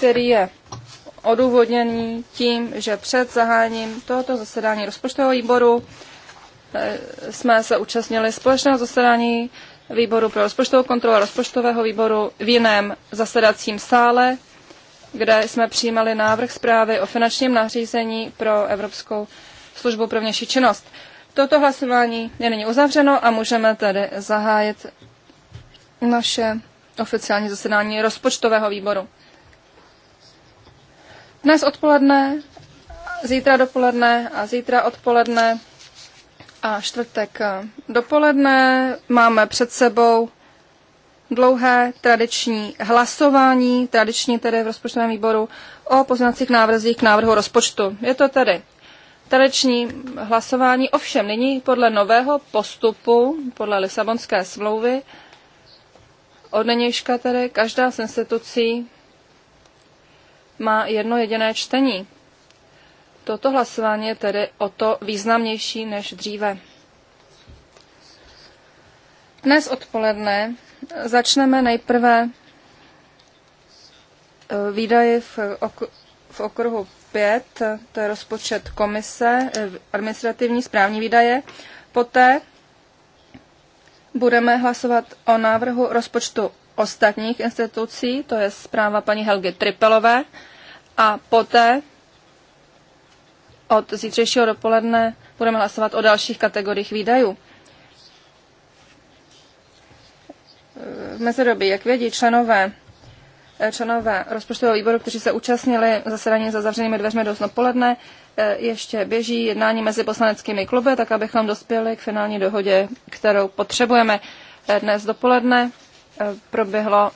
který je odůvodněný tím, že před zahájením tohoto zasedání rozpočtového výboru eh, jsme se účastnili společného zasedání výboru pro rozpočtovou kontrolu a rozpočtového výboru v jiném zasedacím sále, kde jsme přijímali návrh zprávy o finančním nařízení pro Evropskou službu pro vnější činnost. Toto hlasování je nyní uzavřeno a můžeme tedy zahájit naše oficiální zasedání rozpočtového výboru. Dnes odpoledne, zítra dopoledne a zítra odpoledne a čtvrtek dopoledne máme před sebou dlouhé tradiční hlasování, tradiční tedy v rozpočtovém výboru, o poznacích návrzích k návrhu rozpočtu. Je to tedy tradiční hlasování, ovšem nyní podle nového postupu, podle Lisabonské smlouvy, od nynějška tedy každá z institucí má jedno jediné čtení. Toto hlasování je tedy o to významnější než dříve. Dnes odpoledne začneme nejprve eh, výdaje v, ok- v okruhu 5, to je rozpočet komise, eh, administrativní správní výdaje. Poté budeme hlasovat o návrhu rozpočtu ostatních institucí, to je zpráva paní Helgy Tripelové a poté od zítřejšího dopoledne budeme hlasovat o dalších kategoriích výdajů. V mezidobí, jak vědí členové, členové rozpočtového výboru, kteří se účastnili zasedání za zavřenými dveřmi do dopoledne, eh, ještě běží jednání mezi poslaneckými kluby, tak abychom dospěli k finální dohodě, kterou potřebujeme. Eh, dnes dopoledne eh, proběhlo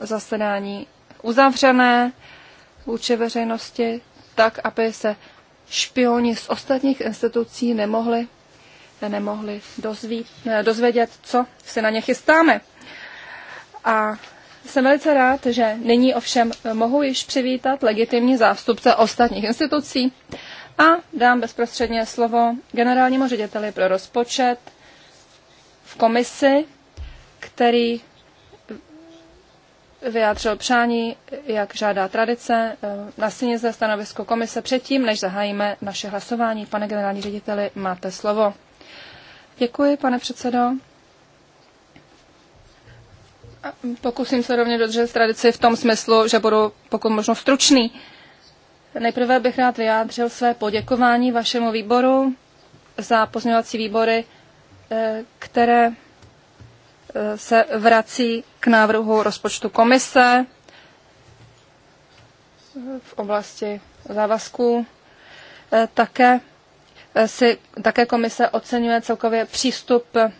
zasedání uzavřené, vůči veřejnosti, tak, aby se špioni z ostatních institucí nemohli, nemohli dozvít, eh, dozvědět, co se na ně chystáme. A jsem velice rád, že nyní ovšem mohu již přivítat legitimní zástupce ostatních institucí a dám bezprostředně slovo generálnímu řediteli pro rozpočet v komisi, který vyjádřil přání, jak žádá tradice, eh, na stěně zde stanovisko komise předtím, než zahájíme naše hlasování. Pane generální řediteli, máte slovo. Děkuji, pane předsedo. Pokusím se rovně dodržet tradici v tom smyslu, že budu pokud možno stručný. Nejprve bych rád vyjádřil své poděkování vašemu výboru za pozměňovací výbory, eh, které se vrací k návrhu rozpočtu komise v oblasti závazků. Eh, také, eh, si, také komise oceňuje celkově přístup, eh,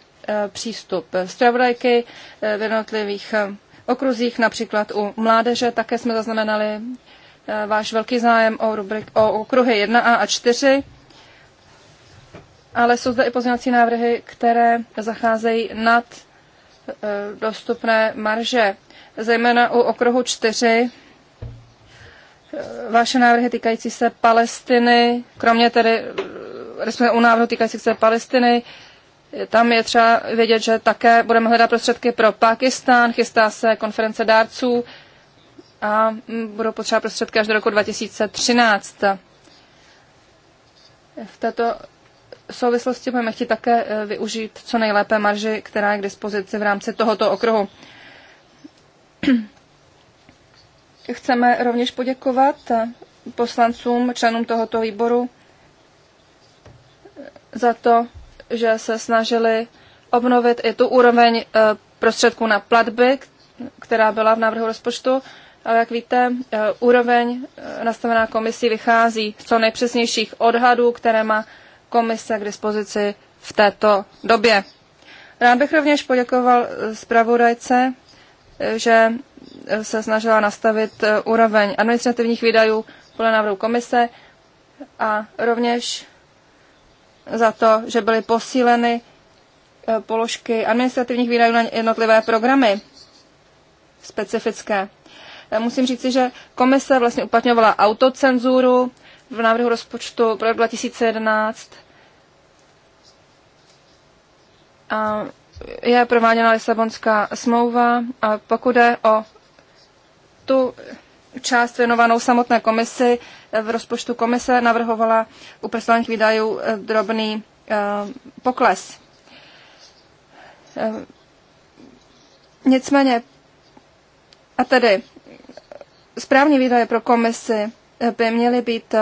přístup zpravodajky v jednotlivých okruzích, například u mládeže. Také jsme zaznamenali váš velký zájem o, rubrik, o okruhy 1a a 4 ale jsou zde i pozměňovací návrhy, které zacházejí nad Eh, dostupné marže. Zejména u okruhu 4 eh, vaše návrhy týkající se Palestiny, kromě tedy, eh, respektive u návrhu týkající se Palestiny, tam je třeba vědět, že také budeme hledat prostředky pro Pakistán, chystá se konference dárců a mm, budou potřeba prostředky až do roku 2013. V této souvislosti budeme chtít také eh, využít co nejlépe marži, která je k dispozici v rámci tohoto okruhu. Chceme rovněž poděkovat eh, poslancům, členům tohoto výboru eh, za to, že se snažili obnovit i tu úroveň prostředků na platby, která byla v návrhu rozpočtu. Ale jak víte, úroveň nastavená komisí vychází z co nejpřesnějších odhadů, které má komise k dispozici v této době. Rád bych rovněž poděkoval zpravodajce, že se snažila nastavit eh, úroveň administrativních výdajů podle návrhu komise a rovněž za to, že byly posíleny eh, položky administrativních výdajů na jednotlivé programy specifické. Eh, musím říci, že komise vlastně uplatňovala autocenzuru v návrhu rozpočtu pro rok 2011 je prováděna Lisabonská smlouva a pokud je o tu část věnovanou samotné komisi, eh, v rozpočtu komise navrhovala u personálních výdajů eh, drobný eh, pokles. Nicméně, a tedy správní výdaje pro komisi by měly být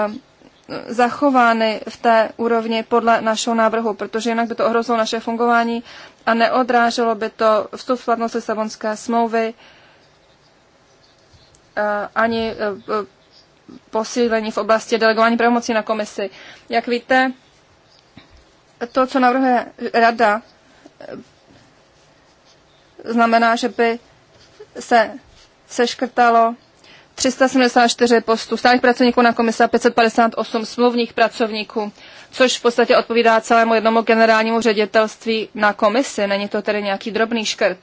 zachovány v té úrovni podle našeho návrhu, protože jinak by to ohrozilo naše fungování a neodráželo by to vstup v platnost Lisabonské smlouvy eh, ani eh, eh, posílení v oblasti delegování pravomocí na komisi. Jak víte, to, co navrhuje rada, znamená, že by se seškrtalo 374 postů stálých pracovníků na komise a 558 smluvních pracovníků, což v podstatě odpovídá celému jednomu generálnímu ředitelství na komisi. Není to tedy nějaký drobný škrt.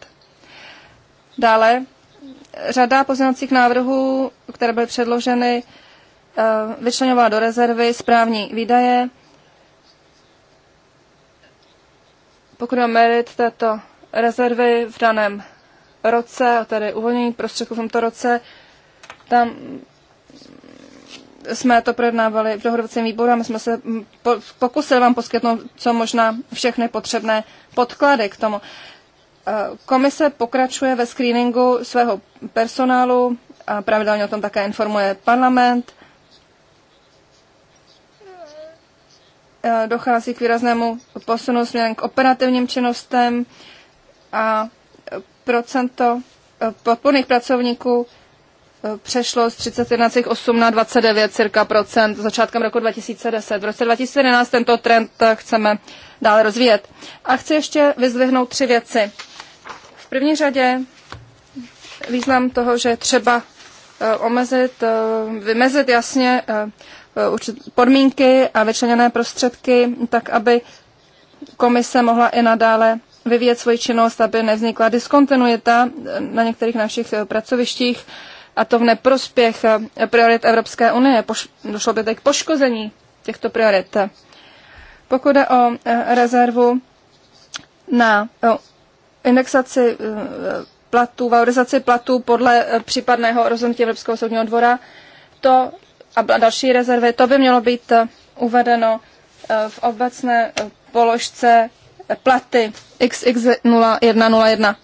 Dále řada pozměňovacích návrhů, které byly předloženy, eh, vyčlenovala do rezervy správní výdaje. Pokud o merit této rezervy v daném roce, a tedy uvolnění prostředků v tomto roce, tam jsme to projednávali v dohodovacím výboru a my jsme se pokusili vám poskytnout co možná všechny potřebné podklady k tomu. Eh, komise pokračuje ve screeningu svého personálu a pravidelně o tom také informuje parlament. Eh, dochází k výraznému posunu směrem k operativním činnostem a procento podporných pracovníků přešlo z 31,8 na 29 cirka procent začátkem roku 2010. V roce 2011 tento trend eh, chceme dále rozvíjet. A chci ještě vyzvihnout tři věci. V první řadě význam toho, že třeba eh, omezit, eh, vymezit jasně podmínky a vyčleněné prostředky, tak aby komise mohla i nadále vyvíjet svoji činnost, aby nevznikla diskontinuita na některých našich pracovištích a to v neprospěch eh, priorit Evropské unie. došlo by tady k poškození těchto priorit. Pokud jde o eh, rezervu na eh, indexaci platů, valorizaci platů podle případného rozhodnutí Evropského soudního dvora, to a další rezervy, to by mělo být uvedeno v obecné položce platy XX0101.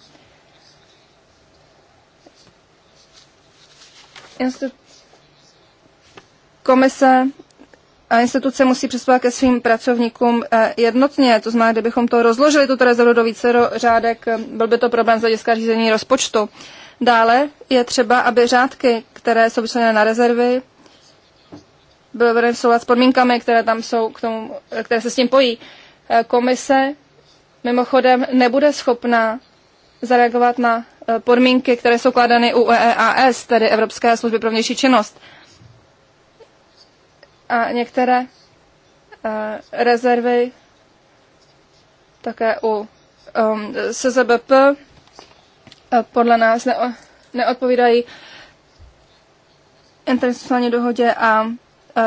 komise a instituce musí přistupovat ke svým pracovníkům eh, jednotně. To znamená, kdybychom to rozložili, tuto rezervu do více řádek, eh, byl by to problém z hlediska řízení rozpočtu. Dále je třeba, aby řádky, které jsou vyčleněné na rezervy, byly vedeny v s podmínkami, které tam jsou, k tomu, eh, které se s tím pojí. Komise mimochodem nebude schopna zareagovat na Eh, podmínky, které jsou kladeny u EEAS, tedy Evropské služby pro vnější činnost. A některé eh, rezervy také u um, SZBP eh, podle nás ne- neodpovídají internacionální dohodě a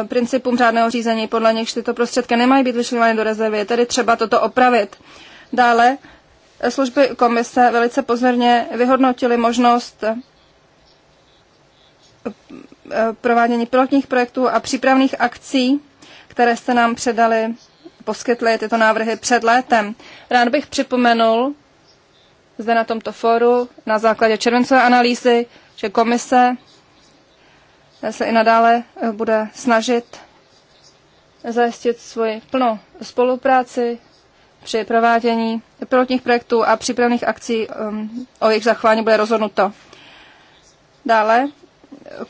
principům řádného řízení, podle nichž tyto prostředky nemají být vyšlívány do rezervy, tedy třeba toto opravit. Dále služby komise velice pozorně vyhodnotili možnost eh, provádění pilotních projektů a přípravných akcí, které jste nám předali, poskytli tyto návrhy před létem. Rád bych připomenul zde na tomto fóru na základě červencové analýzy, že komise se i nadále bude snažit zajistit svoji plnou spolupráci při provádění pilotních projektů a přípravných akcí um, o jejich zachování bude rozhodnuto. Dále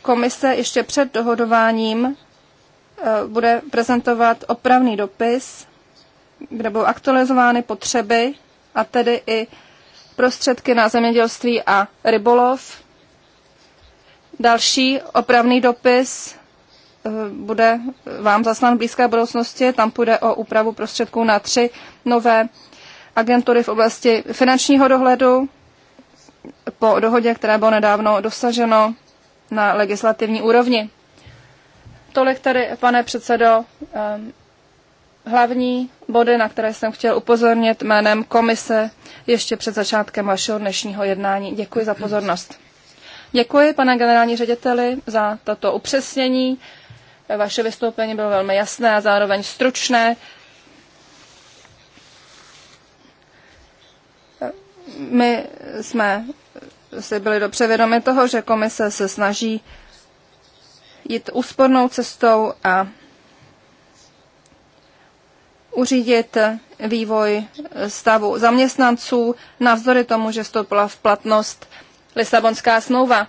komise ještě před dohodováním uh, bude prezentovat opravný dopis, kde budou aktualizovány potřeby a tedy i prostředky na zemědělství a rybolov. Další opravný dopis Eh, bude vám zaslán v blízké budoucnosti. Tam půjde o úpravu prostředků na tři nové agentury v oblasti finančního dohledu po dohodě, které bylo nedávno dosaženo na legislativní úrovni. Tolik tedy, pane předsedo, eh, hlavní body, na které jsem chtěl upozornit jménem komise ještě před začátkem vašeho dnešního jednání. Děkuji za pozornost. Děkuji, pane generální řediteli, za tato upřesnění. Vaše vystoupení bylo velmi jasné a zároveň stručné. My jsme si byli dobře vědomi toho, že komise se snaží jít úspornou cestou a uřídit vývoj stavu zaměstnanců, navzdory tomu, že vstoupila v platnost Lisabonská smlouva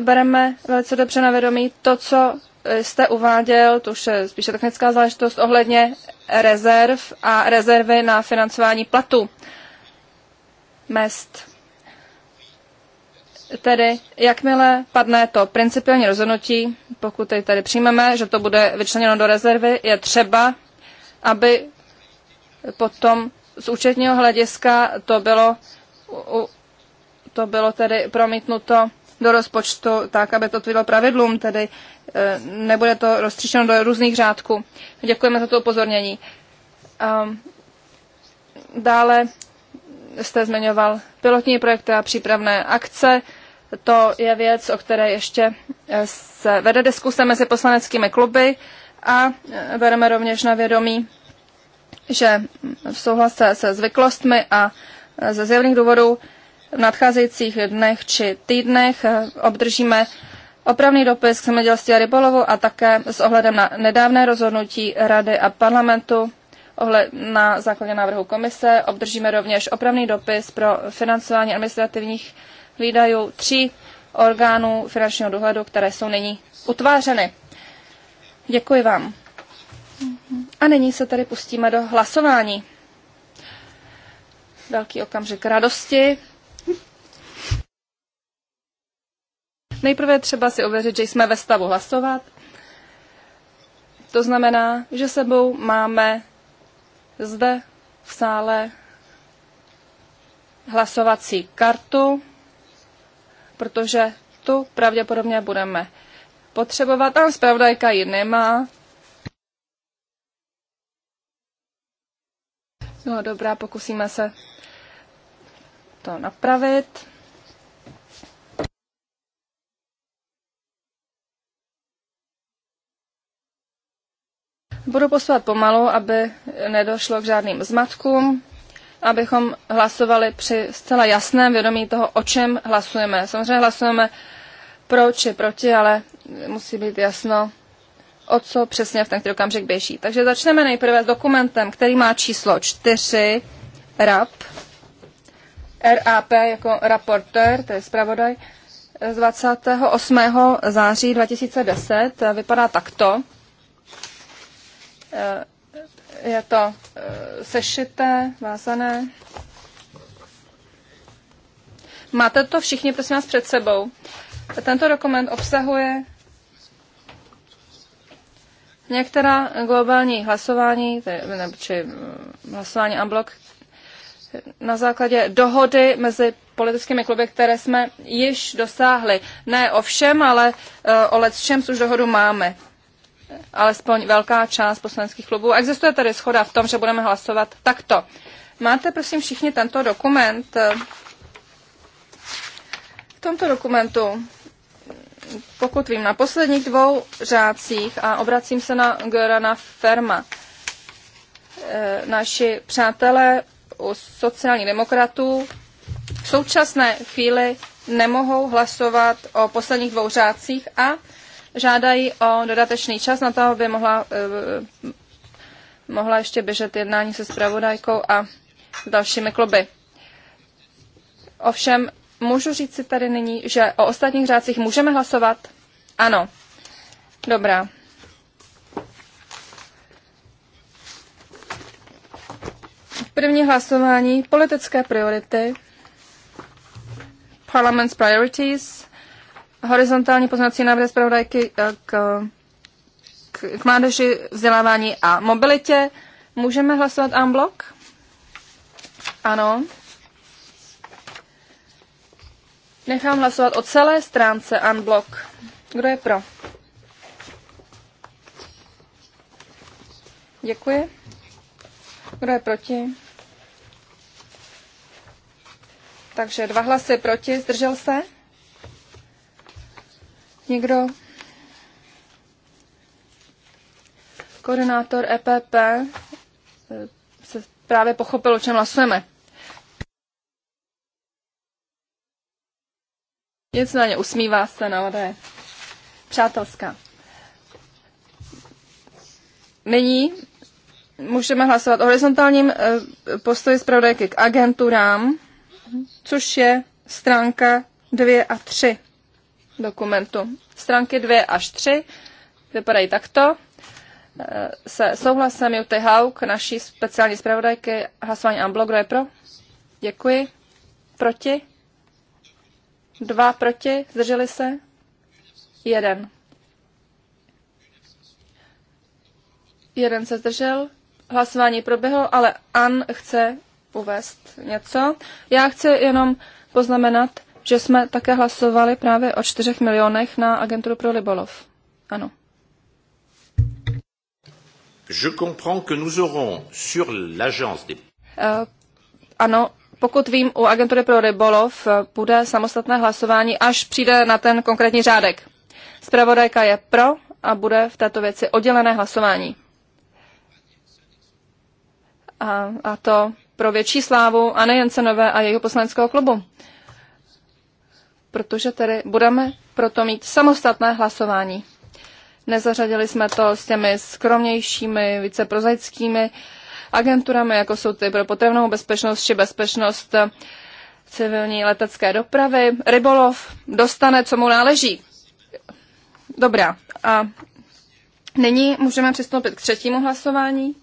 bereme velice dobře na vědomí to, co jste uváděl, to už je spíše technická záležitost, ohledně rezerv a rezervy na financování platu mest. Tedy, jakmile padne to principiální rozhodnutí, pokud jej tady přijmeme, že to bude vyčleněno do rezervy, je třeba, aby potom z účetního hlediska to bylo, to bylo tedy promítnuto do rozpočtu tak, aby to odpovídalo pravidlům, tedy eh, nebude to roztříštěno do různých řádků. Děkujeme za to upozornění. Ehm, dále jste zmiňoval pilotní projekty a přípravné akce. To je věc, o které ještě eh, se vede diskuse mezi poslaneckými kluby a eh, bereme rovněž na vědomí, že v souhlase se zvyklostmi a ze zjevných důvodů v nadcházejících dnech či týdnech eh, obdržíme opravný dopis k zemědělství a rybolovu a také s ohledem na nedávné rozhodnutí Rady a parlamentu ohled na základě návrhu komise obdržíme rovněž opravný dopis pro financování administrativních výdajů tří orgánů finančního dohledu, které jsou nyní utvářeny. Děkuji vám. A nyní se tady pustíme do hlasování. Velký okamžik radosti. Nejprve třeba si ověřit, že jsme ve stavu hlasovat. To znamená, že sebou máme zde v sále hlasovací kartu, protože tu pravděpodobně budeme potřebovat, ale zpravodajka ji nemá. No dobrá, pokusíme se to napravit. Budu postupovat pomalu, aby nedošlo k žádným zmatkům, abychom hlasovali při zcela jasném vědomí toho, o čem hlasujeme. Samozřejmě hlasujeme pro či proti, ale musí být jasno, o co přesně v ten který okamžik běží. Takže začneme nejprve s dokumentem, který má číslo 4, RAP, RAP jako reporter, to je zpravodaj, z 28. září 2010. Vypadá takto. Eh, je to eh, sešité, vázané. Máte to všichni, prosím vás, před sebou. Tento dokument obsahuje některá globální hlasování, či hm, hlasování unblock, na základě dohody mezi politickými kluby, které jsme již dosáhli. Ne o všem, ale eh, o let všem už dohodu máme alespoň velká část poslaneckých klubů. Existuje tady schoda v tom, že budeme hlasovat takto. Máte prosím všichni tento dokument. V tomto dokumentu, pokud vím, na posledních dvou řádcích a obracím se na Gerana Ferma. Eh, naši přátelé u sociálních demokratů v současné chvíli nemohou hlasovat o posledních dvou řádcích a žádají o dodatečný čas na to, aby mohla, eh, mohla ještě běžet jednání se spravodajkou a dalšími kluby. Ovšem, můžu říct si tady nyní, že o ostatních řádcích můžeme hlasovat? Ano. Dobrá. První hlasování politické priority. Parliament's priorities horizontální poznací návrhy zpravodajky eh, k, k, k mládeži, vzdělávání a mobilitě. Můžeme hlasovat en bloc? Ano. Nechám hlasovat o celé stránce unblock. Kdo je pro? Děkuji. Kdo je proti? Takže dva hlasy proti. Zdržel se? Někdo Koordinátor EPP eh, se právě pochopil, o čem hlasujeme. ně usmívá se na no, je Přátelská. Nyní můžeme hlasovat o horizontálním eh, postoji zpravodajky k agenturám, což je stránka 2 a 3 dokumentu. Stránky 2 až 3 vypadají takto. Eh, se souhlasem Juty Hauk, naší speciální zpravodajky, hlasování Amblo, kdo je pro? Děkuji. Proti? Dva proti, zdrželi se? Jeden. Jeden se zdržel, hlasování proběhlo, ale An chce uvést něco. Já chci jenom poznamenat, že jsme také hlasovali právě o čtyřech milionech na agenturu pro Libolov. Ano. Je comprends que nous aurons sur l'agence des... Uh, ano, pokud vím, u agentury pro rybolov eh, bude samostatné hlasování, až přijde na ten konkrétní řádek. Zpravodajka je pro a bude v této věci oddělené hlasování. A, a to pro větší slávu Anny Jensenové a jejího poslaneckého klubu protože tedy budeme proto mít samostatné hlasování. Nezařadili jsme to s těmi skromnějšími, více prozaickými agenturami, jako jsou ty pro potravnou bezpečnost či bezpečnost eh, civilní letecké dopravy. Rybolov dostane, co mu náleží. Dobrá. A nyní můžeme přistoupit k třetímu hlasování.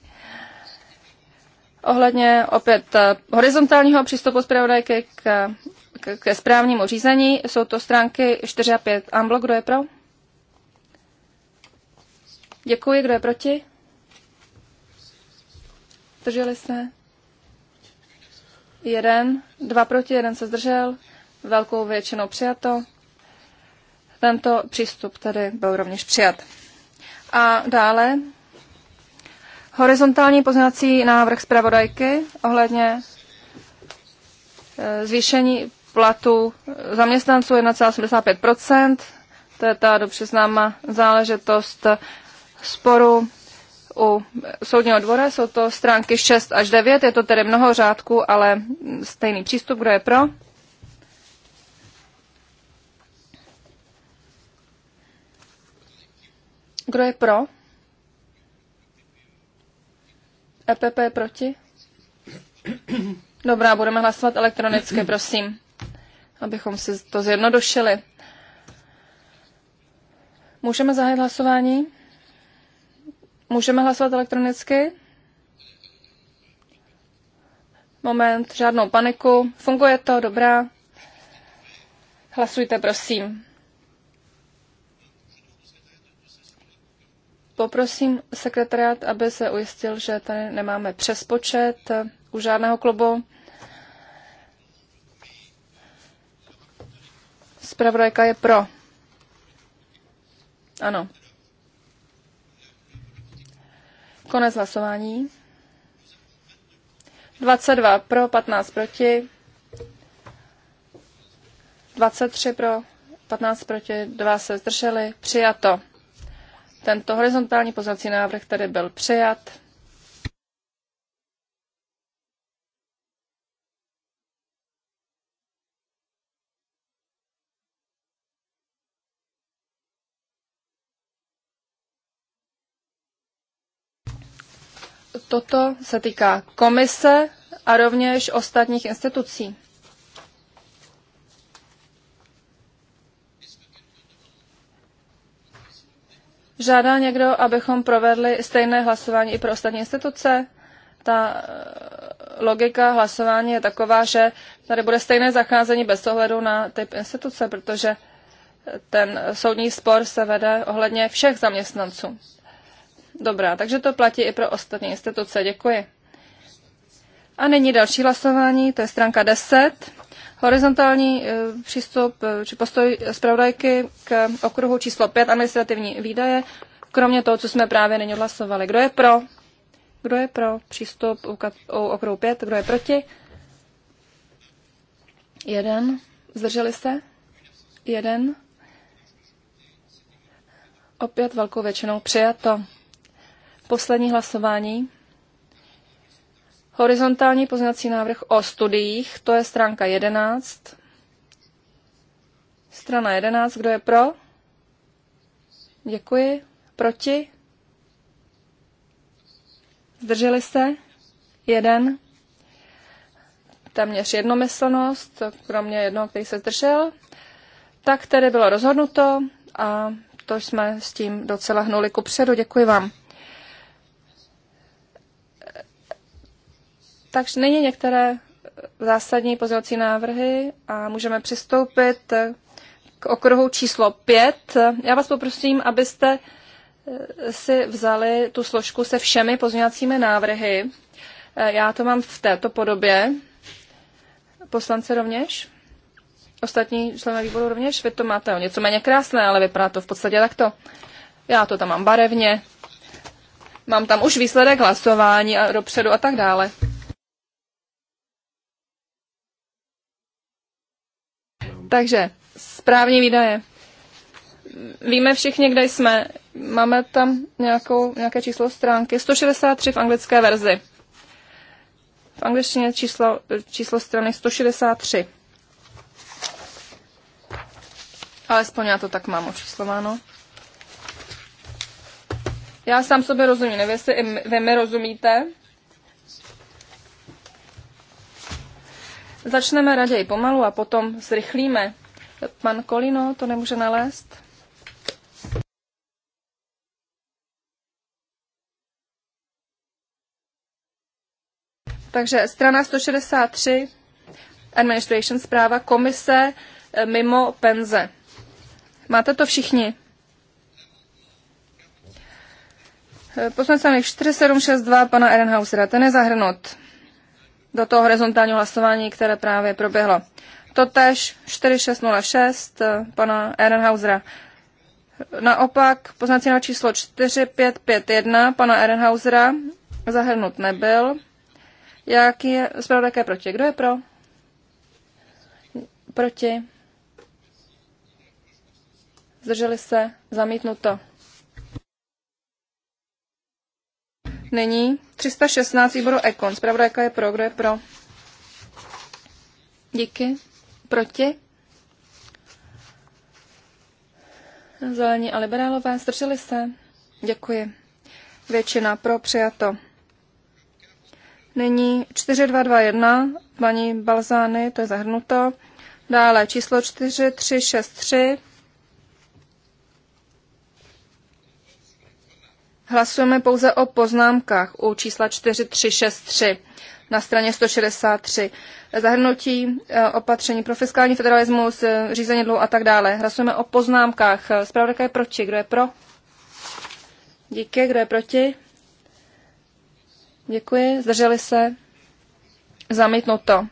Ohledně opět eh, horizontálního přístupu zpravodajky k ke správnímu řízení. Jsou to stránky 4 a 5. Amblo, kdo je pro? Děkuji, kdo je proti? Zdrželi se? Jeden, dva proti, jeden se zdržel. Velkou většinou přijato. Tento přístup tedy byl rovněž přijat. A dále horizontální poznací návrh zpravodajky ohledně e, zvýšení platu zaměstnanců 1,75 to je ta dobře známa záležitost sporu u soudního dvora. Jsou to stránky 6 až 9, je to tedy mnoho řádků, ale stejný přístup, kdo je pro. Kdo je pro? EPP je proti? Dobrá, budeme hlasovat elektronicky, prosím abychom si to zjednodušili. Můžeme zahájit hlasování? Můžeme hlasovat elektronicky? Moment, žádnou paniku. Funguje to, dobrá. Hlasujte, prosím. Poprosím sekretariát, aby se ujistil, že tady nemáme přespočet u žádného klubu. Spravodajka je pro. Ano. Konec hlasování. 22 pro, 15 proti. 23 pro, 15 proti, 2 se zdrželi. Přijato. Tento horizontální poznací návrh tedy byl přijat. Toto se týká komise a rovněž ostatních institucí. Žádá někdo, abychom provedli stejné hlasování i pro ostatní instituce? Ta eh, logika hlasování je taková, že tady bude stejné zacházení bez ohledu na typ instituce, protože ten soudní spor se vede ohledně všech zaměstnanců dobrá, takže to platí i pro ostatní instituce. Děkuji. A nyní další hlasování, to je stránka 10. Horizontální eh, přístup eh, či postoj zpravodajky k okruhu číslo 5 administrativní výdaje, kromě toho, co jsme právě nyní odhlasovali. Kdo je pro? Kdo je pro přístup u, u okruhu 5? Kdo je proti? Jeden. Zdrželi se? Jeden. Opět velkou většinou přijato. Poslední hlasování. Horizontální poznací návrh o studiích, to je stránka 11. Strana 11, kdo je pro? Děkuji. Proti? Zdrželi se? Jeden. Téměř jednomyslnost, kromě jednoho, který se zdržel. Tak tedy bylo rozhodnuto a to jsme s tím docela hnuli ku předu. Děkuji vám. Takže není některé zásadní pozorovací návrhy a můžeme přistoupit k okruhu číslo 5. Já vás poprosím, abyste eh, si vzali tu složku se všemi pozměňovacími návrhy. Eh, já to mám v této podobě. Poslance rovněž? Ostatní členové výboru rovněž? Vy to máte o něco méně krásné, ale vypadá to v podstatě takto. Já to tam mám barevně. Mám tam už výsledek hlasování a dopředu a tak dále. Takže správní výdaje. Víme všichni, kde jsme. Máme tam nějakou, nějaké číslo stránky. 163 v anglické verzi. V angličtině číslo, číslo strany 163. Alespoň já to tak mám očíslováno. Já sám sobě rozumím, nevím, jestli i vy mi rozumíte. Začneme raději pomalu a potom zrychlíme. Pan Kolino to nemůže nalézt. Takže strana 163, administration zpráva, komise eh, mimo penze. Máte to všichni? Eh, poslanec 4762 pana Ehrenhausera, ten je zahrnut do toho horizontálního hlasování, které právě proběhlo. Totež 4606 eh, pana Ehrenhausera. Naopak poznací na číslo 4551 pana Ehrenhausera zahrnut nebyl. Jaký je zpravodajka proti? Kdo je pro? Proti? Zdrželi se? Zamítnuto. Není. 316 výboru Ekon. jaká je pro. Kdo je pro? Díky. Proti? Zelení a liberálové zdrželi se. Děkuji. Většina pro přijato. Nyní 4221, paní Balzány, to je zahrnuto. Dále číslo 4363, Hlasujeme pouze o poznámkách u čísla 4363 na straně 163. Zahrnutí e, opatření pro fiskální federalismus, e, řízení dluhu a tak dále. Hlasujeme o poznámkách. Zpravodajka je proti. Kdo je pro? Díky. Kdo je proti? Děkuji. Zdrželi se? Zamítnuto.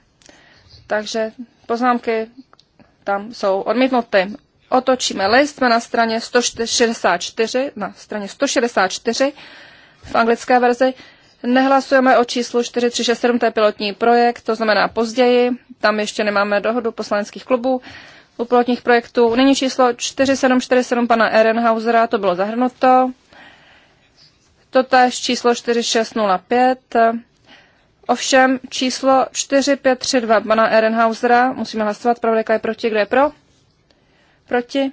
Takže poznámky tam jsou odmítnuty otočíme list, jsme na straně 164, na straně 164 v anglické verzi. Nehlasujeme o číslu 4367, to je pilotní projekt, to znamená později, tam ještě nemáme dohodu poslaneckých klubů u pilotních projektů. Nyní číslo 4747 pana Ehrenhausera, to bylo zahrnuto. Totež číslo 4605. Ovšem číslo 4532 pana Ehrenhausera, musíme hlasovat, pravděka je proti, kdo je pro? Proti?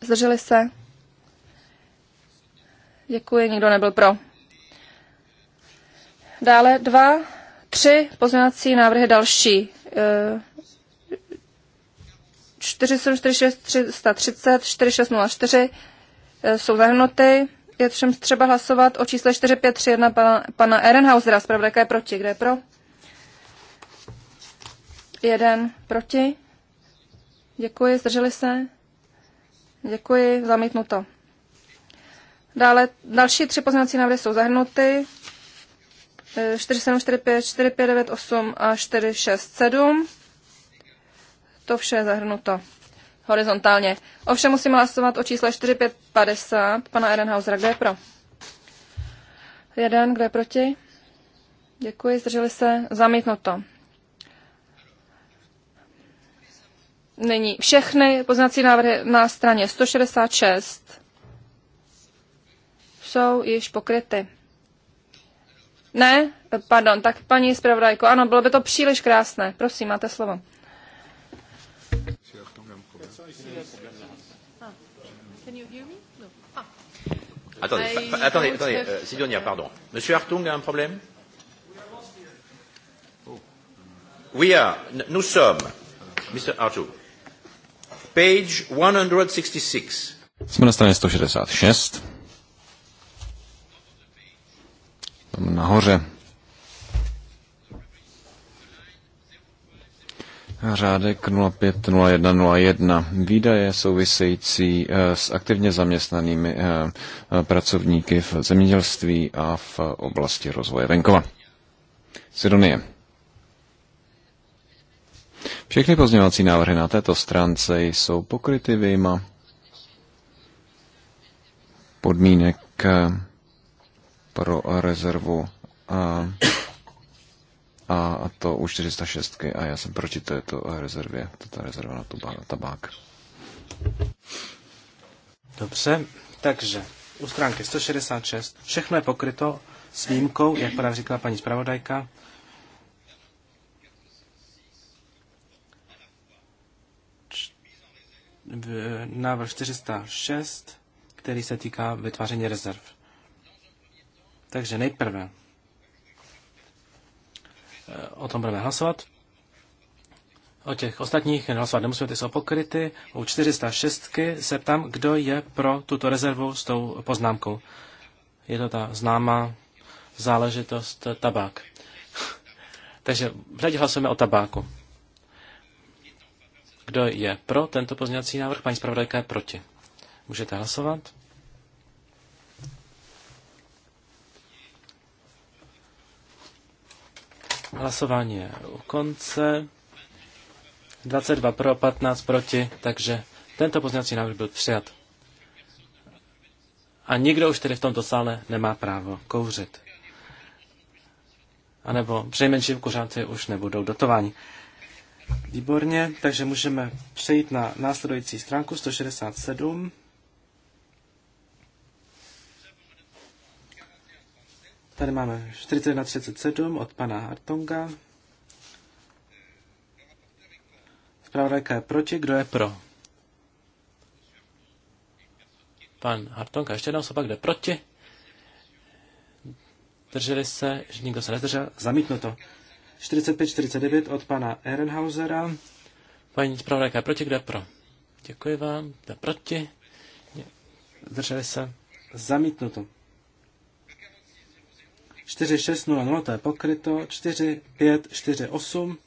Zdrželi se? Děkuji, nikdo nebyl pro. Dále dva, tři pozměňovací návrhy další. 4746, 330, 4604 jsou zahrnuty. Je všem třeba hlasovat o čísle 4531 pana, pana Ehrenhausera. Zpravodajka je proti. Kde je pro? Jeden proti. Děkuji, zdrželi se? Děkuji, zamítnuto. Dále další tři pozměňovací návrhy jsou zahrnuty. 4745, eh, 4598 a 467. To vše je zahrnuto horizontálně. Ovšem musíme hlasovat o čísle 4550 pana Erenhausera. Kdo je pro? Jeden, kdo je proti? Děkuji, zdrželi se. Zamítnuto. Nyní všechny poznací návrhy na straně 166 jsou již pokryty. Ne, pardon, tak paní zpravodajko, ano, bylo by to příliš krásné. Prosím, máte slovo. Ah. Euh, pardon. Monsieur Hartung a un problème oh. We are, nous sommes, Mr. Hartung, Page 166. Jsme na straně 166. Tam nahoře. Řádek 050101. Výdaje související eh, s aktivně zaměstnanými eh, eh, pracovníky v zemědělství a v oblasti rozvoje venkova. Sidonie. Všechny pozměňovací návrhy na této stránce jsou pokryty vyjma podmínek eh, pro rezervu a, a, to u 406 a já jsem proti této rezervě, tato rezerva na tabák. Dobře, takže u stránky 166 všechno je pokryto s výjimkou, jak právě říkala paní zpravodajka, návrh 406, který se týká vytváření rezerv. Takže nejprve eh, o tom budeme hlasovat. O těch ostatních hlasovat nemusíme, ty jsou pokryty. U 406 se ptám, kdo je pro tuto rezervu s tou poznámkou. Je to ta známá záležitost tabák. Takže teď hlasujeme o tabáku. Kdo je pro tento pozměňovací návrh? Paní zpravodajka je proti. Můžete hlasovat. Hlasování je u konce. 22 pro, 15 proti, takže tento pozměňovací návrh byl přijat. A nikdo už tedy v tomto sále nemá právo kouřit. A nebo přejmenší kuřáci už nebudou dotováni. Výborně, takže můžeme přejít na následující stránku 167. Tady máme 41 37 od pana Hartonga. Zpravodajka je proti, kdo je pro? Pan Hartonga, ještě se pak jde proti? Drželi se, že nikdo se nezdržel, zamítnuto. 4549 od pana Ehrenhausera. Paní zpravodajka, proti, kde pro? Děkuji vám. Kde proti? Zdrželi se. Zamítnuto. 4600, to je pokryto. 4548.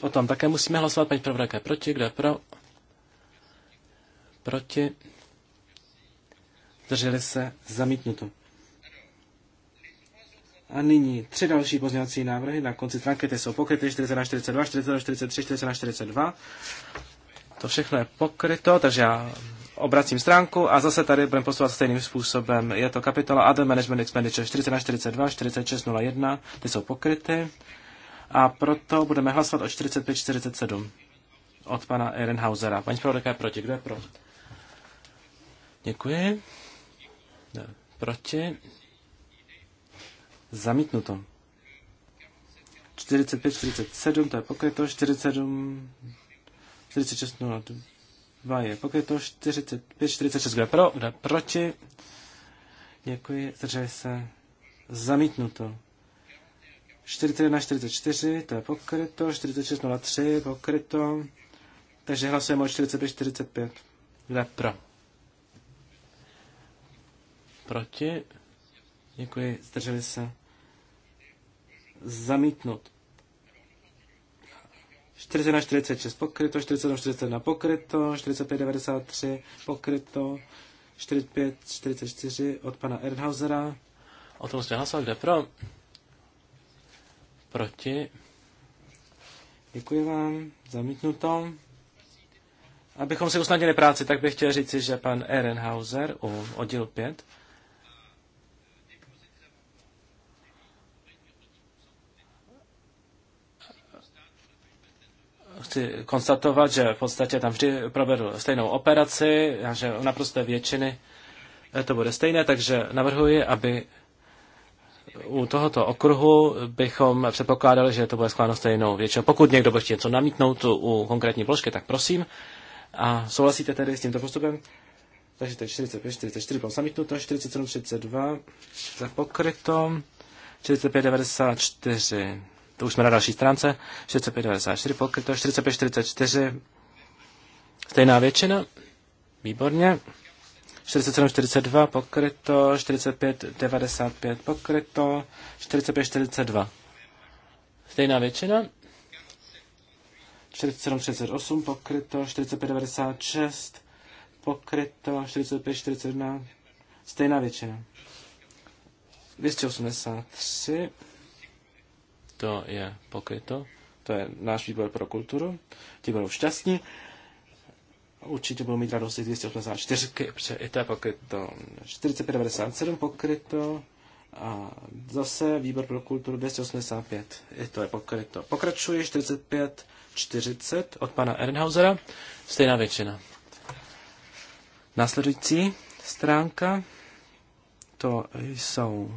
O tom také musíme hlasovat, paní zpravodajka, proti, kde pro? Proti. Zdrželi se. Zamítnuto. A nyní tři další pozměňovací návrhy na konci stránky, ty jsou pokryty 41, 42, 42, 43, 41, 42. To všechno je pokryto, takže já obracím stránku a zase tady budeme postupovat stejným způsobem. Je to kapitola Other Management Expenditure 41, 42, 46, 01, ty jsou pokryty. A proto budeme hlasovat o 45, 47 od pana Ehrenhausera. Paní zpravodajka je proti. Kdo je pro? Děkuji. Proti. Zamítnuto. 45, 47, to je pokryto, 47, 46, 2 je pokryto, 45, 46, kde pro, kde proti. Děkuji, zdrželi se. Zamítnuto. 41, 44, to je pokryto, 46, 3 pokryto. Takže hlasujeme o 45, 45. Kde pro? Proti. Děkuji, zdrželi se zamítnut. na 46 pokryto, 47, na pokryto, 45, 93 pokryto, 45, 44 od pana Erdhausera. O tom jste hlasoval. kde pro? Proti. Děkuji vám, zamítnuto. Abychom si usnadnili práci, tak bych chtěl říci, že pan Ehrenhauser u oddílu 5 chci konstatovat, že v podstatě tam vždy provedl stejnou operaci a že u naprosté většiny eh, to bude stejné, takže navrhuji, aby u tohoto okruhu bychom předpokládali, že to bude schváleno stejnou většinou. Pokud někdo bude něco namítnout u konkrétní položky, tak prosím. A souhlasíte tedy s tímto postupem? Takže to je 45, 44 bylo zamítnuto, 47, 32 za pokryto, 45, 94 to už jsme na další stránce, 4594 pokryto, 4544, stejná většina, výborně, 4742 pokryto, 4595 pokryto, 4542, stejná většina, 4738 pokryto, 4596 pokryto, 4541, stejná většina. 283 to je pokryto. To je náš výbor pro kulturu. Ti budou šťastní. Určitě budou mít radost 284, protože i to je pokryto. 4597 pokryto. A zase výbor pro kulturu 285. I to je pokryto. Pokračuji 45 40 od pana Ernhausera. Stejná většina. Následující stránka to jsou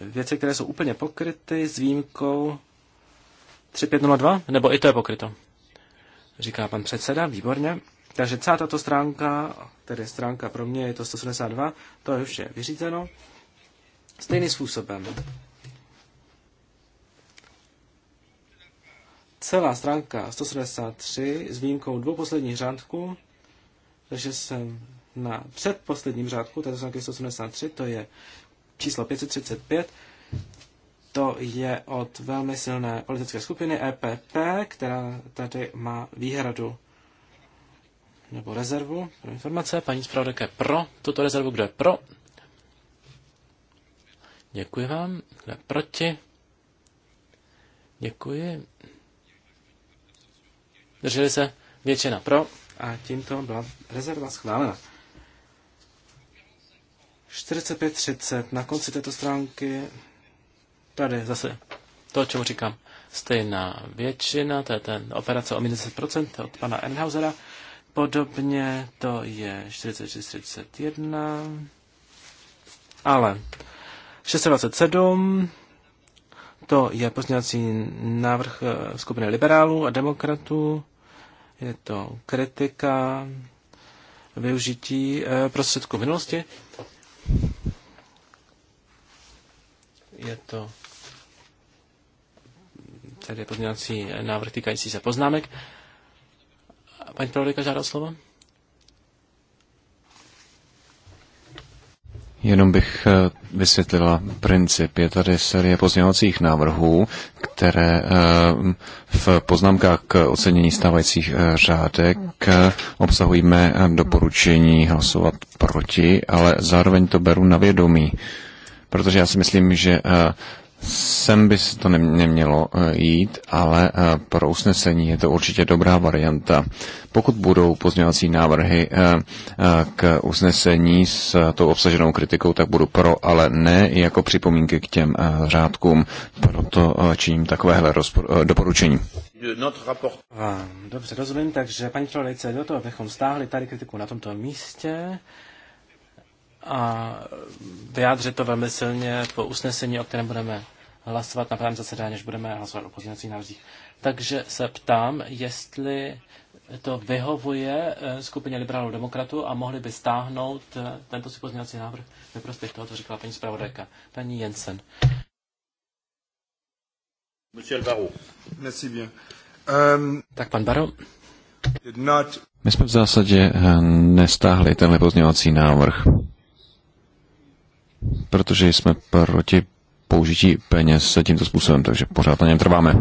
věci, které jsou úplně pokryty s výjimkou 3502, nebo i to je pokryto, říká pan předseda, výborně. Takže celá tato stránka, tedy stránka pro mě je to 172, to je už je vyřízeno. Stejným způsobem. Celá stránka 173 s výjimkou dvou posledních řádků, takže jsem na předposledním řádku této stránky 173, to je číslo 535. To je od velmi silné politické skupiny EPP, která tady má výhradu nebo rezervu pro informace. Paní zpravodajka pro tuto rezervu. Kdo je pro? Děkuji vám. Kdo je proti? Děkuji. Drželi se většina pro a tímto byla rezerva schválena. 45.30 na konci této stránky. Tady zase to, čemu říkám. Stejná většina, to je ten operace o minus 10% od pana Enhausera. Podobně to je 46.31. Ale 627, to je pozměňovací návrh eh, skupiny liberálů a demokratů. Je to kritika využití eh, prostředků minulosti. Je to tedy pozměňovací návrh týkající se poznámek. Paní Pravodajka žádá slovo? Jenom bych eh, vysvětlila princip. Je tady série pozměňovacích návrhů, které eh, v poznámkách k ocenění stávajících eh, řádek obsahujeme doporučení hlasovat proti, ale zároveň to beru na vědomí protože já si myslím, že eh, sem by se to nemělo eh, jít, ale eh, pro usnesení je to určitě dobrá varianta. Pokud budou pozměňovací návrhy k usnesení s tou obsaženou kritikou, tak budu pro, ale ne jako připomínky k těm řádkům. Proto činím takovéhle doporučení. Dobře, rozumím, takže paní Trolejce, do toho bychom stáhli tady kritiku na tomto místě a vyjádřit to velmi silně po usnesení, o kterém budeme hlasovat na prvém zasedání, než budeme hlasovat o pozměňovacích návrzích. Takže se ptám, jestli to vyhovuje eh, skupině liberálů demokratů a mohli by stáhnout eh, tento si pozměňovací návrh ve prospěch toho, co to říkala paní zpravodajka, paní Jensen. Monsieur Barou. Merci bien. Um, tak pan Baro. Not... My jsme v zásadě eh, nestáhli tenhle pozměňovací návrh protože jsme proti použití peněz tímto způsobem, takže pořád na něm trváme.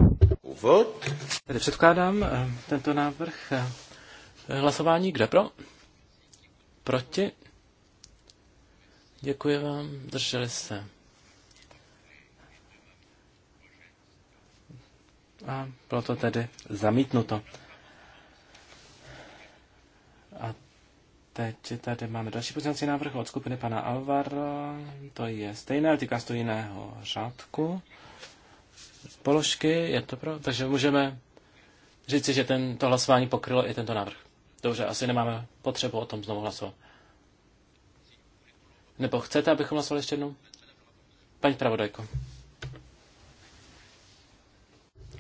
Tedy předkládám eh, tento návrh eh, hlasování. Kde pro? Proti? Děkuji vám, drželi se. A bylo to tedy zamítnuto. Teď tady máme další pozměňovací návrh od skupiny pana Alvaro. To je stejné, ale týká se to jiného řádku. Položky, je to pro... Takže můžeme říci, že ten, to hlasování pokrylo i tento návrh. Dobře, asi nemáme potřebu o tom znovu hlasovat. Nebo chcete, abychom hlasovali ještě jednou? Paní pravodajko.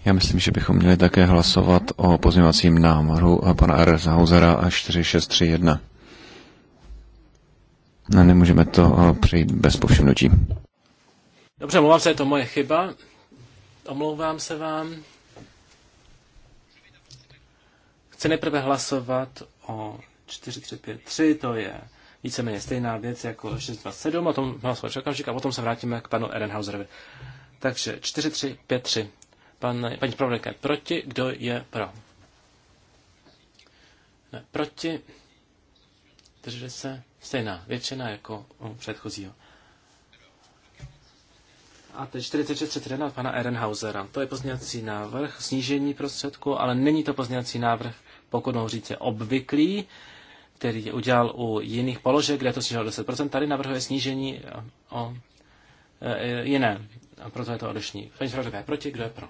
Já myslím, že bychom měli také hlasovat o pozměňovacím námoru pana R. Hausera 4631. No, nemůžeme to eh, přejít bez povšimnutí. Dobře, mluvám se, je to moje chyba. Omlouvám se vám. Chci nejprve hlasovat o 4353, to je víceméně stejná věc jako 627, o tom hlasovat okamžik a potom se vrátíme k panu Erenhauserovi. Takže 4353. Pan, paní zpravodajka proti, kdo je pro? Ne, proti. Drželi se stejná většina jako u předchozího. A teď 4631 od pana Ehrenhausera. To je pozněcí návrh snížení prostředku, ale není to pozněcí návrh, pokud mohu říct, obvyklý, který udělal u jiných položek, kde to snížilo 10%. Tady navrhuje snížení eh, o e, jiné, a proto je to odlišní. Paní zpravodajka je proti, kdo je pro?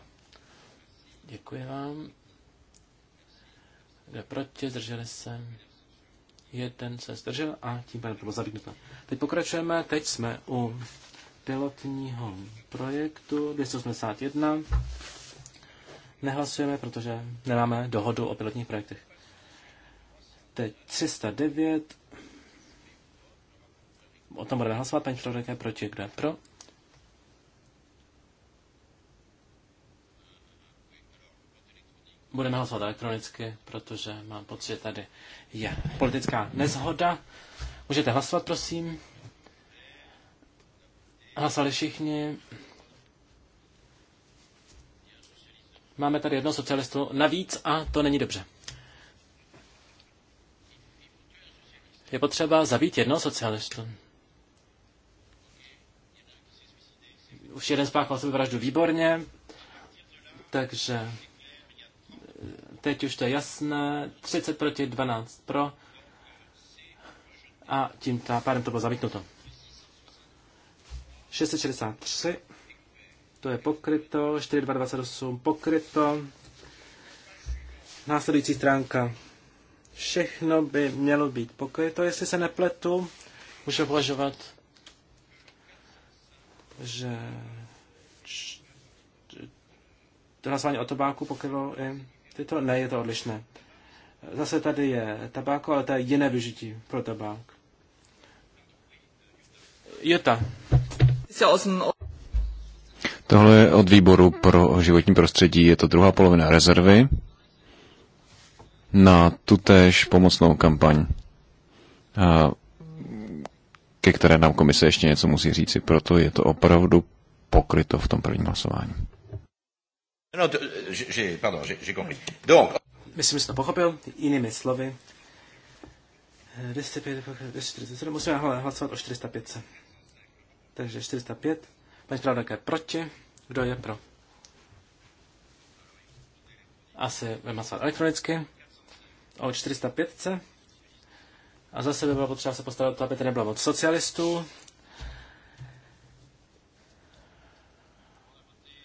Děkuji vám. Kdo je proti, zdrželi se jeden se zdržel a tím pádem to bylo zamítnuto. Teď pokračujeme, teď jsme u pilotního projektu 281. Nehlasujeme, protože nemáme dohodu o pilotních projektech. Teď 309. O tom budeme hlasovat, paní Florek je proti, kdo je pro. Budeme hlasovat elektronicky, protože mám pocit, že tady je politická nezhoda. Můžete hlasovat, prosím. Hlasovali všichni. Máme tady jedno socialistu navíc a to není dobře. Je potřeba zabít jedno socialistu. Už jeden spáchal sebevraždu výborně, takže Teď už to je jasné. 30 proti 12 pro. A tím ta pádem to bylo zamítnuto. 663. To je pokryto. 4228 pokryto. Následující stránka. Všechno by mělo být pokryto, jestli se nepletu. Můžu považovat, že hlasování o tobáku pokrylo i to, ne, je to odlišné. Zase tady je tabáko, ale to je jiné využití pro tabák. Jota. Tohle je od výboru pro životní prostředí, je to druhá polovina rezervy na tutéž pomocnou kampaň, ke které nám komise ještě něco musí říci, proto je to opravdu pokryto v tom prvním hlasování. No, to, že, pardon, že compris. Donc... Myslím, že jsi to pochopil. Jinými slovy, 205, eh, 247, musíme hlasovat o 405. Takže 405. Paní zpravodajka je proti. Kdo je pro? Asi budeme hlasovat elektronicky. O 405. A zase by bylo potřeba se postarat o to, aby to nebylo od socialistů.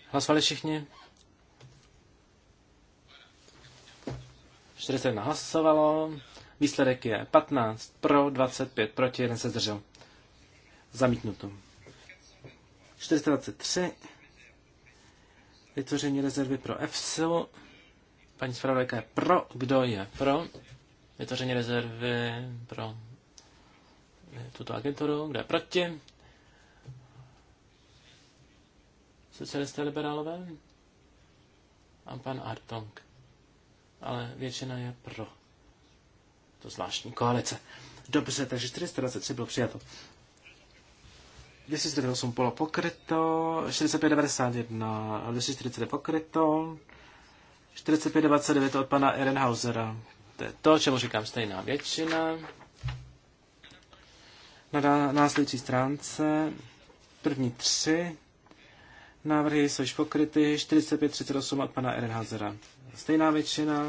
Hlasovali všichni? 41 hlasovalo. Výsledek je 15 pro, 25 proti, jeden se zdržel. Zamítnuto. 423. Vytvoření rezervy pro EFSIL. Paní zpravodajka je pro. Kdo je pro? Vytvoření rezervy pro tuto agenturu. Kdo je proti? Socialisté liberálové? A pan Artong ale většina je pro. To zvláštní koalice. Dobře, takže 423 bylo přijato. 248 bylo pokryto, 4591 240 je pokryto, 4529 od pana Ehrenhausera. To je to, čemu říkám stejná většina. Na následující stránce první tři návrhy jsou již pokryty, 4538 od pana Ehrenhausera stejná většina.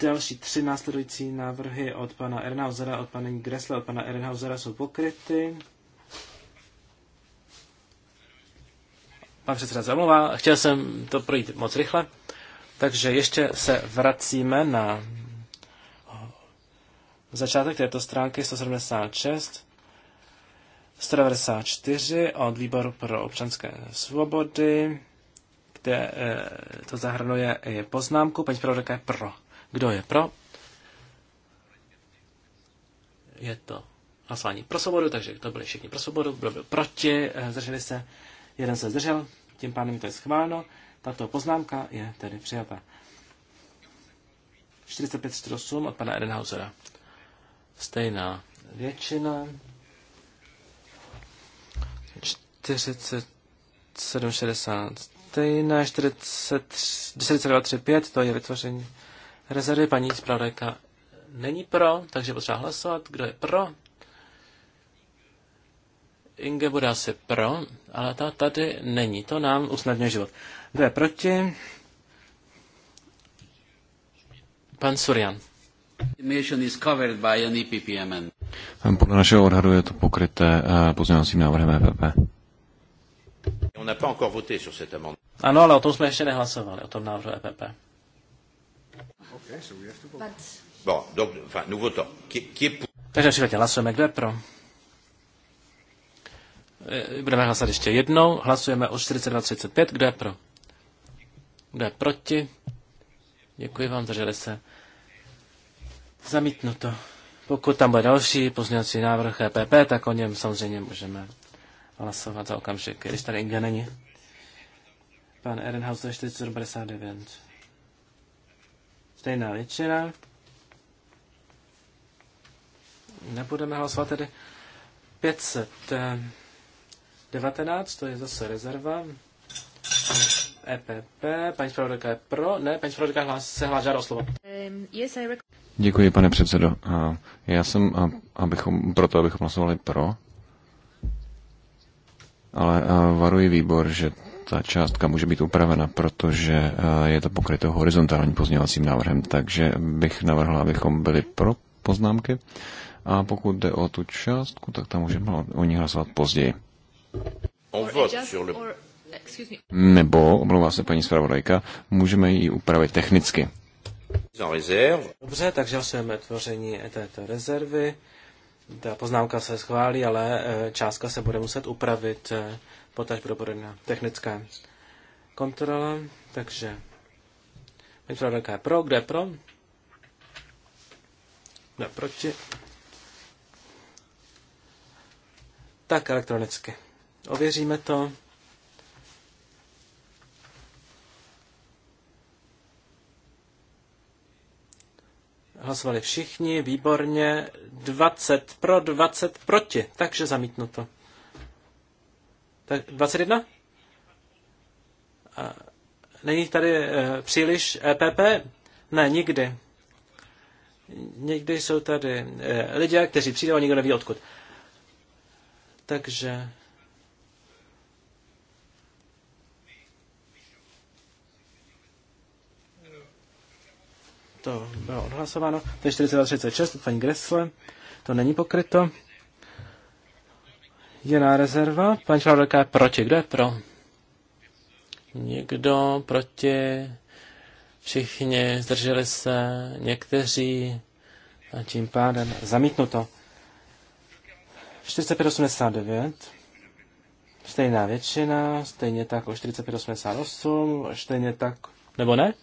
Další tři následující návrhy od pana Ernhausera, od paní Gressle, od pana Ernhausera jsou pokryty. Pan předseda zamluvá, chtěl jsem to projít moc rychle. Takže ještě se vracíme na začátek této stránky 176, 194 od výboru pro občanské svobody, kde eh, to zahrnuje i poznámku. Paní zpravodajka je pro. Kdo je pro? Je to hlasování pro svobodu, takže to byli všichni pro svobodu. Kdo byl proti, eh, zdrželi se, jeden se zdržel, tím pádem to je schváleno. Tato poznámka je tedy přijata. 4548 od pana Edenhausera. Stejná většina. 47 stejné 10235, to je vytvoření rezervy. Paní zpravodajka není pro, takže potřeba hlasovat. Kdo je pro? Inge bude asi pro, ale ta tady není. To nám usnadňuje život. Kdo je proti? Pan Surian. E Podle našeho odhadu je to pokryté eh, pozměňovacím návrhem EPP. Ano, ale o tom jsme ještě nehlasovali, o tom návrhu EPP. Okay, so But... Bon, donc, enfin, nous votons. Qui, qui est... Takže případně hlasujeme, kdo je pro. E, budeme hlasovat ještě jednou. Hlasujeme o 42.35. Kdo je pro? Kdo je proti? Děkuji vám, drželi se. Zamítnuto. Pokud tam bude další pozměňovací návrh EPP, tak o něm samozřejmě můžeme hlasovat za okamžik, když tady Inge není. Pan Ehrenhauser 499. Stejná většina. Nebudeme hlasovat tedy 519, to je zase rezerva. EPP, paní zpravodajka je pro, ne, paní zpravodajka se hlásí o slovo. Um, Děkuji, pane předsedo. Já jsem, abychom, proto abychom hlasovali pro, ale eh, varuji výbor, že ta částka může být upravena, protože eh, je to pokryto horizontálním pozměňovacím návrhem, takže bych navrhla, abychom byli pro poznámky. A pokud jde o tu částku, tak tam můžeme o ní hlasovat později. Nebo, omlouvá se paní zpravodajka, můžeme ji upravit technicky. Dobře, takže hlasujeme tvoření této rezervy ta poznámka se schválí, ale eh, částka se bude muset upravit, eh, potaž bude provedena technická kontrola, takže paní je pro, kde je pro? Kde je proti? Tak elektronicky. Ověříme to. Hlasovali všichni, výborně. 20 pro, 20 proti, takže zamítnuto. Tak 21? A není tady eh, e, příliš EPP? Ne, nikdy. Někdy jsou tady e, lidé, kteří přijdou a nikdo neví odkud. Takže to bylo odhlasováno. To je 42.36, paní Gressle, to není pokryto. Jiná rezerva, paní Šlaudeka je proti, kdo je pro? Nikdo proti, všichni zdrželi se, někteří a tím pádem zamítnuto. 4589, stejná většina, stejně tak o 4588, stejně tak, nebo ne?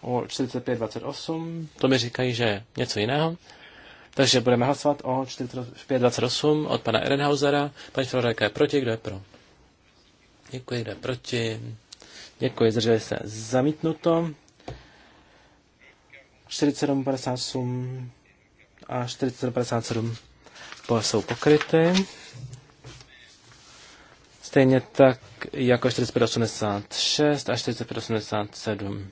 o 4528, to mi říkají, že něco jiného. Takže budeme hlasovat o 4528 od pana Erenhausera. Paní Floreka je proti, kdo je pro? Děkuji, kdo je proti? Děkuji, zdrželi se. Zamítnuto. 4758 a 4757 jsou pokryty. Stejně tak jako 4586 a 4587.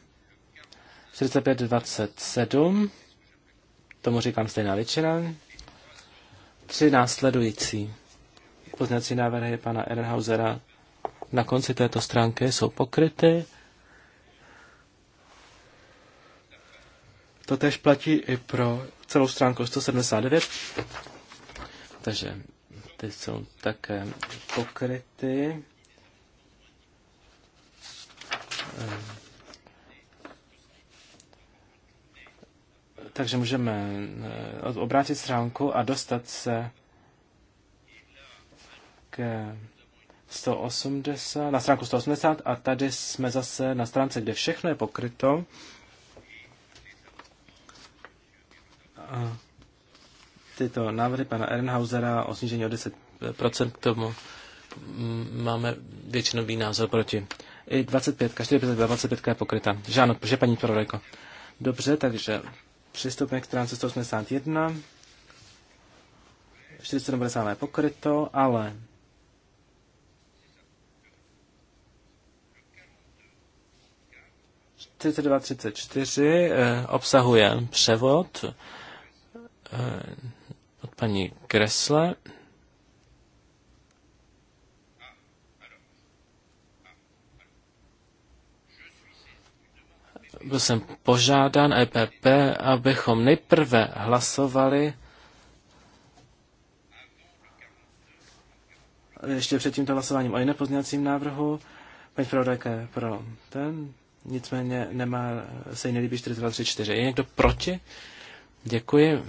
45,27, tomu říkám stejná většina. Tři následující poznací návrhy pana Ehrenhausera na konci této stránky jsou pokryty. To tež platí i pro celou stránku 179. Takže ty jsou také pokryty. Takže můžeme eh, obrátit stránku a dostat se k 180, na stránku 180 a tady jsme zase na stránce, kde všechno je pokryto. A tyto návrhy pana Ehrenhausera o snížení o 10% k tomu mm, máme většinový názor proti. I 25, každý 25 je pokryta. Žáno, že paní Prodejko. Dobře, takže Přistupme k stránce 181. 490 je pokryto, ale eh, obsahuje převod eh, od paní Kresle byl jsem požádán EPP, abychom nejprve hlasovali ještě před tímto hlasováním o jiném pozměňovacím návrhu. Paní zpravodajka pro ten, nicméně nemá, se jí nelíbí 4234. Je někdo proti? Děkuji.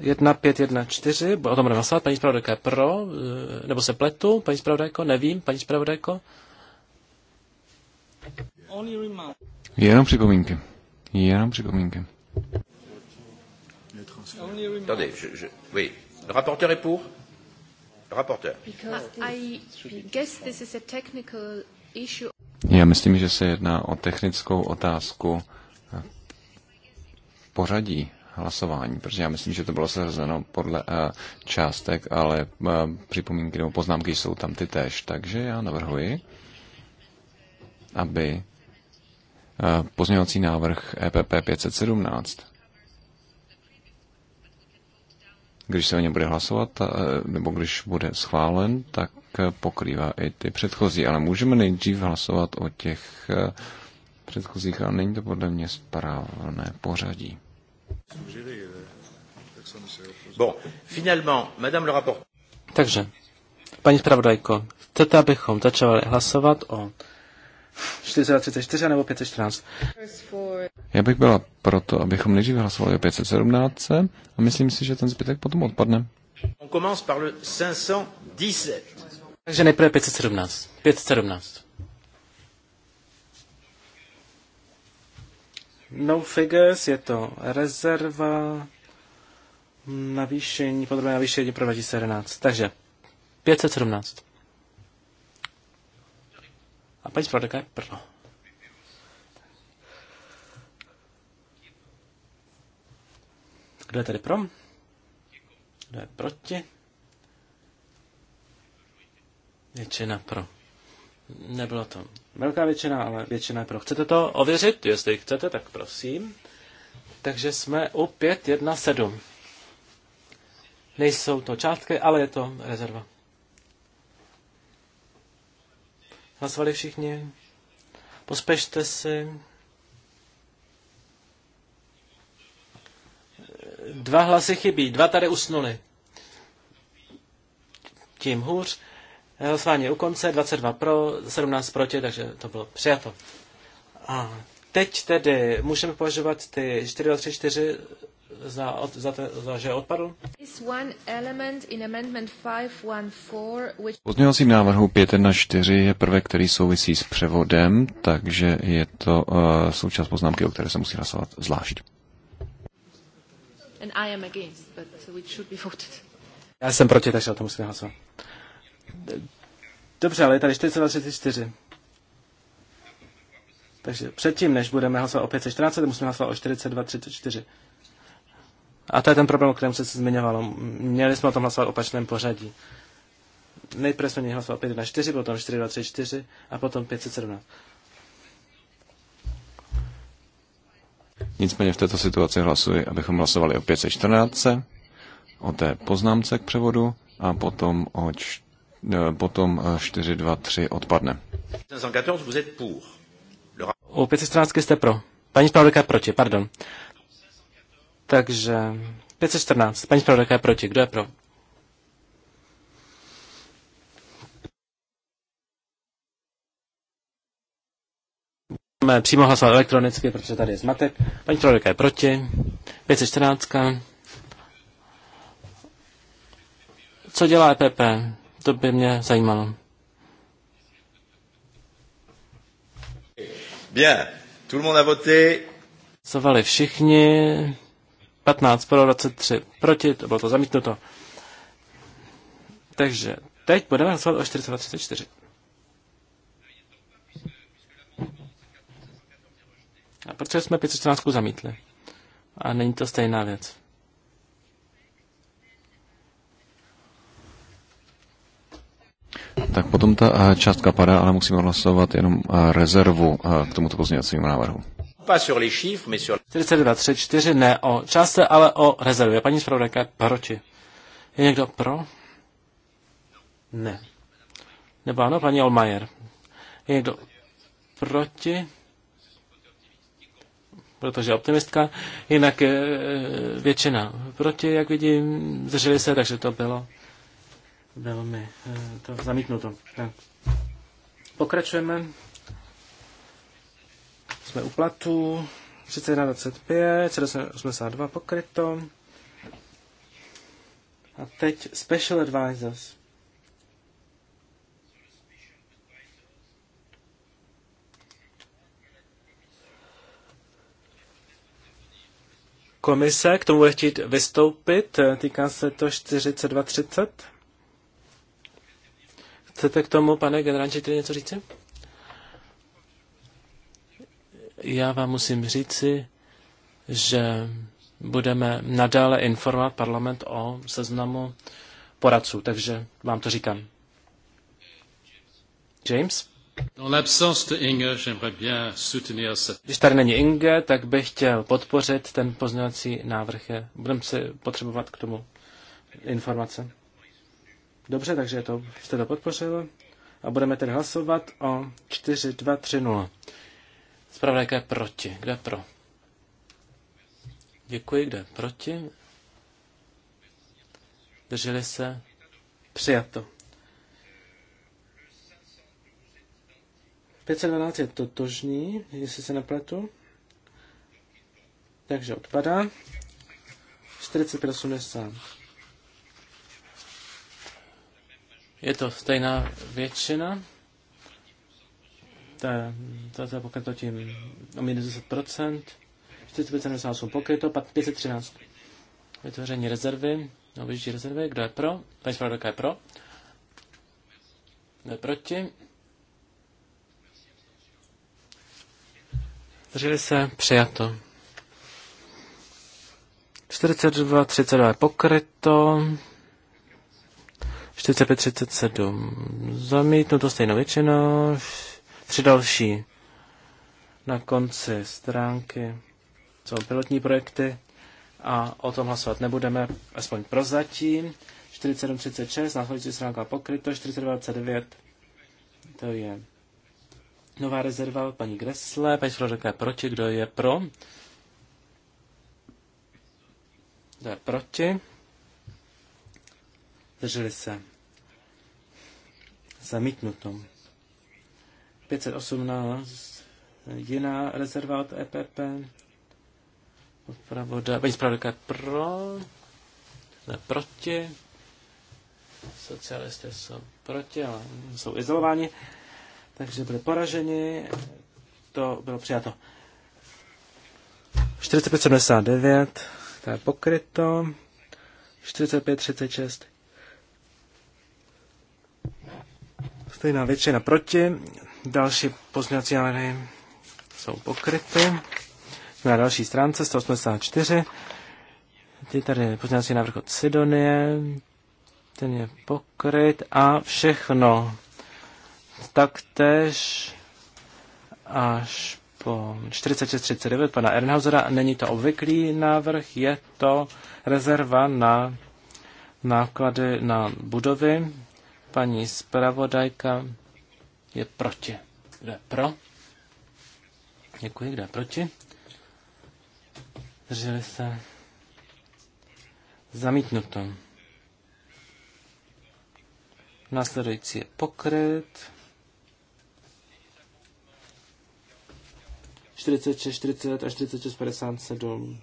1514, o tom budeme hlasovat, paní zpravodajka je pro, eh, nebo se pletu, paní zpravodajko, nevím, paní zpravodajko. Jenom připomínky. Jenom připomínky. tady je, je, oui. rapporteur pour rapporteur. Ah, Já myslím, že se jedná o technickou otázku pořadí hlasování, protože já myslím, že to bylo seřazeno podle eh, částek, ale eh, připomínky nebo poznámky jsou tam ty tež. Takže já navrhuji, aby eh, pozměňovací návrh EPP 517 když se o ně bude hlasovat, nebo když bude schválen, tak pokrývá i ty předchozí. Ale můžeme nejdřív hlasovat o těch předchozích, ale není to podle mě správné pořadí. Bon, finalement, madame le rapport. Takže, paní zpravodajko, chcete, abychom začali hlasovat o 434 nebo 514? Já bych byla proto, abychom nejdříve hlasovali o 517 a myslím si, že ten zbytek potom odpadne. On commence par le 517. Takže nejprve 517. 517. no figures, je to rezerva navýšení, podrobné navýšení pro 2017. Takže 517. A paní zpravodajka je pro. Kdo je tady pro? Kdo je proti? Většina pro. Nebylo to Velká většina, ale většina je pro. Chcete to ověřit? Jestli chcete, tak prosím. Takže jsme u 5.1.7. Nejsou to částky, ale je to rezerva. Hlasovali všichni? Pospešte si. Dva hlasy chybí, dva tady usnuli. Tím hůř. Hlasování je u konce, 22 pro, 17 proti, takže to bylo přijato. A teď tedy můžeme považovat ty 4 3, 4 za, od, za, te, za že odpadl? Which... Pozměňovacím návrhu 4 je prvek, který souvisí s převodem, takže je to uh, součást poznámky, o které se musí hlasovat zvlášť. Against, so Já jsem proti, takže o tom musíme hlasovat. Dobře, ale je tady 424. Takže předtím, než budeme hlasovat o 514, musíme hlasovat o 4234. A to je ten problém, o kterém se zmiňovalo. Měli jsme o tom hlasovat v opačném pořadí. Nejprve jsme měli hlasovat 5 na 4, potom 4 2 3 4 a potom 517. Nicméně v této situaci hlasuji, abychom hlasovali o 514, o té poznámce k převodu a potom o 4 Eh, potom 4, 2, 3 odpadne. U 514 jste pro. Paní zpravodajka je proti, pardon. Takže 514. Paní zpravodajka je proti. Kdo je pro? Máme přímo hlasovat elektronicky, protože tady je zmatek. Paní zpravodajka je proti. 514. Co dělá EPP? To by mě zajímalo. Bien. Tout le monde a voté. Sovali všichni. 15 pro, 23 proti, to bylo to zamítnuto. Takže teď budeme hlasovat o 434. A protože jsme 514 zamítli. A není to stejná věc. Tak potom ta eh, částka padá, ale musíme hlasovat jenom eh, rezervu eh, k tomuto pozměňovacímu návrhu. 42, 3, 4, ne o částce, ale o rezervě. Paní zpravodajka, proti. Je někdo pro? Ne. Nebo ano, paní Olmajer. Je někdo proti? Protože optimistka. Jinak většina proti, jak vidím, zřeli se, takže to bylo velmi eh, to zamítnuto. Tak. Pokračujeme. Jsme u platu. 3125, pokryto. A teď Special Advisors. Komise k tomu bude chtít vystoupit. Eh, týká se to 4230. Chcete k tomu, pane generální řediteli, něco říci? Já vám musím říci, že budeme nadále informovat parlament o seznamu poradců, takže vám to říkám. James? Když tady není Inge, tak bych chtěl podpořit ten pozměňovací návrh. Budeme si potřebovat k tomu informace. Dobře, takže to, jste to podpořil. A budeme tedy hlasovat o 4, 2, 3, 0. Zpravodajka je proti. Kde pro? Děkuji, kde proti? Drželi se? Přijato. 512 je totožný, jestli se nepletu. Takže odpadá. 480. Je to stejná většina. Ta, ta, ta pokryto tím o minus 10%. 4578 pokryto, 513 vytvoření rezervy, no vyžití rezervy, kdo je pro? Paní zpravodajka je pro. Kdo je proti? Zdrželi se, přijato. 42, 32 je pokryto. 4537. 37 zamítnuto stejnou většinou. Tři další na konci stránky jsou pilotní projekty a o tom hlasovat nebudeme, aspoň prozatím. 47.36, následující stránka pokryto, 42.29, to je nová rezerva paní Gresle, paní Flodeka je proti, kdo je pro? Kdo je proti? Drželi se. Zamítnuto. 518. Jiná rezerva od EPP. Pravoda, paní zpravodajka pro, ne proti. Socialisté jsou proti, ale jsou izolováni. Takže byli poraženi. To bylo přijato. 4579, to je pokryto. 4536 Stejná většina proti. Další pozměňovací návrhy jsou pokryty. Na no další stránce 184. Je tady pozměňovací návrh od Sidonie. Ten je pokryt a všechno. Taktéž až po 46.39 pana Ernhausera. Není to obvyklý návrh, je to rezerva na náklady na budovy. Paní zpravodajka je proti. Kdo je pro? Děkuji, kdo je proti? Zdrželi se. Zamítnuto. Následující je pokryt. 46, 40 a 46, 57.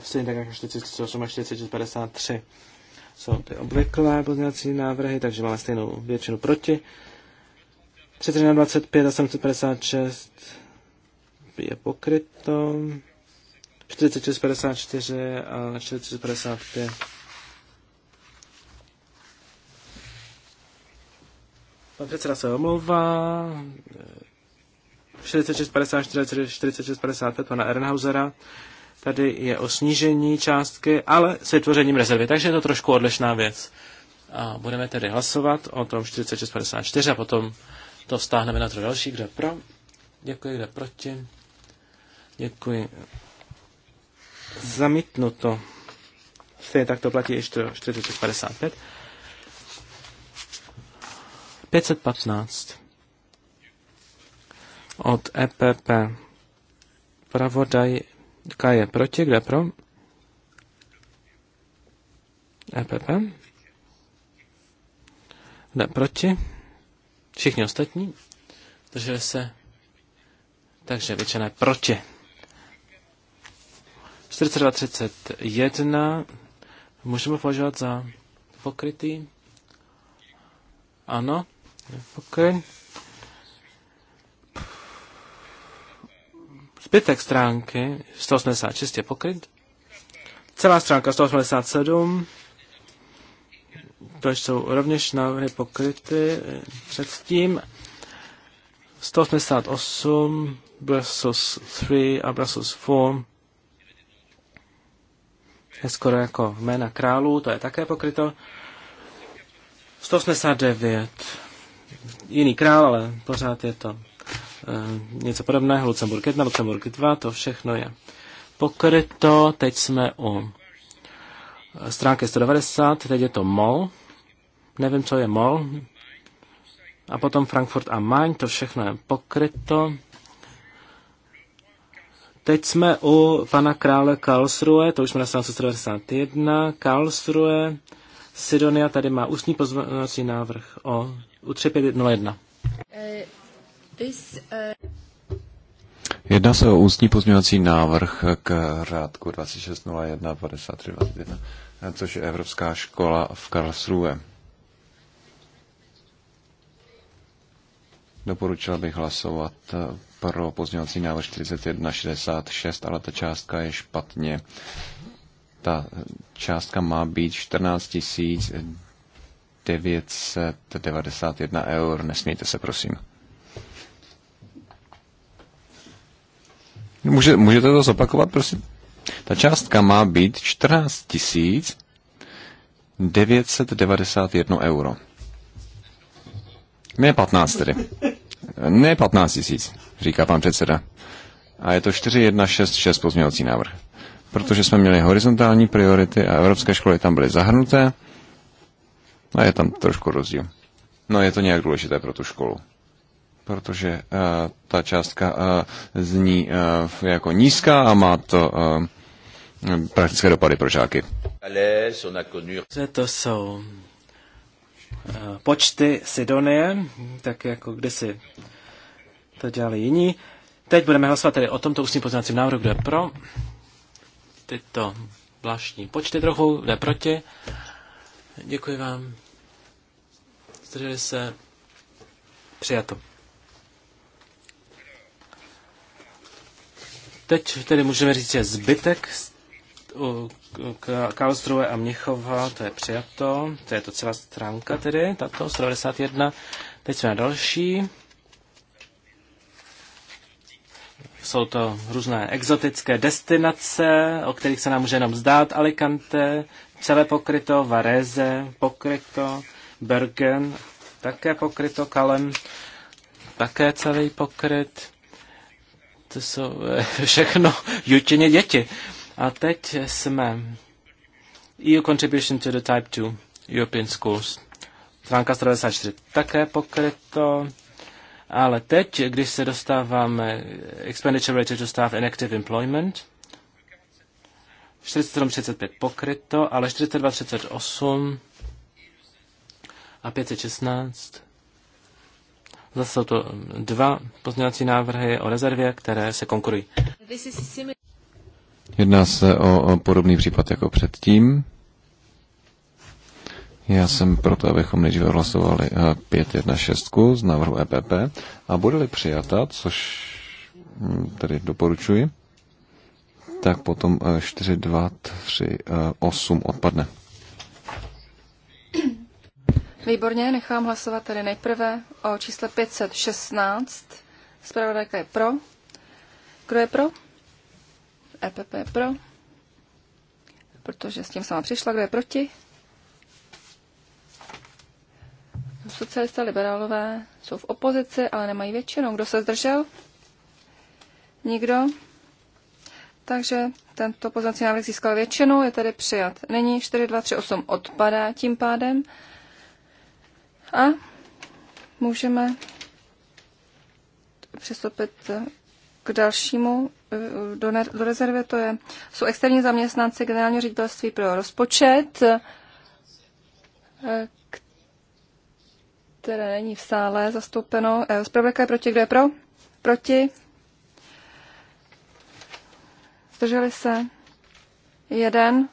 Stejně tak jako 46, 8 a 46, 53 jsou ty obvyklé pozměňovací návrhy, takže máme stejnou většinu proti. na 25 a 756 je pokryto. 46,54 a 46,55. Pan předseda se omlouvá. 46,54 54, 46, pana Ernhausera. Tady je o snížení částky, ale s vytvořením rezervy, takže je to trošku odlišná věc. A budeme tedy hlasovat o tom 4654 a potom to vztáhneme na to další, kde pro. Děkuji, kde proti. Děkuji. Zamítnuto. Stejně tak to platí ještě 4655. 515 od EPP. Pravodaj k je proti, kde pro? EPP. Kde proti? Všichni ostatní. Drželi se. Takže většina je proti. 42.31 můžeme považovat za pokrytý. Ano, pokrytý. Zbytek stránky 186 je pokryt. Celá stránka 187, to jsou rovněž návrhy pokryty předtím. 188, Brussels 3 a Brussels 4 je skoro jako jména králů, to je také pokryto. 189. Jiný král, ale pořád je to Eh, něco podobného, Lucemburg 1, Lucemburg 2, to všechno je pokryto. Teď jsme u stránky 190, teď je to MOL, nevím, co je MOL, a potom Frankfurt a Main, to všechno je pokryto. Teď jsme u pana krále Karlsruhe, to už jsme na stránce 191, Karlsruhe, Sidonia tady má ústní pozvanací návrh o u 3501. Uh, Jedná se o ústní pozměňovací návrh k řádku 2601 53 což je Evropská škola v Karlsruhe. Doporučila bych hlasovat pro pozměňovací návrh 4166, ale ta částka je špatně. Ta částka má být 14 991 eur. Nesmějte se, prosím. Může, můžete to zopakovat, prosím? Ta částka má být 14 991 euro. Ne 15 tedy. Ne 15 tisíc, říká pan předseda. A je to 4166 pozměňovací návrh. Protože jsme měli horizontální priority a evropské školy tam byly zahrnuté. A je tam trošku rozdíl. No je to nějak důležité pro tu školu protože eh, ta částka eh, zní eh, jako nízká a má to praktické dopady pro žáky. To jsou počty Sidonie, tak jako kdysi to dělali jiní. Teď budeme hlasovat tedy o tomto ústním pozměňovacím návrhu, kdo je pro tyto vláštní počty trochu, je proti. Děkuji vám. Zdrželi se. Přijato. Teď tedy můžeme říct, že zbytek Karlsruhe a Měchova, to je přijato, to je to celá stránka tedy, tato 191. Teď jsme na další. Jsou to různé exotické destinace, o kterých se nám může jenom zdát. Alicante, celé pokryto, Varese, pokryto, Bergen, také pokryto, Kalem, také celý pokryt to jsou eh, všechno jutěně děti. A teď jsme EU Contribution to the Type 2 European Schools. Stránka 194 také pokryto. Ale teď, když se dostáváme expenditure related to staff and active employment, 47.35 pokryto, ale 42.38 a 516 Zase jsou to dva pozměňovací návrhy o rezervě, které se konkurují. Jedná se o podobný případ jako předtím. Já jsem proto, abychom nejdříve hlasovali 516 eh, z návrhu EPP a bude-li přijata, což hm, tedy doporučuji, tak potom 4.2.3.8 eh, eh, odpadne. Výborně, nechám hlasovat tedy nejprve o čísle 516. Zpravodajka je pro. Kdo je pro? EPP je pro. Protože s tím sama přišla. Kdo je proti? Socialisté, liberálové jsou v opozici, ale nemají většinu. Kdo se zdržel? Nikdo. Takže tento poznací návrh získal většinu, je tedy přijat. Není 4238 odpadá tím pádem. A můžeme přistoupit k dalšímu eh, do, ne, do rezervy, to je, jsou externí zaměstnanci generálního ředitelství pro rozpočet, eh, které není v sále zastoupeno. Eh, zpravodajka je proti, kdo je pro? Proti? Zdrželi se? Jeden.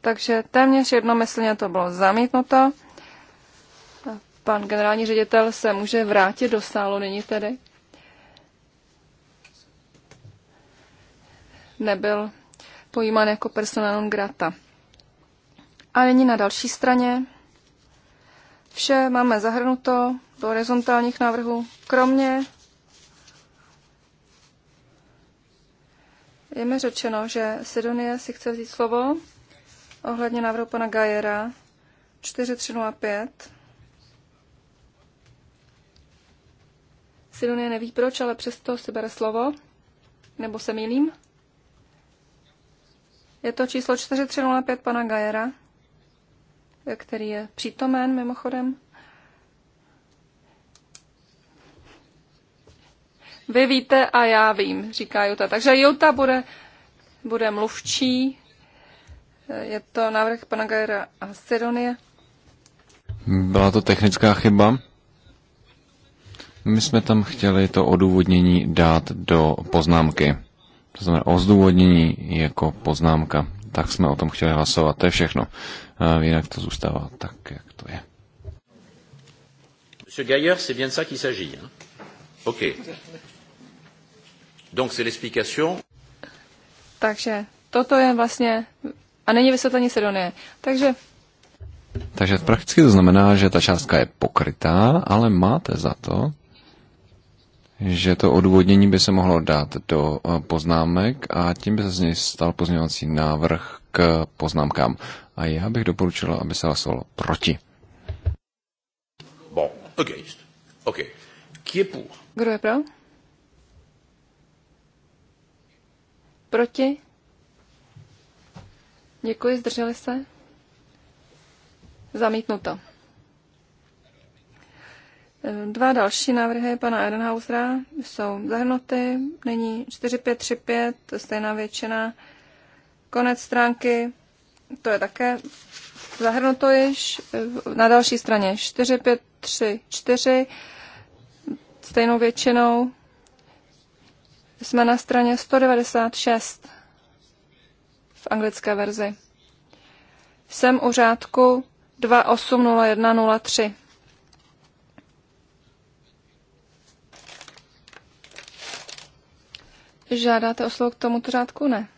Takže téměř jednomyslně to bylo zamítnuto. Pan generální ředitel se může vrátit do sálu nyní tedy. Nebyl pojímán jako persona grata. A nyní na další straně. Vše máme zahrnuto do horizontálních návrhů, kromě Je mi řečeno, že Sidonie si chce vzít slovo ohledně návrhu pana Gajera 4305. Sidonie neví proč, ale přesto si bere slovo. Nebo se mýlím? Je to číslo 4305 pana Gajera, který je přítomen mimochodem. Vy víte a já vím, říká Juta. Takže Juta bude, bude mluvčí. Je to návrh pana Gajera a Sidonie. Byla to technická chyba. My jsme tam chtěli to odůvodnění dát do poznámky. To znamená o zdůvodnění jako poznámka. Tak jsme o tom chtěli hlasovat. To je všechno. A jinak to zůstává tak, jak to je. Monsieur Gaillard, c'est bien de ça qu'il s'agit. Hein? OK. Donc c'est l'explication. Takže toto je vlastně... A není vysvětlení Sedonie. Takže takže prakticky to znamená, že ta částka je pokrytá, ale máte za to, že to odůvodnění by se mohlo dát do eh, poznámek a tím by se z něj stal pozměňovací návrh k poznámkám. A já bych doporučila, aby se hlasovalo proti. Bon, okay. Okay. Kdo je pro? Proti? Děkuji, zdrželi se? Zamítnuto. Dva další návrhy pana Edenhausera jsou zahrnuty, není 4535, stejná většina. Konec stránky, to je také zahrnuto již na další straně 4534, stejnou většinou. Jsme na straně 196 v anglické verzi. Jsem u řádku 280103. Žádáte o slovo k tomuto řádku? Ne.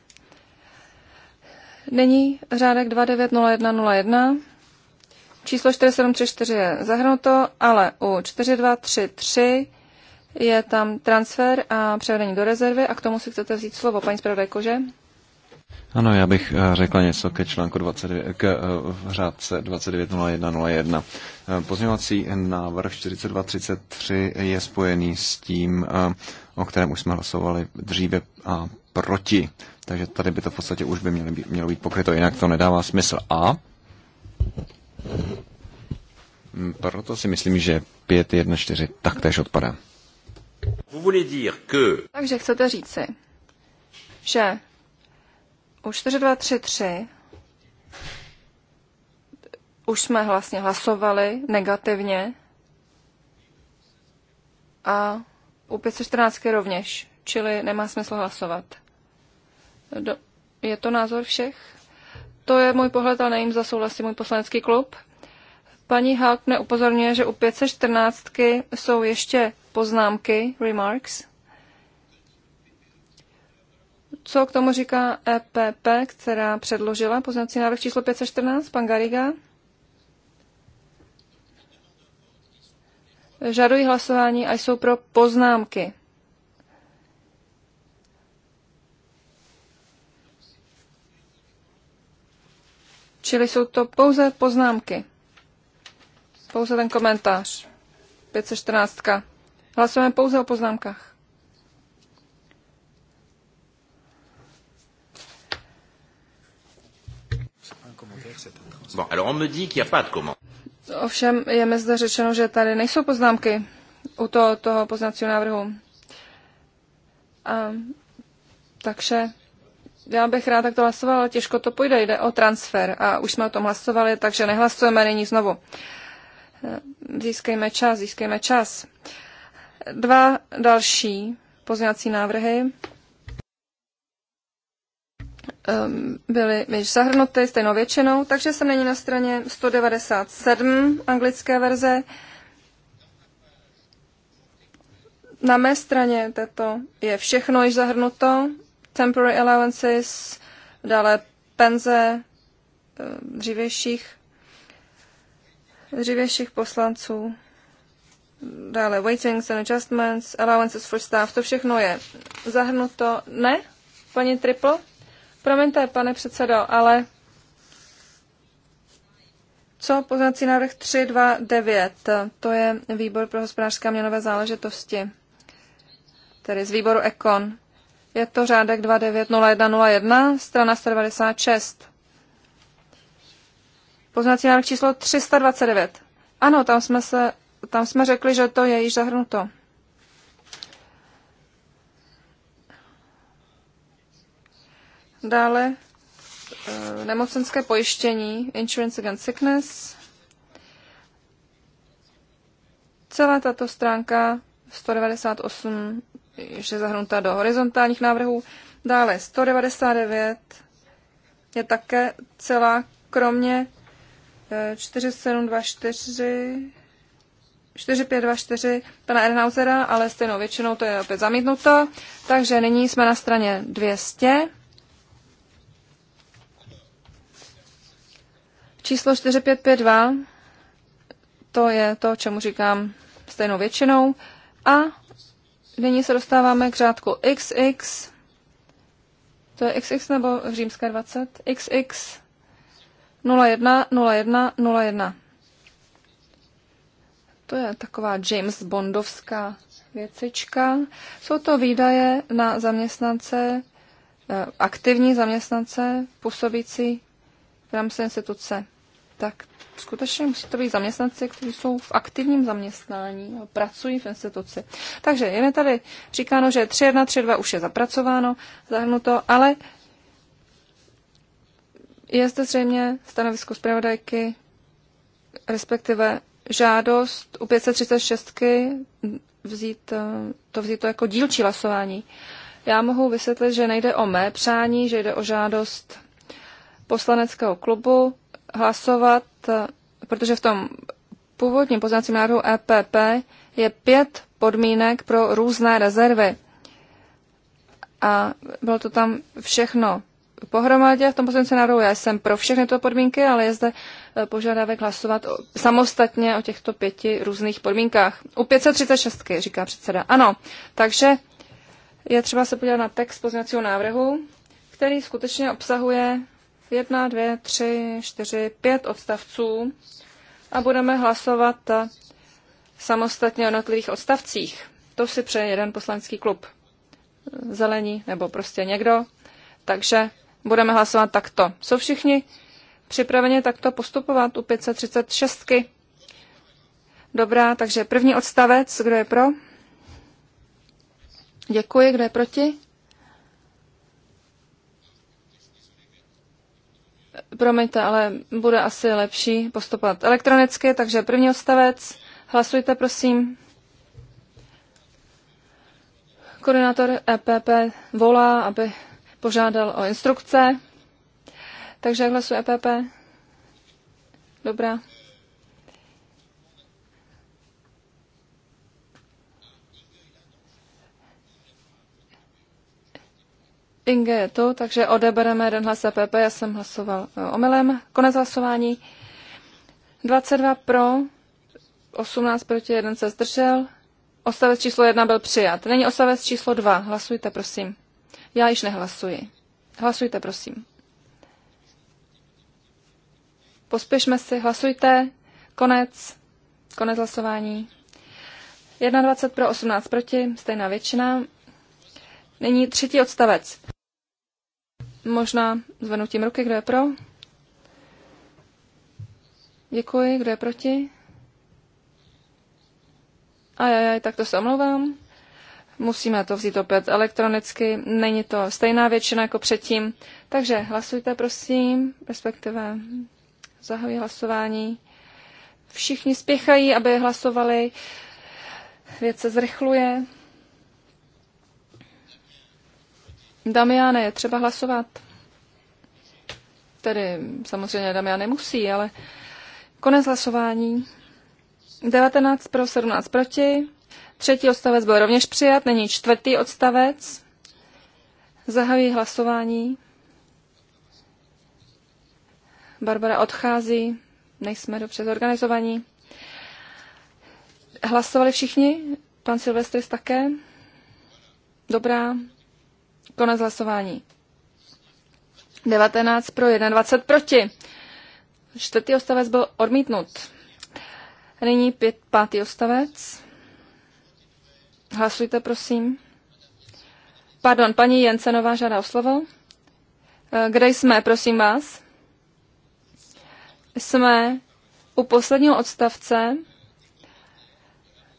Není řádek 290101. Číslo 4734 je zahrnuto, ale u 4233 je tam transfer a převedení do rezervy a k tomu si chcete vzít slovo, paní zpravodajko, že? Ano, já bych eh, řekla něco ke článku 20, k eh, řádce 29.01.01. Eh, pozměňovací návrh 42.33 je spojený s tím o kterém už jsme hlasovali dříve a proti. Takže tady by to v podstatě už by mělo být, mělo být pokryto, jinak to nedává smysl. A hm, proto si myslím, že 5.1.4 taktéž odpadá. Takže chcete říci, že u 4.2.3.3 už jsme vlastně hlasovali negativně a u 514 rovněž, čili nemá smysl hlasovat. Do, je to názor všech? To je můj pohled, ale nejím za souhlasí můj poslanecký klub. Paní Halk mě upozorňuje, že u 514 jsou ještě poznámky, remarks. Co k tomu říká EPP, která předložila poznací návrh číslo 514, pan Gariga? žadují hlasování a jsou pro poznámky. Čili jsou to pouze poznámky. Pouze ten komentář. 514. Hlasujeme pouze o poznámkách. Bon, alors on me dit qu'il n'y a pas de comment. Ovšem je mi zde řečeno, že tady nejsou poznámky u toho, toho poznacího návrhu. A, takže já bych rád takto hlasovala, ale těžko to půjde. Jde o transfer a už jsme o tom hlasovali, takže nehlasujeme nyní znovu. Získejme čas, získejme čas. Dva další pozněcí návrhy. Ehm, byly již zahrnuty stejnou většinou, takže jsem není na straně 197 anglické verze. Na mé straně této je všechno již zahrnuto. Temporary allowances, dále penze ehm, dřívějších, dřívějších poslanců, dále waitings and adjustments, allowances for staff, to všechno je zahrnuto. Ne, paní Triple? Promiňte, pane předsedo, ale co poznací návrh 329? To je výbor pro hospodářské a měnové záležitosti, tedy z výboru Ekon. Je to řádek 290101, strana 196. Poznací návrh číslo 329. Ano, tam jsme, se, tam jsme řekli, že to je již zahrnuto. Dále eh, nemocenské pojištění, Insurance Against Sickness. Celá tato stránka 198 je zahrnuta do horizontálních návrhů. Dále 199 je také celá, kromě 4724, eh, 4524 pana Ernauzera, ale stejnou většinou to je opět zamítnuto. Takže nyní jsme na straně 200. Číslo 4552, to je to, čemu říkám stejnou většinou. A nyní se dostáváme k řádku XX. To je XX nebo v římské 20? XX 01 01 01. To je taková James Bondovská věcička. Jsou to výdaje na zaměstnance, eh, aktivní zaměstnance působící v rámci instituce tak skutečně musí to být zaměstnanci, kteří jsou v aktivním zaměstnání a pracují v instituci. Takže je mi tady říkáno, že 3.1.3.2 už je zapracováno, zahrnuto, ale je zde zřejmě stanovisko zpravodajky, respektive žádost u 536 vzít eh, to, vzít to jako dílčí hlasování. Já mohu vysvětlit, že nejde o mé přání, že jde o žádost poslaneckého klubu, hlasovat, protože v tom původním poznacím návrhu EPP je pět podmínek pro různé rezervy. A bylo to tam všechno pohromadě v tom posledním návrhu. Já jsem pro všechny tyto podmínky, ale je zde eh, požadavek hlasovat o, samostatně o těchto pěti různých podmínkách. U 536, říká předseda. Ano, takže je třeba se podívat na text poznacího návrhu, který skutečně obsahuje jedna, dvě, tři, čtyři, pět odstavců a budeme hlasovat samostatně o jednotlivých odstavcích. To si přeje jeden poslanský klub. Zelení nebo prostě někdo. Takže budeme hlasovat takto. Jsou všichni připraveni takto postupovat u 536? Dobrá, takže první odstavec, kdo je pro? Děkuji, kdo je proti? Promiňte, ale bude asi lepší postupovat elektronicky, takže první odstavec. Hlasujte, prosím. Koordinátor EPP volá, aby požádal o instrukce. Takže jak hlasuje EPP? Dobrá. Inge je tu, takže odebereme jeden hlas EPP, já jsem hlasoval eh, omylem. Konec hlasování. 22 pro, 18 proti, 1 se zdržel. Ostavec číslo 1 byl přijat. Není ostavec číslo 2. Hlasujte, prosím. Já již nehlasuji. Hlasujte, prosím. Pospěšme si, hlasujte. Konec. Konec hlasování. 21 pro, 18 proti, stejná většina. Nyní třetí odstavec možná zvednutím ruky, kdo je pro. Děkuji, kdo je proti. A já tak to se omlouvám. Musíme to vzít opět elektronicky, není to stejná většina jako předtím. Takže hlasujte, prosím, respektive zahajuji hlasování. Všichni spěchají, aby hlasovali. Věc se zrychluje. Damiane, je třeba hlasovat. Tedy samozřejmě Damiane musí, ale konec hlasování. 19 pro, 17 proti. Třetí odstavec byl rovněž přijat, není čtvrtý odstavec. Zahajuji hlasování. Barbara odchází, nejsme dobře zorganizovaní. Hlasovali všichni? Pan Silvestris také? Dobrá, Konec hlasování. 19 pro 21 proti. Čtvrtý ostavec byl odmítnut. Nyní pět, pátý ostavec. Hlasujte, prosím. Pardon, paní Jensenová žádá o slovo. Eh, kde jsme, prosím vás? Jsme u posledního odstavce,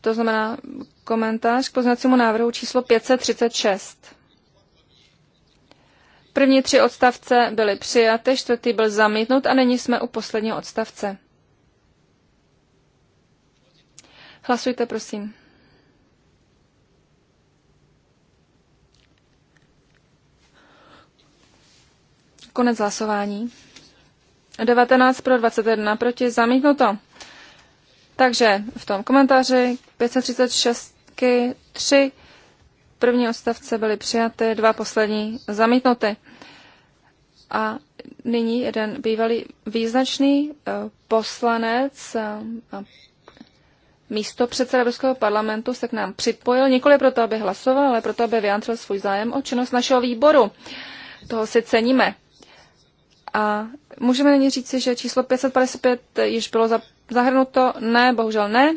to znamená komentář k poznacímu návrhu číslo 536. První tři odstavce byly přijaty, čtvrtý byl zamítnut a nyní jsme u posledního odstavce. Hlasujte, prosím. Konec hlasování. 19 pro 21 proti, zamítnuto. Takže v tom komentáři 536 3 první odstavce byly přijaty, dva poslední zamítnuty. A nyní jeden bývalý význačný eh, poslanec eh, a místo předseda Evropského parlamentu se k nám připojil, nikoli proto, aby hlasoval, ale proto, aby vyjádřil svůj zájem o činnost našeho výboru. Toho si ceníme. A můžeme nyní říci, že číslo 555 již bylo zahrnuto? Ne, bohužel ne.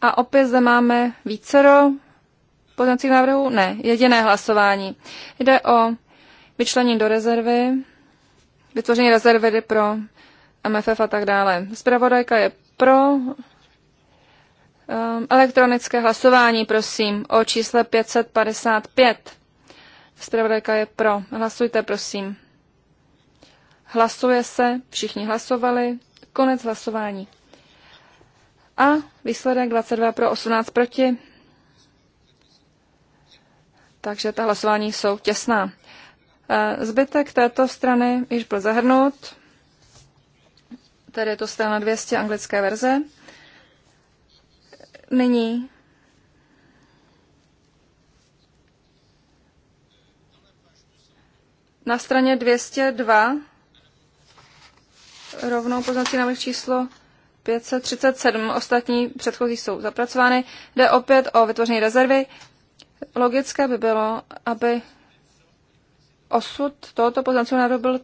A opět zde máme vícero pozměňovacích návrhů? Ne, jediné hlasování. Jde o vyčlenění do rezervy, vytvoření rezervy pro MFF a tak dále. Zpravodajka je pro um, elektronické hlasování, prosím, o čísle 555. Zpravodajka je pro. Hlasujte, prosím. Hlasuje se, všichni hlasovali, konec hlasování. A výsledek 22 pro 18 proti, takže ta hlasování jsou těsná. E, zbytek této strany již byl zahrnut. Tady je to strana 200 anglické verze. Nyní na straně 202 rovnou poznací návrh číslo 537. Ostatní předchozí jsou zapracovány. Jde opět o vytvoření rezervy. Logické by bylo, aby osud tohoto poznacího návrhu byl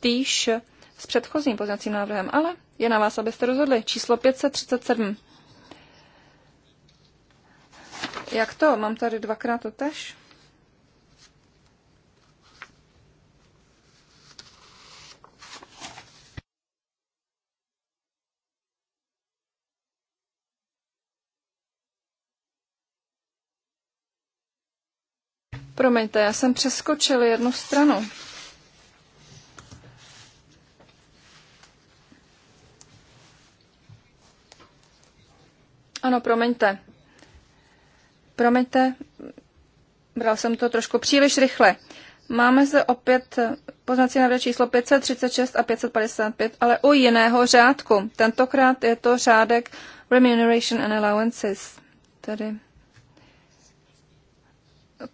týž s předchozím poznacím návrhem, ale je na vás, abyste rozhodli. Číslo 537. Jak to? Mám tady dvakrát to tež? Promiňte, já jsem přeskočil jednu stranu. Ano, promiňte. Promiňte, bral jsem to trošku příliš rychle. Máme zde opět poznací návrh číslo 536 a 555, ale u jiného řádku. Tentokrát je to řádek Remuneration and Allowances, tedy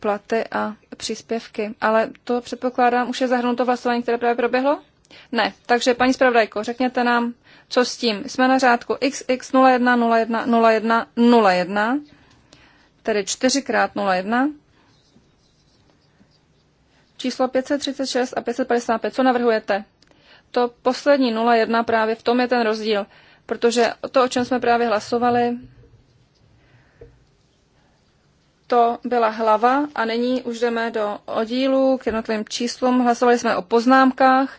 platy a příspěvky. Ale to předpokládám, už je zahrnuto v hlasování, které právě proběhlo? Ne. Takže paní zpravodajko, řekněte nám, co s tím. Jsme na řádku xx 010101 tedy 4x01, číslo 536 a 555. Co navrhujete? To poslední 01 právě v tom je ten rozdíl, protože to, o čem jsme právě hlasovali, to byla hlava a nyní už jdeme do oddílu k jednotlivým číslům. Hlasovali jsme o poznámkách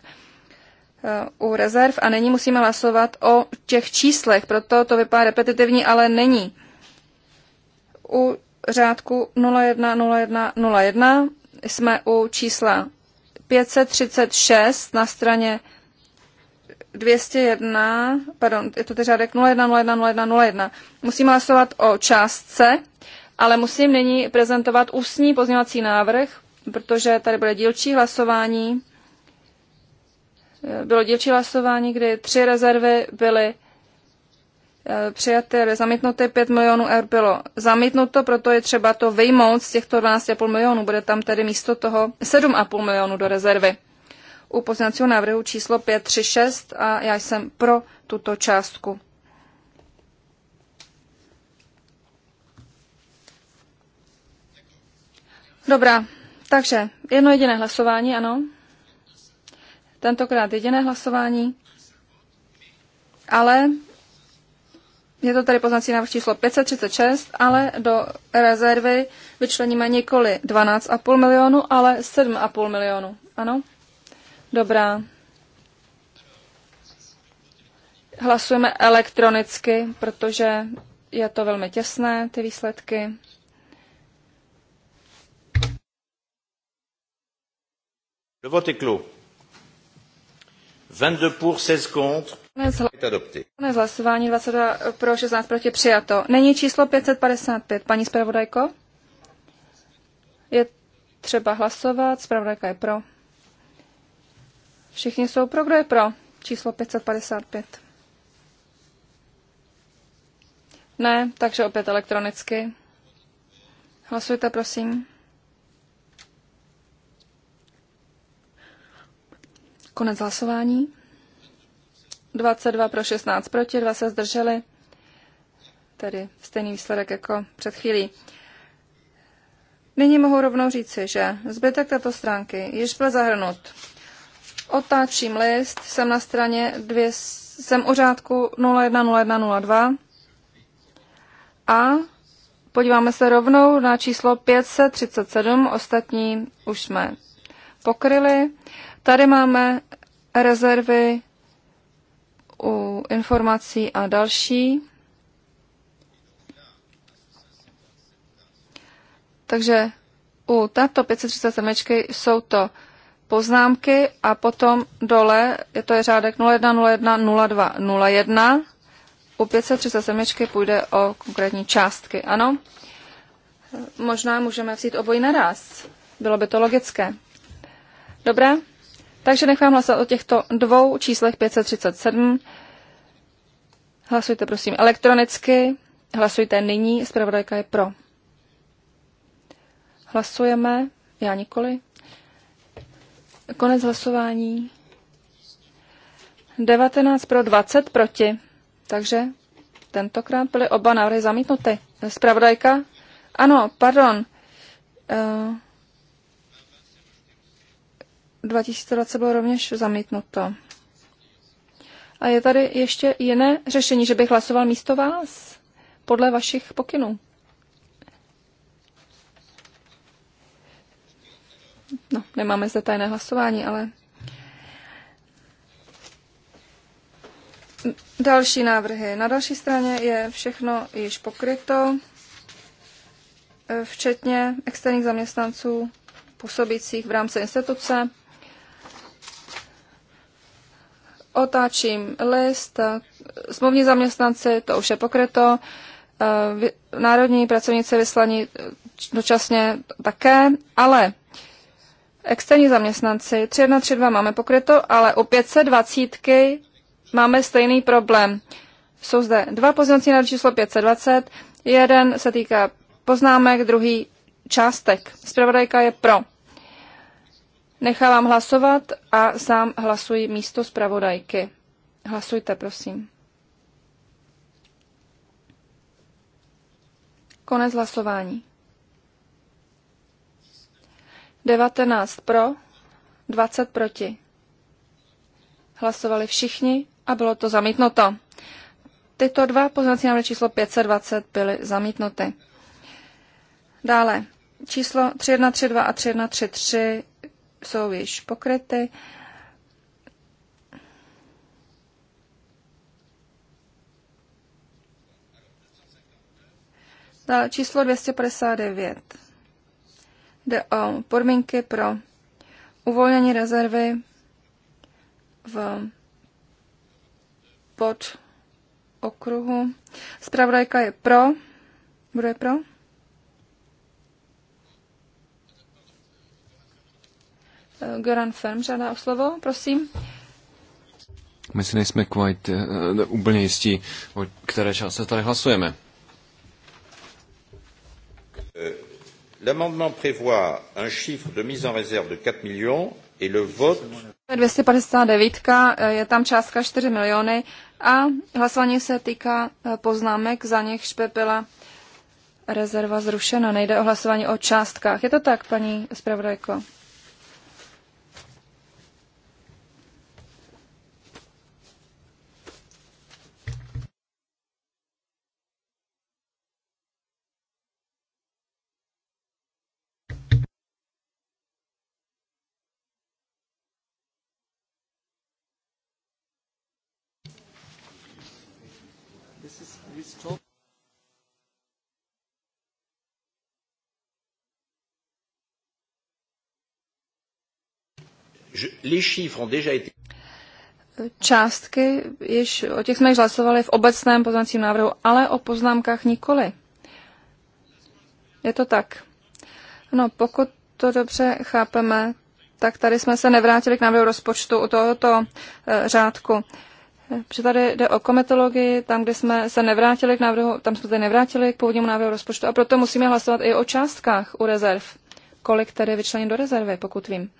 eh, u rezerv a nyní musíme hlasovat o těch číslech, proto to vypadá repetitivní, ale není. U řádku 010101 jsme u čísla 536 na straně 201, pardon, je to řádek 010101. Musíme hlasovat o částce ale musím nyní prezentovat ústní pozměňovací návrh, protože tady bude dílčí hlasování. Eh, bylo dílčí hlasování, kdy tři rezervy byly eh, přijaté, zamítnuté 5 milionů eur bylo zamítnuto, proto je třeba to vyjmout z těchto 12,5 milionů. Bude tam tedy místo toho 7,5 milionů do rezervy. U pozměňovacího návrhu číslo 536 a já jsem pro tuto částku. Dobrá, takže jedno jediné hlasování, ano. Tentokrát jediné hlasování, ale je to tady poznací návrh číslo 536, ale do rezervy vyčleníme nikoli 12,5 milionu, ale 7,5 milionu. Ano? Dobrá. Hlasujeme elektronicky, protože je to velmi těsné, ty výsledky. Le vote est clos. 22 pour, 16 contre. Konec hlasování 22 eh, pro, 16 proti přijato. Není číslo 555, paní zpravodajko? Je třeba hlasovat, zpravodajka je pro. Všichni jsou pro, kdo je pro? Číslo 555. Ne, takže opět elektronicky. Hlasujte, prosím. Konec hlasování. 22 pro 16 proti, 2 se zdrželi, tedy stejný výsledek jako před chvílí. Nyní mohu rovnou říci, že zbytek této stránky již byl zahrnut. Otáčím list, jsem na straně 2, jsem u řádku 010102 a podíváme se rovnou na číslo 537, ostatní už jsme pokryli. Tady máme rezervy u informací a další. Takže u této 537 jsou to poznámky a potom dole, je to je řádek 01010201, u 537 půjde o konkrétní částky, ano? Možná můžeme vzít obojí naraz. Bylo by to logické. Dobré? Takže nechám hlasovat o těchto dvou číslech 537. Hlasujte prosím elektronicky. Hlasujte nyní. Zpravodajka je pro. Hlasujeme. Já nikoli. Konec hlasování. 19 pro 20 proti. Takže tentokrát byly oba návrhy zamítnuty. Zpravodajka? Ano, pardon. Uh, 2020 bylo rovněž zamítnuto. A je tady ještě jiné řešení, že bych hlasoval místo vás, podle vašich pokynů. No, nemáme zde tajné hlasování, ale... Další návrhy. Na další straně je všechno již pokryto, včetně externích zaměstnanců působících v rámci instituce. otáčím list, smluvní zaměstnanci, to už je pokryto, eh, národní pracovnice vyslaní dočasně také, ale externí zaměstnanci 3132 máme pokryto, ale u 520 máme stejný problém. Jsou zde dva pozměňovací na číslo 520, jeden se týká poznámek, druhý částek. Zpravodajka je pro. Nechávám hlasovat a sám hlasuji místo zpravodajky. Hlasujte, prosím. Konec hlasování. 19 pro, 20 proti. Hlasovali všichni a bylo to zamítnuto. Tyto dva poznací návrhy číslo 520 byly zamítnuty. Dále číslo 3132 a 3133 jsou již pokryty. Dále číslo 259. Jde o podmínky pro uvolnění rezervy v pod okruhu. Spravodajka je pro. Bude pro? Eh, Goran Ferm žádá o slovo, prosím. My si nejsme quite uh, úplně jistí, o které části tady hlasujeme. L'amendement prévoit un chiffre de mise en réserve de 4 millions et le vote... 259 je tam částka 4 miliony a hlasování se týká poznámek, za nichž by byla rezerva zrušena. Nejde o hlasování o částkách. Je to tak, paní zpravodajko? Les chiffres ont déjà été... Částky, jež o těch jsme již hlasovali v obecném poznacím návrhu, ale o poznámkách nikoli. Je to tak. No, pokud to dobře chápeme, tak tady jsme se nevrátili k návrhu rozpočtu u tohoto e, řádku. Protože tady jde o kometologii, tam, kde jsme se nevrátili k návrhu, tam jsme se nevrátili k původnímu návrhu rozpočtu a proto musíme hlasovat i o částkách u rezerv. Kolik tedy vyčlenit do rezervy, pokud vím.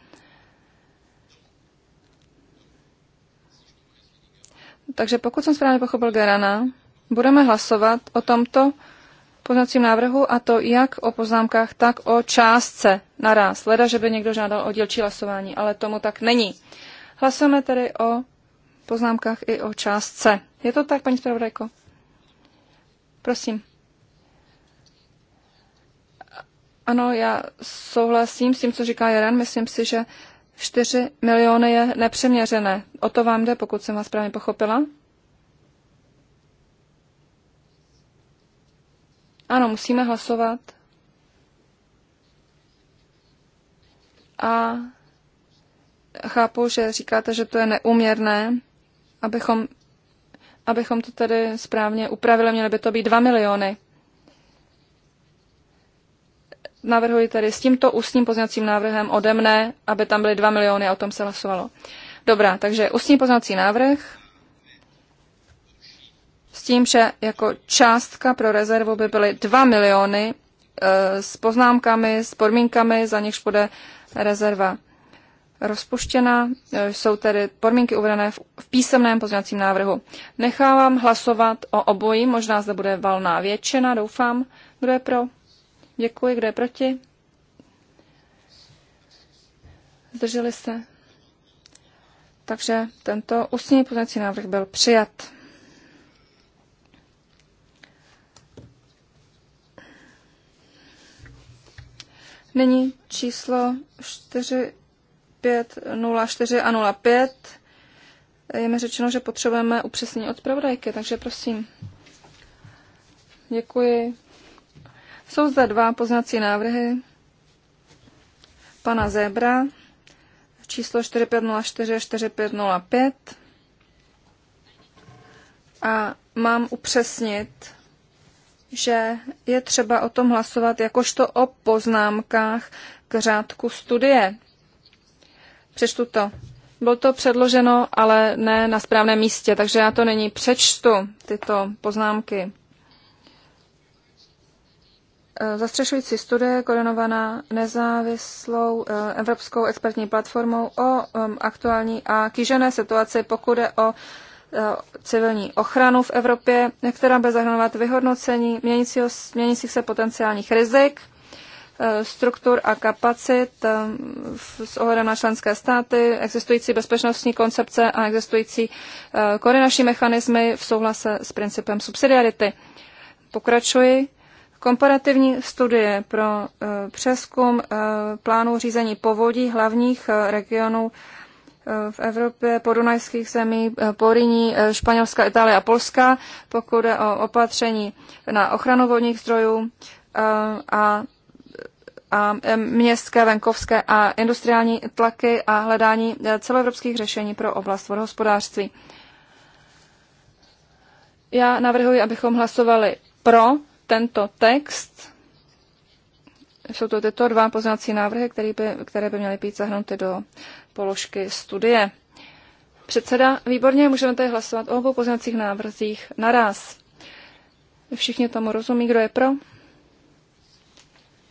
Takže pokud jsem správně pochopil Gerana, budeme hlasovat o tomto poznacím návrhu a to jak o poznámkách, tak o částce naraz. Leda, že by někdo žádal o dělčí hlasování, ale tomu tak není. Hlasujeme tedy o poznámkách i o částce. Je to tak, paní zpravodajko? Prosím. Ano, já souhlasím s tím, co říká Jaren. Myslím si, že 4 miliony je nepřeměřené. O to vám jde, pokud jsem vás správně pochopila? Ano, musíme hlasovat. A chápu, že říkáte, že to je neuměrné, abychom, abychom to tedy správně upravili, měly by to být 2 miliony. Navrhuji tedy s tímto ústním pozněcím návrhem ode mne, aby tam byly 2 miliony a o tom se hlasovalo. Dobrá, takže ústní poznací návrh s tím, že jako částka pro rezervu by byly 2 miliony e, s poznámkami, s podmínkami, za nichž bude rezerva rozpuštěna. E, jsou tedy podmínky uvedené v, v písemném pozměňovacím návrhu. Nechávám hlasovat o obojí, možná zde bude valná většina, doufám. Kdo je pro? Děkuji. Kdo je proti? Zdrželi se? Takže tento ústní pozměňovací návrh byl přijat. Nyní číslo 4, a 05. Je mi řečeno, že potřebujeme upřesnění od zpravodajky, takže prosím. Děkuji. Jsou zde dva poznací návrhy pana Zebra, číslo 4504 a 4505. A mám upřesnit, že je třeba o tom hlasovat jakožto o poznámkách k řádku studie. Přečtu to. Bylo to předloženo, ale ne na správném místě, takže já to není přečtu, tyto poznámky. Eh, zastřešující studie koordinovaná nezávislou eh, evropskou expertní platformou o aktuální a kýžené situaci, pokud je o eh, civilní ochranu v Evropě, která bude zahrnovat vyhodnocení měnícího, měnících se potenciálních rizik, struktur a kapacit s ohledem na členské státy, existující bezpečnostní koncepce a existující koordinační mechanismy v souhlase s principem subsidiarity. Pokračuji komparativní studie pro e, přeskum e, plánu řízení povodí hlavních e, regionů v Evropě, podunajských zemí, Poriní, Španělska, Itálie a Polska, pokud je o opatření na ochranu vodních zdrojů a, a městské, venkovské a industriální tlaky a hledání celoevropských řešení pro oblast vodohospodářství. Já navrhuji, abychom hlasovali pro tento text. Jsou to tyto dva poznací návrhy, které by, které by měly být zahrnuty do položky studie. Předseda, výborně, můžeme tady hlasovat o obou poznacích návrzích naraz. Všichni tomu rozumí, kdo je pro?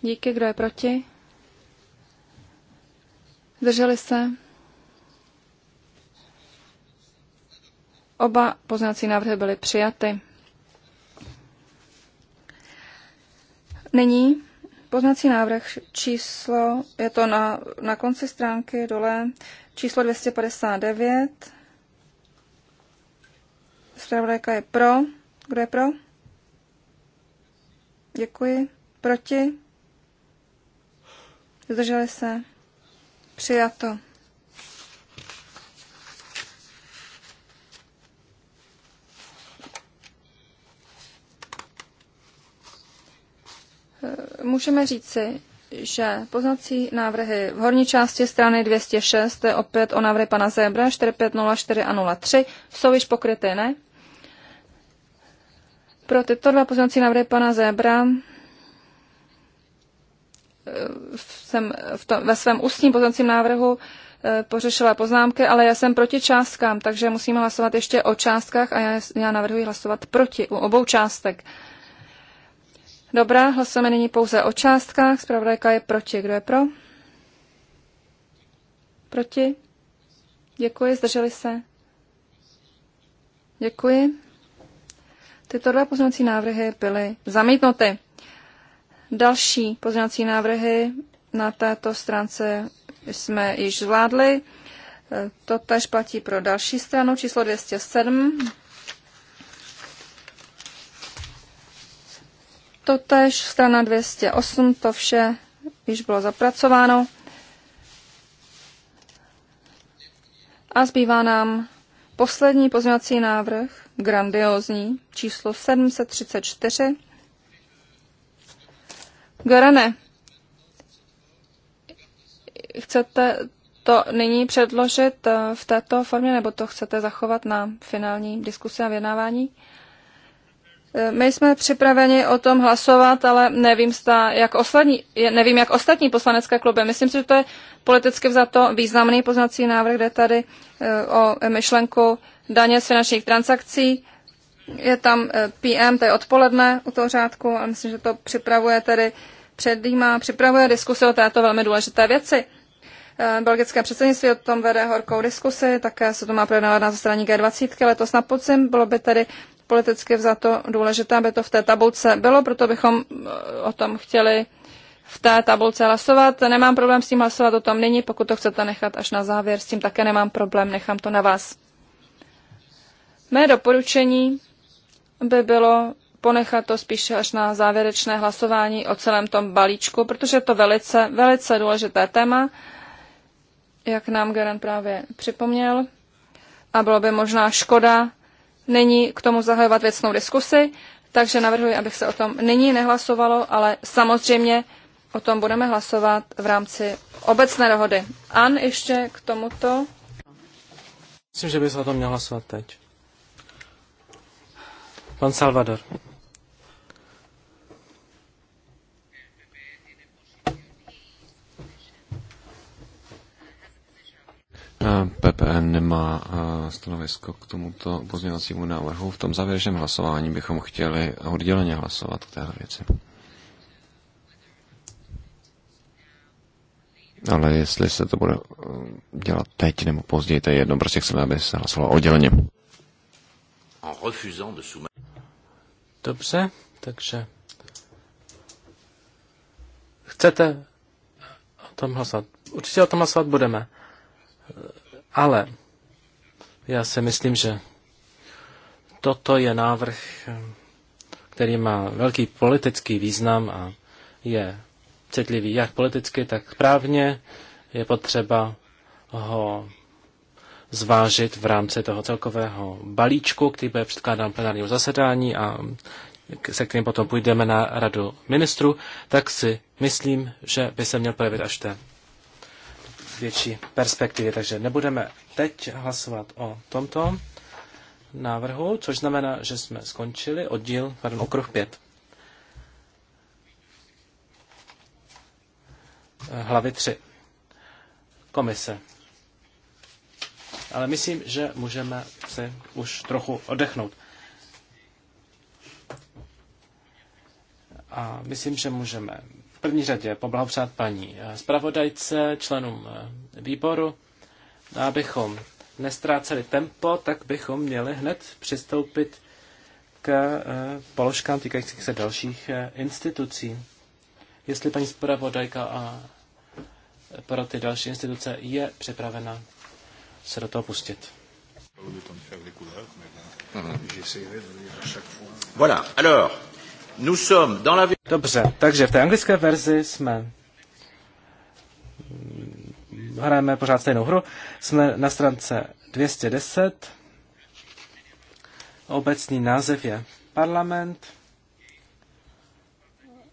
Díky, kdo je proti? Drželi se? Oba poznací návrhy byly přijaty. Nyní poznací návrh číslo, je to na, na konci stránky dole, číslo 259. Zpravodajka je pro. Kdo je pro? Děkuji. Proti? Zdrželi se? Přijato. můžeme říci, že poznací návrhy v horní části strany 206, to je opět o návrhy pana Zebra 4504 a 03, jsou již pokryty, ne? Pro tyto dva poznací návrhy pana Zebra eh, jsem v tom, ve svém ústním poznacím návrhu eh, pořešila poznámky, ale já jsem proti částkám, takže musíme hlasovat ještě o částkách a já, já navrhuji hlasovat proti u obou částek. Dobrá, hlasujeme nyní pouze o částkách. Zpravodajka je proti. Kdo je pro? Proti? Děkuji, zdrželi se. Děkuji. Tyto dva pozměňovací návrhy byly zamítnuty. Další pozměňovací návrhy na této stránce jsme již zvládli. To tež platí pro další stranu číslo 207. To tež, strana 208, to vše již bylo zapracováno. A zbývá nám poslední pozměňovací návrh, grandiozní, číslo 734. Gorane, chcete to nyní předložit eh, v této formě, nebo to chcete zachovat na finální diskusi a vědnávání? E, my jsme připraveni o tom hlasovat, ale nevím, zda, jak, ostatní, nevím jak ostatní poslanecké kluby. Myslím si, že to je politicky vzato významný poznací návrh, kde tady e, o myšlenku daně z finančních transakcí. Je tam e, PM, to je odpoledne u toho řádku a myslím, že to připravuje tedy předjímá, připravuje diskusi o této velmi důležité věci. Belgické předsednictví o tom vede horkou diskusi, také se to má projednávat na zastraní G20 letos na podzim. Bylo by tedy politicky vzato důležité, aby to v té tabulce bylo, proto bychom eh, o tom chtěli v té tabulce hlasovat. Nemám problém s tím hlasovat o tom nyní, pokud to chcete nechat až na závěr, s tím také nemám problém, nechám to na vás. Mé doporučení by bylo ponechat to spíše až na závěrečné hlasování o celém tom balíčku, protože je to velice, velice důležité téma, jak nám Geren právě připomněl. A bylo by možná škoda není k tomu zahajovat věcnou diskusi, takže navrhuji, abych se o tom nyní nehlasovalo, ale samozřejmě o tom budeme hlasovat v rámci obecné dohody. An ještě k tomuto. Myslím, že by se o tom měl hlasovat teď. Pan Salvador. PPN nemá stanovisko k tomuto pozměňovacímu návrhu. V tom závěrečném hlasování bychom chtěli odděleně hlasovat k této věci. Ale jestli se to bude uh, dělat teď nebo později, to je jedno. Prostě chceme, aby se hlasovalo odděleně. Dobře, takže chcete o tom hlasovat. Určitě o tom hlasovat budeme. Ale já si myslím, že toto je návrh, který má velký politický význam a je citlivý jak politicky, tak právně. Je potřeba ho zvážit v rámci toho celkového balíčku, který bude předkládán plenárního zasedání a se kterým potom půjdeme na radu ministru, tak si myslím, že by se měl projevit až té větší perspektivě. Takže nebudeme teď hlasovat o tomto návrhu, což znamená, že jsme skončili oddíl, pardon, okruh 5. Eh, hlavy 3. Komise. Ale myslím, že můžeme se už trochu odechnout. A myslím, že můžeme první řadě poblahopřát paní eh, zpravodajce, členům eh, výboru. Abychom nestráceli tempo, tak bychom měli hned přistoupit k eh, položkám týkajících se dalších institucí. Jestli paní zpravodajka a pro ty další instituce je připravena se do toho pustit. Voilà, alors, Dobře, takže v té anglické verzi jsme hrajeme pořád stejnou hru. Jsme na stránce 210. Obecný název je parlament.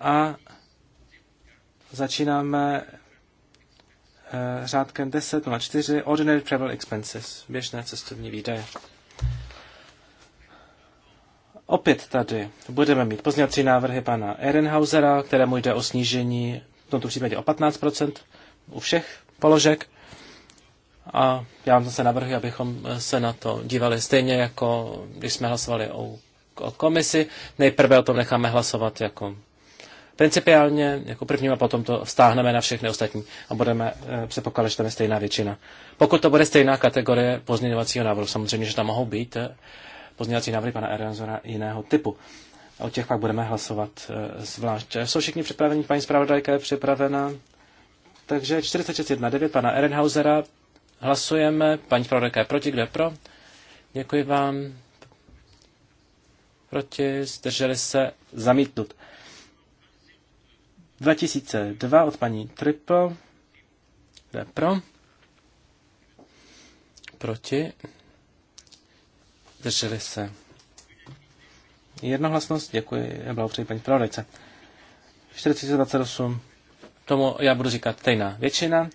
A začínáme eh, řádkem 10.04 Ordinary Travel Expenses, běžné cestovní výdaje. Opět tady budeme mít pozněvací návrhy pana Ehrenhausera, kterému jde o snížení, v tomto případě o 15% u všech položek. A já vám zase navrhuji, abychom se na to dívali stejně, jako když jsme hlasovali o, o komisi. Nejprve o tom necháme hlasovat jako principiálně, jako prvním a potom to stáhneme na všechny ostatní a budeme eh, e, předpokládat, že tam je stejná většina. Pokud to bude stejná kategorie pozměňovacího návrhu, samozřejmě, že tam mohou být eh, pozměňovací návrhy pana Erenzora jiného typu. O těch pak budeme hlasovat eh, zvlášť. Jsou všichni připraveni, paní zpravodajka je připravena. Takže 46.1.9 pana Erenhausera. Hlasujeme. Paní zpravodajka je proti, kdo je pro? Děkuji vám. Proti, zdrželi se, zamítnut. 2002 od paní Triple. Kdo je pro? Proti, Drželi se. Jednohlasnost, děkuji, blahopřeji paní pravodajce. 428, tomu já budu říkat tejná většina.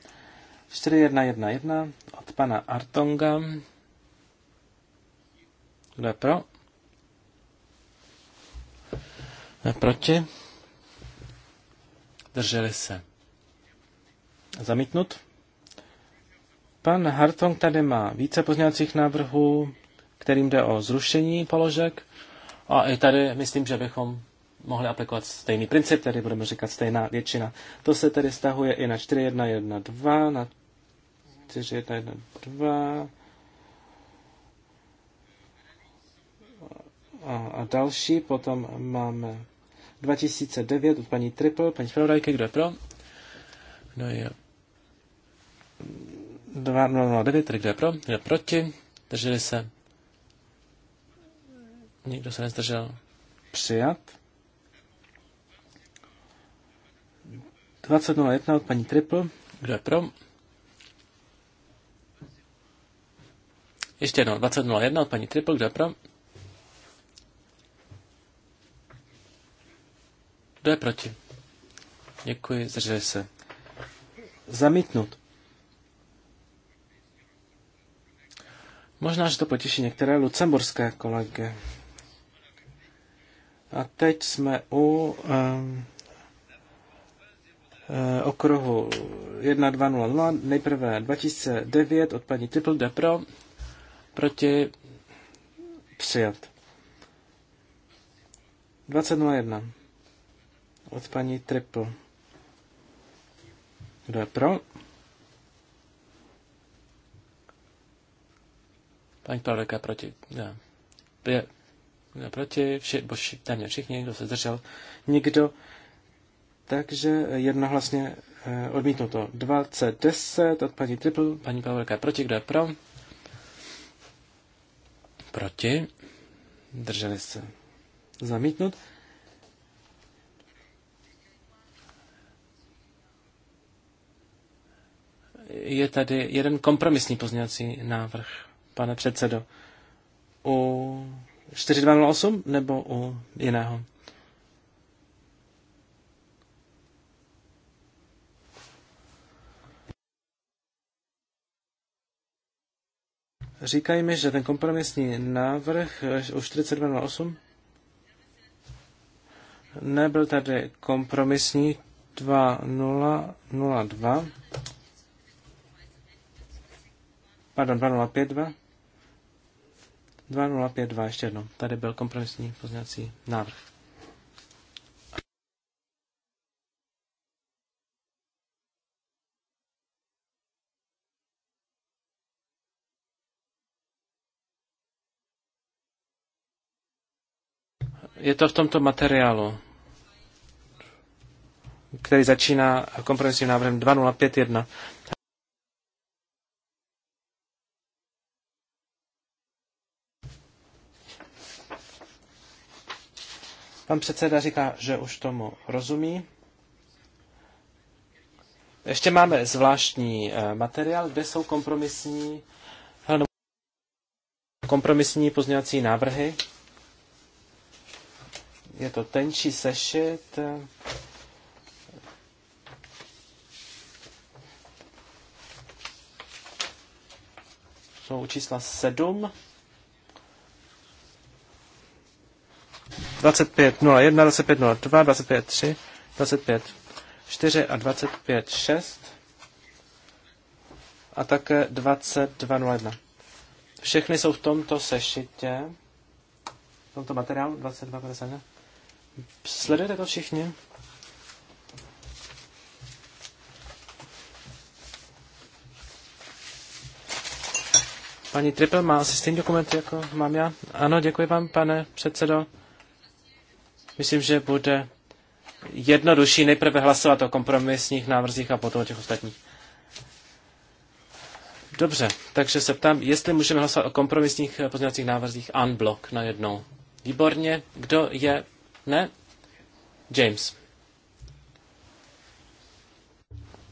4111 od pana Artonga. Kdo je pro? Kdo je proti? Drželi se. Zamítnut. Pan Hartong tady má více pozměňovacích návrhů kterým jde o zrušení položek. A i tady myslím, že bychom mohli aplikovat stejný princip, tedy budeme říkat stejná většina. To se tedy stahuje i na 4112, na 4112 a, a další. Potom máme 2009 od paní Triple, paní Spravodajky, kdo je pro? No je 2009, tedy kdo je pro? Kdo je proti? Drželi se Nikdo se nezdržel. Přijat. 20.01 od paní Triple. Kdo je pro? Ještě jednou, 20.01 od paní Triple, kdo je pro? Kdo je proti? Děkuji, zdrželi se. Zamítnut. Možná, že to potěší některé lucemburské kolegy. A teď jsme u um, okruhu 1200, nejprve 2009 od paní Typl jde pro, proti přijat. 2001 od paní Triple. Kdo je pro? Paní Pavlika proti. Ne kdo proti, vši, bo vši, téměř všichni, kdo se zdržel, nikdo. Takže jednohlasně eh, odmítnuto 20-10 od paní Triple, paní Pavelka je proti, kdo je pro? Proti, drželi se zamítnut. Je tady jeden kompromisní pozměňovací návrh, pane předsedo. U 4208 nebo u jiného? Říkají mi, že ten kompromisní návrh u 4208 nebyl tady kompromisní 2002, pardon, 2052, 2052 ještě jedno. Tady byl kompromisní pozměňovací návrh. Je to v tomto materiálu, který začíná kompromisním návrhem 2051. Pan předseda říká, že už tomu rozumí. Ještě máme zvláštní eh, materiál, kde jsou kompromisní, eh, kompromisní pozměňovací návrhy. Je to tenčí sešit. Jsou čísla 7. 25.01, 25.02, a 25.6 a také 22.01. Všechny jsou v tomto sešitě, v tomto materiálu 22.51. Sledujete to všichni? Paní Triple má asi stejný dokument, jako mám já. Ano, děkuji vám, pane předsedo. Myslím, že bude jednodušší nejprve hlasovat o kompromisních návrzích a potom o těch ostatních. Dobře, takže se ptám, jestli můžeme hlasovat o kompromisních eh, pozměňovacích návrzích unblock na jednou. Výborně. Kdo je? Ne? James.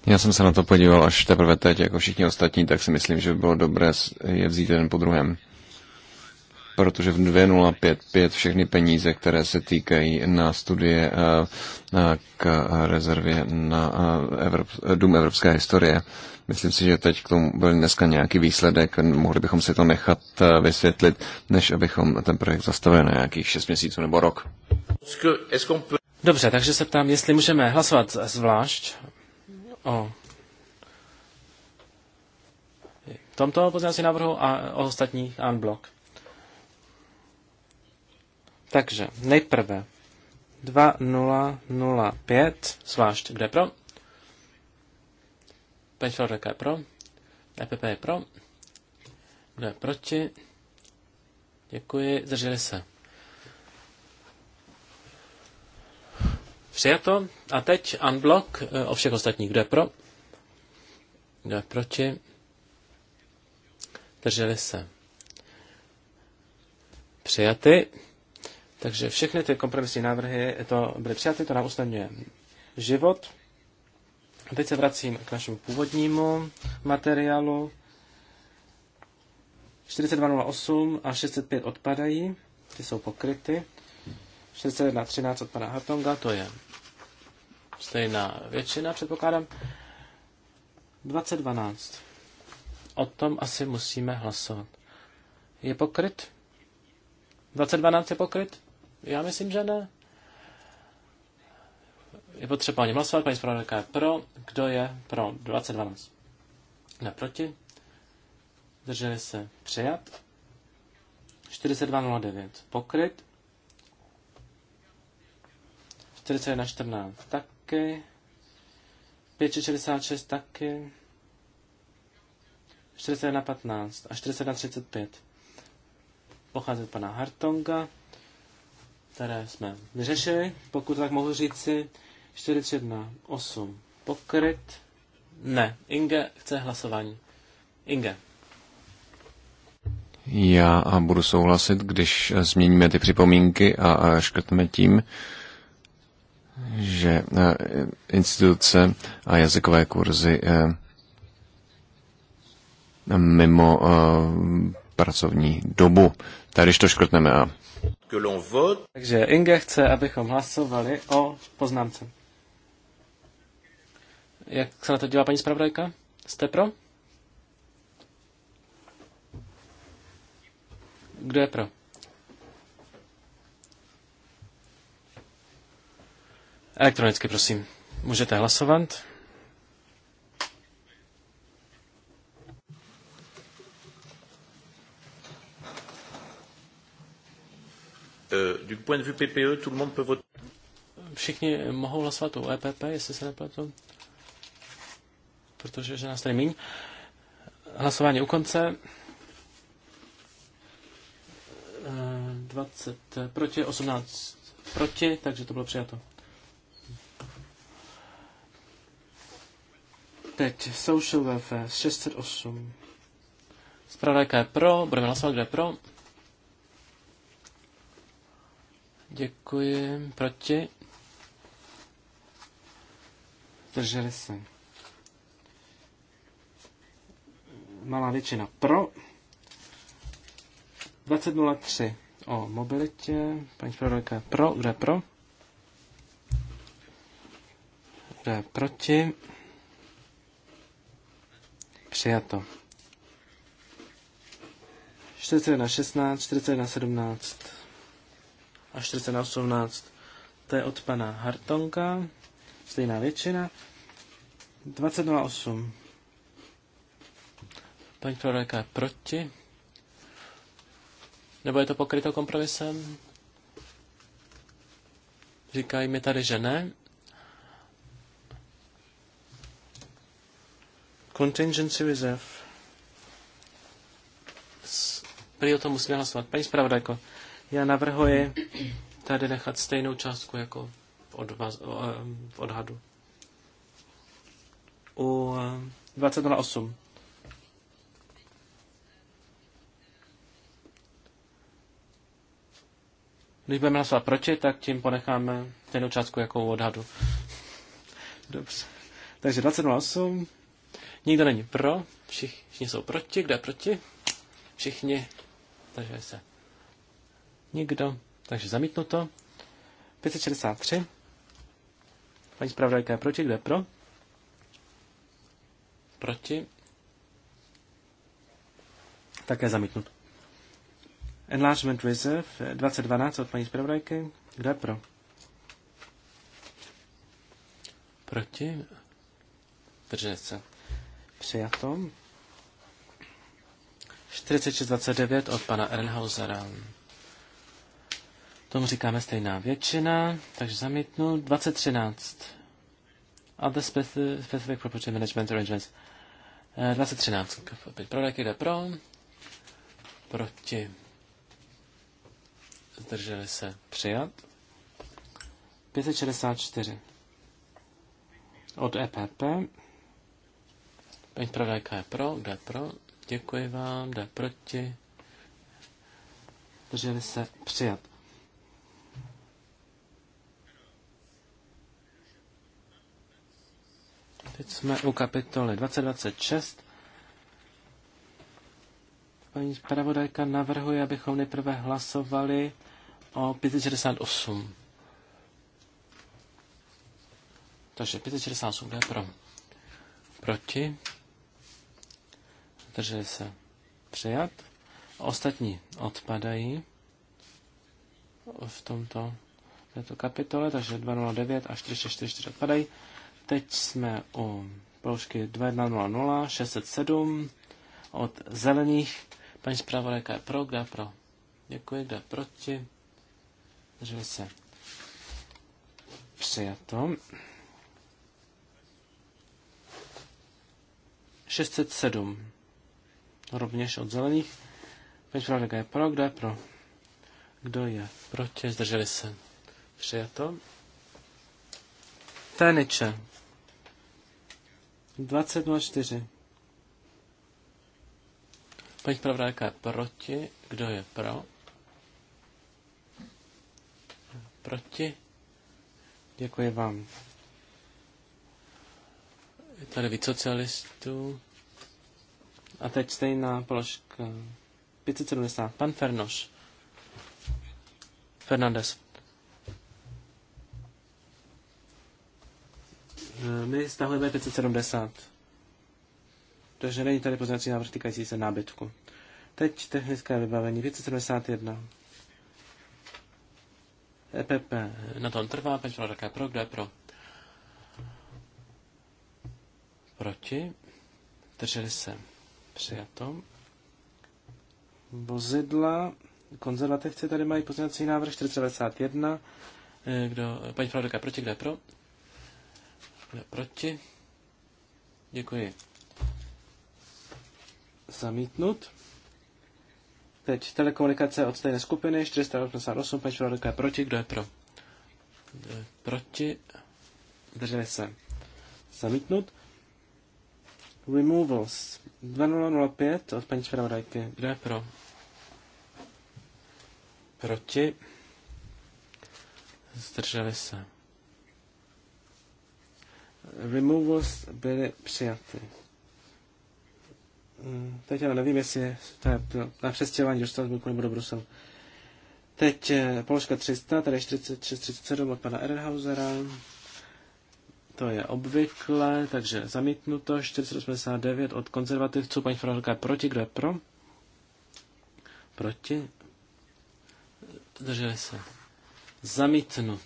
Já jsem se na to podíval až teprve teď, jako všichni ostatní, tak si myslím, že by bylo dobré je vzít jeden po druhém protože v 2055 všechny peníze, které se týkají na studie eh, eh, k rezervě na eh, Evrop, Dům Evropské historie, Myslím si, že teď k tomu byl dneska nějaký výsledek, mohli bychom si to nechat vysvětlit, než abychom ten projekt zastavili na nějakých 6 měsíců nebo rok. Dobře, takže se ptám, jestli můžeme hlasovat zvlášť o tomto pozměňovacím návrhu a o ostatních unblock. Takže nejprve 2005, zvlášť kde pro? Paní Floreka je pro, EPP je pro, kdo je proti? Děkuji, drželi se. Přijato. A teď unblock eh, o všech ostatních. Kdo je pro? Kdo je proti? Drželi se. Přijaty. Takže všechny ty kompromisní návrhy to byly přijaty, to nám usnadňuje život. A teď se vracím k našemu původnímu materiálu. 4208 a 605 odpadají, ty jsou pokryty. 4113 od pana Hartonga, to je stejná většina, předpokládám. 2012. O tom asi musíme hlasovat. Je pokryt? 2012 je pokryt? Já myslím, že ne. Je potřeba o něm hlasovat. Paní zpravodajka je pro. Kdo je pro? 2012. Naproti. Drželi se přijat. 4209 pokryt. 4114 taky. 566 taky. 4115 a 4135 pochází od pana Hartonga které jsme vyřešili. Pokud tak mohu říct, si, 41, 8 pokryt. Ne, Inge chce hlasování. Inge. Já budu souhlasit, když změníme ty připomínky a škrtneme tím, že e, instituce a jazykové kurzy e, mimo e, pracovní dobu. Tak když to škrtneme a... Takže Inge chce, abychom hlasovali o poznámce. Jak se na to dělá paní zpravodajka? Jste pro? Kdo je pro? Elektronicky, prosím. Můžete hlasovat. Euh, du point de vue PPE, tout le monde peut voter. Všichni mohou hlasovat u EPP, jestli se nepletu, protože že nás tady míň. Hlasování u konce. 20 eh, proti, 18 proti, takže to bylo přijato. Teď social welfare 608. Zpravodajka je pro, budeme hlasovat, kdo je pro. Děkuji. Proti? Drželi se. Malá většina pro. 20.03 o mobilitě. Paní zpravodajka pro. Kdo je pro? Kdo je proti? Přijato. 41.16, 41.17 a 40 na 18. To je od pana Hartonka, stejná většina. 22 Paní Floreka je proti. Nebo je to pokryto kompromisem? Říkají mi tady, že ne. Contingency reserve. Prý o tom musíme hlasovat. Paní zpravodajko, já navrhuji tady nechat stejnou částku jako v, odvaz, v odhadu. U 20.08. Když budeme hlasovat proti, tak tím ponecháme stejnou částku jako u odhadu. Dobře. Takže 20.08. Nikdo není pro, všichni jsou proti, kde proti? Všichni, takže se Nikdo. Takže zamítnuto. 563. Paní zpravodajka je proti, kdo je pro? Proti. Také zamítnut. Enlargement Reserve 2012 eh, od paní zpravodajky. Kdo je pro? Proti. Držet se. Přijatom. 4629 od pana Ernhausera. Tomu říkáme stejná většina, takže zamítnu 2013. Other specific, specific property management arrangements. 2013. Prodajky jde pro, proti, zdrželi se přijat. 564 od EPP. Paní prodajka je pro, kdo je pro, děkuji vám, kdo proti, zdrželi se přijat. Teď jsme u kapitoly 2026. Paní zpravodajka navrhuje, abychom nejprve hlasovali o 568. Takže 568, kde je pro? Proti? Drželi se přijat. Ostatní odpadají v tomto této kapitole, takže 209 a 444 odpadají. Teď jsme u položky 2100607 od zelených. Paní zpravodajka je pro, kdo pro? Děkuji, kdo proti? zdrželi se. Přijato. 607. Rovněž od zelených. Paní zpravodajka je pro, kdo je pro? Kdo je proti? Zdrželi se. Přijato. Téniče. 20.04. Paní pravdáka je proti. Kdo je pro? Proti. Děkuji vám. Je tady víc socialistů. A teď stejná položka. 570. Pan Fernoš. Fernandez. Eh, my stahujeme 570. Takže není tady poznací návrh týkající se nábytku. Teď technické vybavení 571. EPP na tom trvá, pan také pro, kdo je pro? Proti. Drželi se. Přijato. Vozidla. Konzervativci tady mají pozměňovací návrh 491. Eh, kdo, paní Pravdeka proti, kdo je pro? Kdo je proti? Děkuji. Zamítnut. Teď telekomunikace od stejné skupiny 488, paní Švarodka je proti, kdo je pro? Kdo je proti? Drželi se. Zamítnut. Removals 2005 od paní Švarodajky. Kdo je pro? Proti. Zdrželi se removals byly přijaty. Mm, teď ale nevím, jestli to je na přestěhování do Štrasburku nebo do Bruselu. Teď eh, položka 300, tady 4637 od pana Erhausera. To je obvykle, takže zamítnuto. 489 od konzervativců. Paní Frahelka je proti, kdo je pro? Proti. Drželi se. Zamítnut.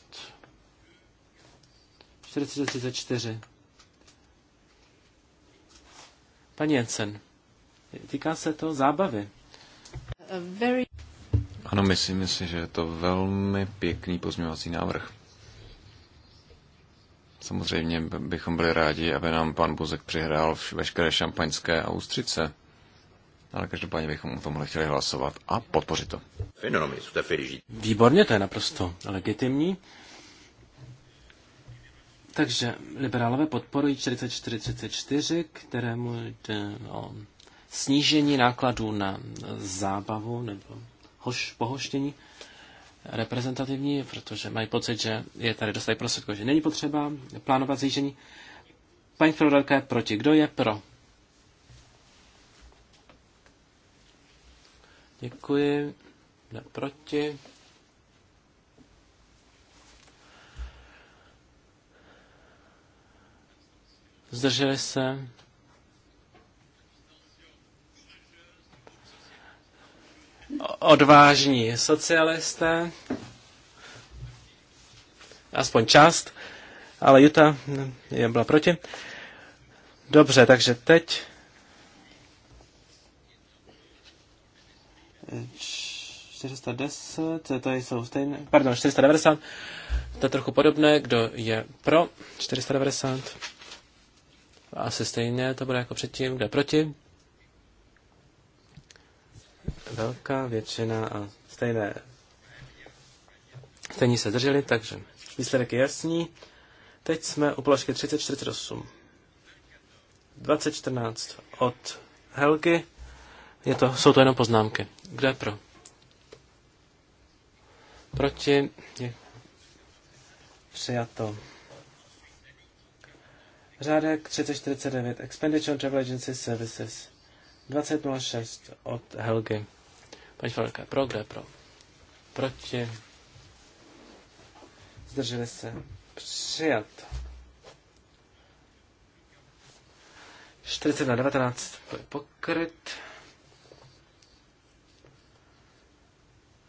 4334. Paní Jensen, týká se to zábavy. Very... Ano, myslím si, že je to velmi pěkný pozměňovací návrh. Samozřejmě bychom byli rádi, aby nám pan Buzek přihrál veškeré šampaňské a ústřice. Ale každopádně bychom o tomhle chtěli hlasovat a podpořit to. Výborně, to je naprosto legitimní. Takže liberálové podporují 4434, kterému jde o snížení nákladů na zábavu nebo hoš, pohoštění reprezentativní, protože mají pocit, že je tady dostají prostředků, že není potřeba plánovat zjížení. Paní Florelka je proti. Kdo je pro? Děkuji. Ne, proti? Zdrželi se? Odvážní socialisté, aspoň část, ale Juta je byla proti. Dobře, takže teď Č 410, to jsou stejné, pardon, 490, to je trochu podobné, kdo je pro 490, asi stejně, to bude jako předtím. Kde proti? Velká většina a stejné. Stejní se drželi, takže výsledek je jasný. Teď jsme u položky 3048. 2014 od Helky. Je to, jsou to jenom poznámky. Kdo je pro? Proti je přijato. Řádek 3049 Expenditure Travel Agency Services 2006 od Helgy. Paní Falka, pro, kde pro? Proti. Zdrželi se. Přijat. 40 na 19 to je pokryt.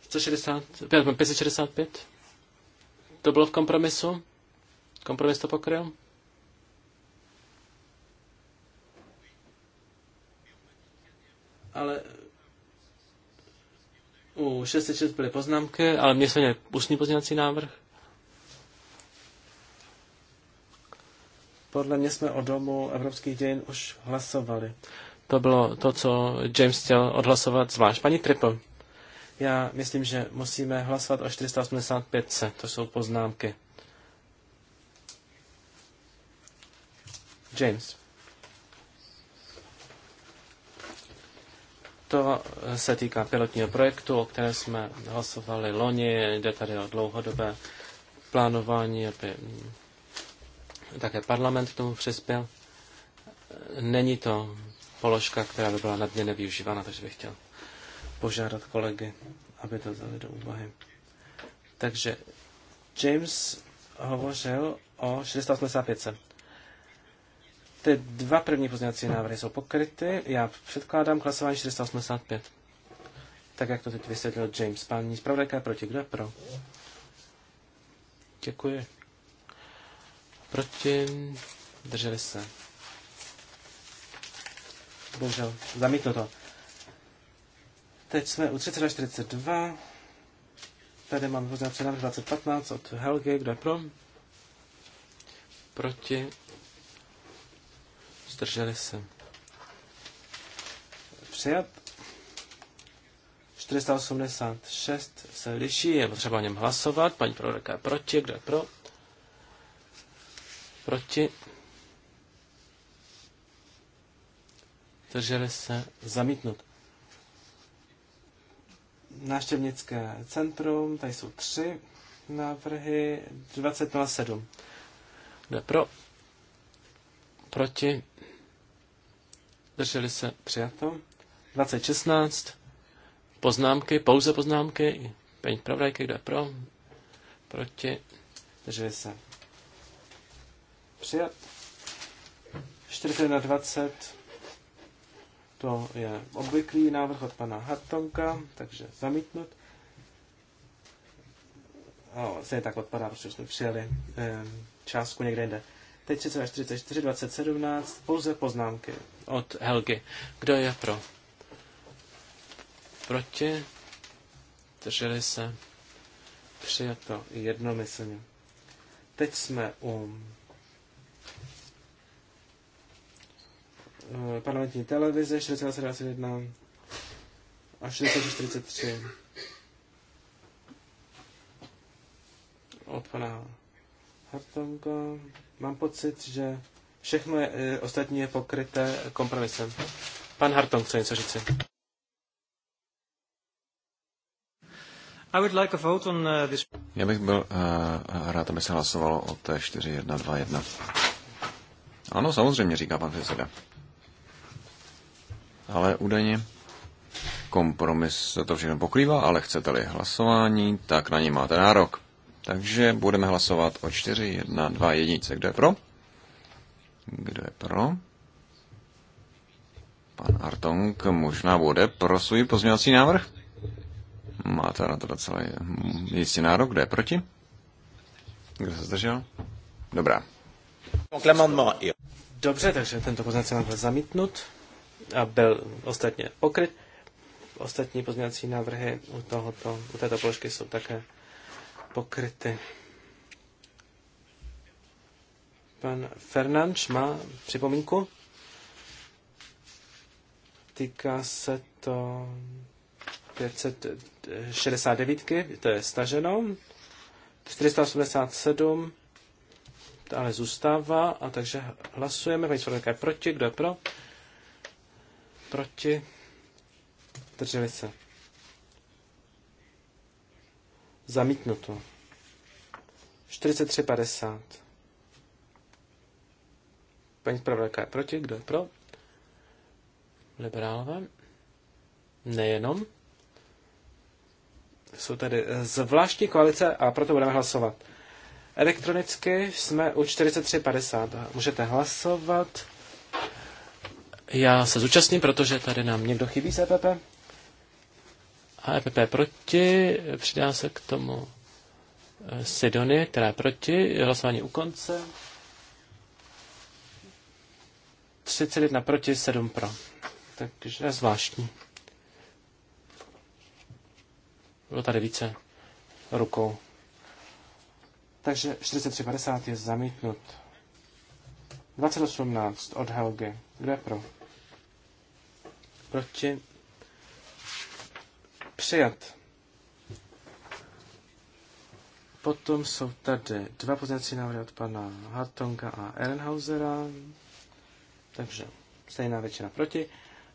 165. 565. To bylo v kompromisu. Kompromis to pokryl. ale u 606 byly poznámky, ale mě jsme měl ústní pozměňovací návrh. Podle mě jsme o domu evropských dějin už hlasovali. To bylo to, co James chtěl odhlasovat zvlášť. Paní Triple, já myslím, že musíme hlasovat o 485. To jsou poznámky. James. To se týká pilotního projektu, o kterém jsme hlasovali loni. Jde tady o dlouhodobé plánování, aby také parlament k tomu přispěl. Není to položka, která by byla nadměrně nevyužívána, takže bych chtěl požádat kolegy, aby to vzali do úvahy. Takže James hovořil o 685. Ty dva první pozměňovací návrhy jsou pokryty. Já předkládám k hlasování 485. Tak, jak to teď vysvětlil James. Paní zpravodajka proti. Kdo je pro? Děkuji. Proti. Drželi se. Bohužel. Zamítnu to. Teď jsme u 3042. Tady mám pozměňovací návrh 2015 od Helgy. Kdo je pro? Proti zdrželi se. Přijat. 486 se liší, je potřeba o něm hlasovat. Paní proroka je proti, kdo je pro? Proti. Zdrželi se zamítnout. Náštěvnické centrum, tady jsou tři návrhy, 2007. Kdo je pro? Proti drželi se, přijato. 2016, poznámky, pouze poznámky, paní pravdajky, kdo je pro, proti, Drželi se, přijat. 40 na 20, to je obvyklý návrh od pana Hartonka, takže zamítnut. A stejně tak odpadá, protože jsme přijeli eh, částku někde jinde. Teď 34, 2017, pouze poznámky od Helgy. Kdo je pro? Proti? Drželi se? Přijato jednomyslně. Teď jsme u eh, parlamentní televize 4021 a 4043 od pana Hartonga. Mám pocit, že všechno je, eh, ostatní je pokryté kompromisem. Pan Harton chce něco říci. I would like a vote on eh, this. Já bych byl uh, rád, aby se hlasovalo o té 4121. Ano, samozřejmě, říká pan předseda. Ale údajně kompromis to všechno pokrývá, ale chcete-li hlasování, tak na něj máte nárok. Takže budeme hlasovat o 4, 1, 2, 1. Kdo je pro? Kdo je pro? Pan Artong možná bude pro svůj pozměňovací návrh? Máte na to docela jistý nárok. Kdo je proti? Kdo se zdržel? Dobrá. Dobře, takže tento pozměňovací návrh byl zamítnut a byl ostatně pokryt. Ostatní pozměňovací návrhy u, tohoto, u této položky jsou také pokryty. Pan Fernanč má připomínku. Týká se to 569, to je staženo. 487 ale zůstává, a takže hlasujeme. Paní Svornika je proti, kdo je pro? Proti. Drželi se. Zamítnuto. 43,50. Paní zpravodajka je proti, kdo je pro? Liberálové. Nejenom. Jsou tady zvláštní koalice a proto budeme hlasovat. Elektronicky jsme u 43,50. Můžete hlasovat. Já se zúčastním, protože tady nám někdo chybí z EPP a EPP proti, přidá se k tomu eh, Sidonie, která je proti, hlasování u konce. 31 proti, 7 pro. Takže zvláštní. Bylo tady více rukou. Takže 43,50 je zamítnut. 2018 od Helge. Kdo je pro? Proti. Přijat. Potom jsou tady dva pozměňovací návrhy od pana Hartonga a Ehrenhausera, takže stejná většina proti.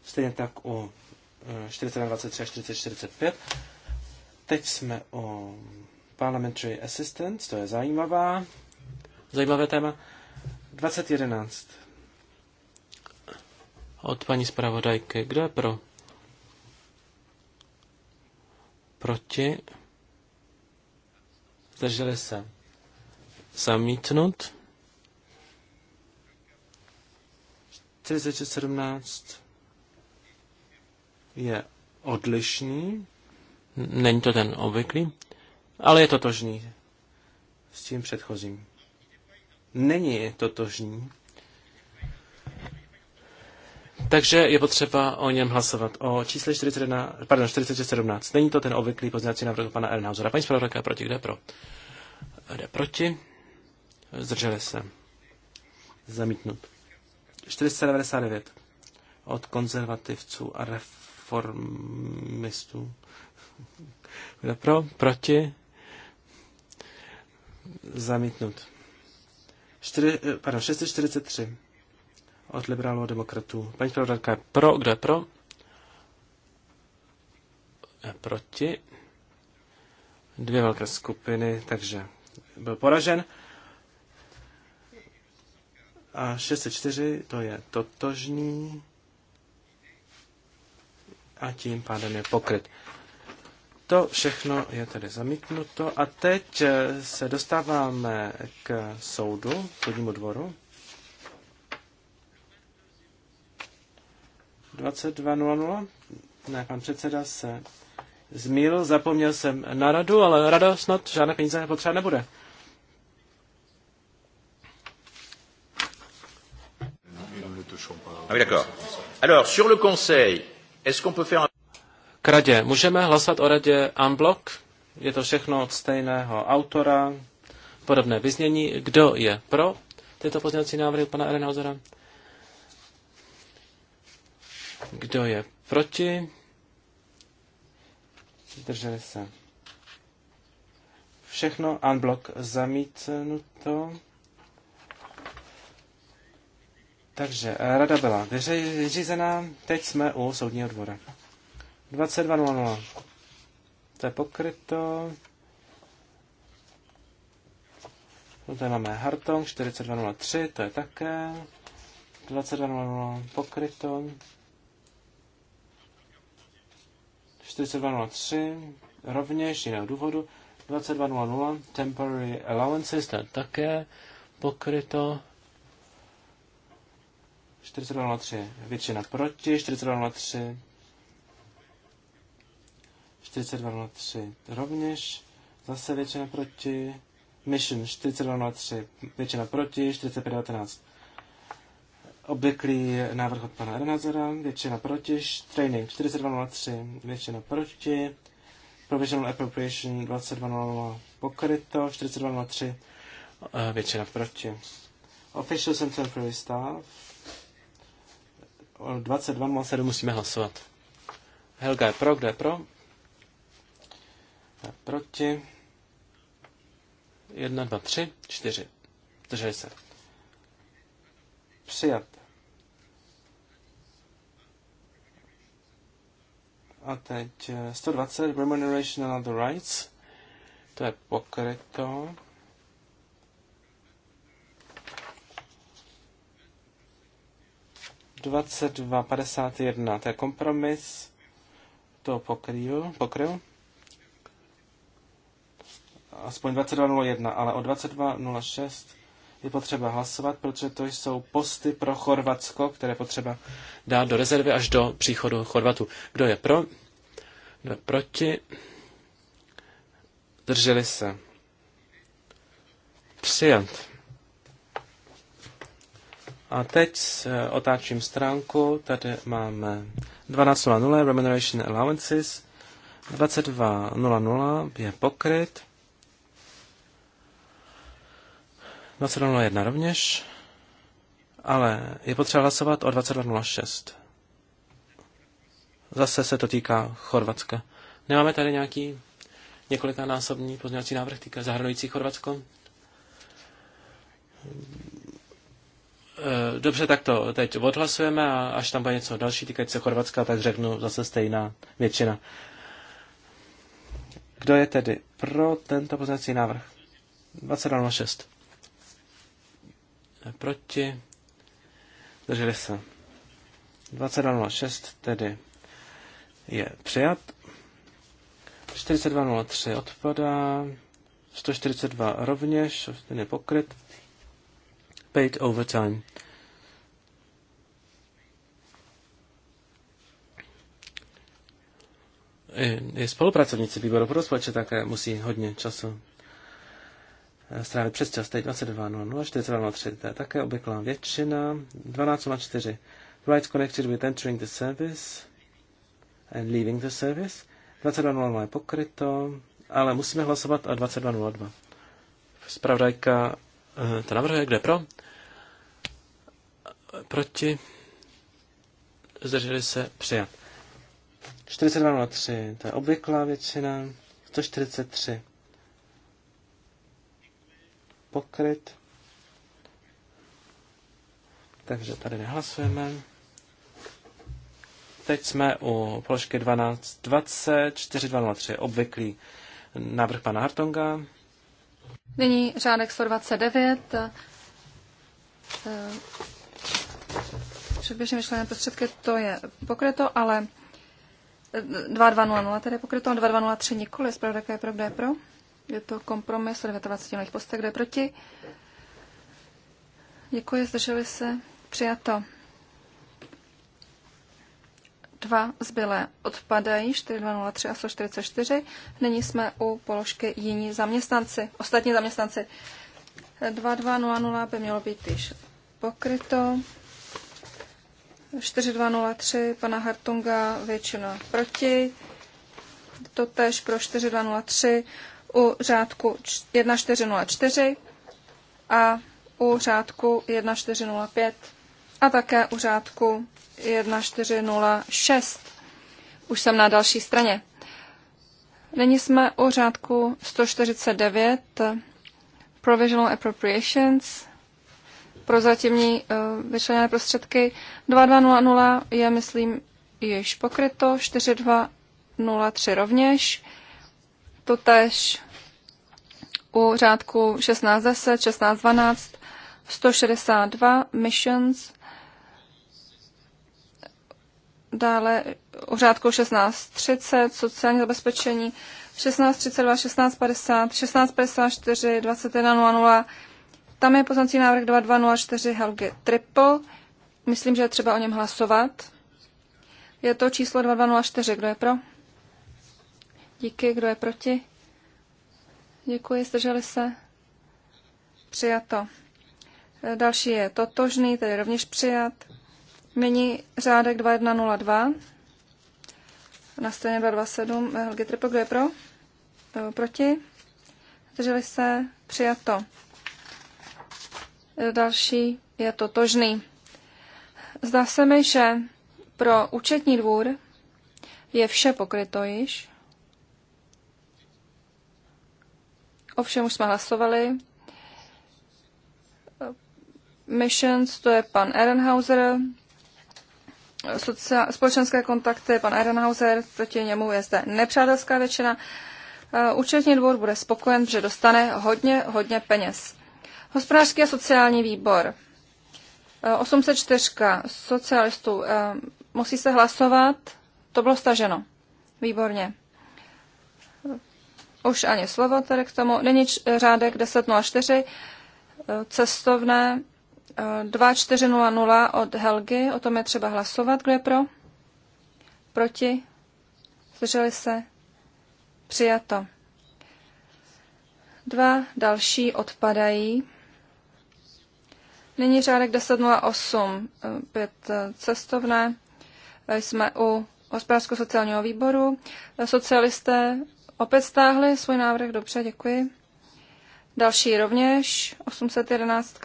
Stejně tak u 4023 eh, a 4045. Teď jsme o Parliamentary Assistance, to je zajímavá, zajímavé téma. 2011. Od paní zpravodajky, kdo je pro? Proti? Zdrželi se. Zamítnut. 4617 je odlišný. Není to ten obvyklý, ale je totožný s tím předchozím. Není totožný. Takže je potřeba o něm hlasovat. O čísle 41, pardon, 4617. Není to ten obvyklý pozměňovací návrh pana Ernhausera. Paní zpravodajka proti, kde pro? Kde proti? Zdrželi se. Zamítnut. 499 od konzervativců a reformistů. Kde pro? Proti? Zamítnut. 4, eh, pardon, 643 od liberálů a demokratů. Paní zpravodajka je pro. Kdo je pro? Je proti. Dvě velké skupiny, takže byl poražen. A 604 to je totožný a tím pádem je pokryt. To všechno je tedy zamítnuto a teď eh, se dostáváme k soudu, soudnímu dvoru. 22.00. Ne, pan předseda se zmíl, zapomněl jsem na radu, ale rada snad žádné peníze nepotřeba nebude. Ah d'accord. Alors, sur le Conseil, K radě. Můžeme hlasovat o radě unblock? Je to všechno od stejného autora, podobné vyznění. Kdo je pro tyto pozměňovací návrhy pana Erenhausera? Kdo je proti? Zdrželi se. Všechno unblock zamítnuto. Takže rada byla vyřízená, teď jsme u soudního dvora. 22.00. To je pokryto. No, tady máme Hartong 4203, to je také. 22.00 pokryto. 4203 rovněž jiného důvodu. 2200 temporary allowances, to také pokryto. 4203 většina proti, 4203 4203 rovněž, zase většina proti, Mission 4203 většina proti, 4519 Obvyklý návrh od pana Renazera, většina proti, training 4203, většina proti, provisional appropriation 2200 pokryto, 4203, většina proti. Official and temporary staff, o 2207 musíme hlasovat. Helga je pro, kde je pro? proti. 1, 2, 3, 4. Drželi se. Přijat. A teď 120 eh, Remuneration and Other Rights. To je pokryto. Dvacet jedna, to je kompromis, to pokryl, pokryl. Aspoň 22.01, ale o je potřeba hlasovat, protože to jsou posty pro Chorvatsko, které potřeba dát do rezervy až do příchodu Chorvatu. Kdo je pro? Kdo je proti? Drželi se. Přijat. A teď eh, otáčím stránku. Tady máme 12.00 Remuneration Allowances. 22.00 je pokryt. 2201 rovněž, ale je potřeba hlasovat o 2206. Zase se to týká Chorvatska. Nemáme tady nějaký několikanásobný pozměňovací návrh týká zahrnující Chorvatsko? Eh, dobře, tak to teď odhlasujeme a až tam bude něco další týkající se Chorvatska, tak řeknu zase stejná většina. Kdo je tedy pro tento pozměňovací návrh? 2206 proti, Drželi se. 22.06 tedy je přijat. 42.03 odpadá. 142 rovněž, ten je pokryt. Paid overtime. I, i spolupracovníci výboru pro rozpočet také musí hodně času strávit přes čas, teď 22.00, 42.03, to je také obvyklá většina, 12.04, rights connected with entering the service and leaving the service, 22.00 je pokryto, ale musíme hlasovat o 22.02. Spravodajka eh, to navrhuje, kde pro? Proti? Zdrželi se přijat. 42.03, to je obvyklá většina, 143 pokryt. Takže tady nehlasujeme. Teď jsme u položky 1220, 4203, obvyklý návrh pana Hartonga. Nyní řádek 129. Eh, Předběžně vyšlené prostředky, to je pokryto, ale 2200 eh, tedy pokryto, a 2203 nikoli, zpravodajka je pro, kde je pro? Je to kompromis 29 milých postech, je proti. Děkuji, zdrželi se. Přijato. Dva zbylé odpadají, 4203 a 144. Nyní jsme u položky jiní zaměstnanci, ostatní zaměstnanci. 2200 by mělo být již pokryto. 4203 pana Hartunga většina proti. Totež pro 4203 u řádku 1404 a u řádku 1405 a také u řádku 1406. Už jsem na další straně. Nyní jsme u řádku 149 Provisional Appropriations prozatímní eh, vyčleněné prostředky. 2200 je, myslím, již pokryto, 4203 rovněž. Totež u řádku 1610, 1612, 162 missions, dále u řádku 1630, sociální zabezpečení, 1632, 1650, 1654, 2100. Tam je poznací návrh 2204 Helge Triple. Myslím, že je třeba o něm hlasovat. Je to číslo 2204. Kdo je pro? Díky, kdo je proti? Děkuji, zdrželi se. Přijato. E, další je totožný, tedy rovněž přijat. Mění řádek 2102. Na straně 227 e, Helgi Tripo, kdo je pro? E, proti? Zdrželi se. Přijato. Další je totožný. Zdá se mi, že pro účetní dvůr je vše pokryto již. Ovšem už jsme hlasovali. Missions, to je pan Ehrenhauser. Socia- společenské kontakty, pan Ehrenhauser, proti němu je zde nepřátelská většina. Eh, účetní dvůr bude spokojen, že dostane hodně, hodně peněz. Hospodářský a sociální výbor. 804 eh, socialistů. Eh, musí se hlasovat. To bylo staženo. Výborně už ani slovo tedy k tomu. Není řádek 10.04, eh, cestovné 2400 eh, od Helgy, o tom je třeba hlasovat. Kdo je pro? Proti? Zdrželi se? Přijato. Dva další odpadají. Nyní řádek 1008, eh, pět cestovné. Jsme u hospodářsko-sociálního výboru. Socialisté opět stáhli svůj návrh, dobře, děkuji. Další rovněž, 811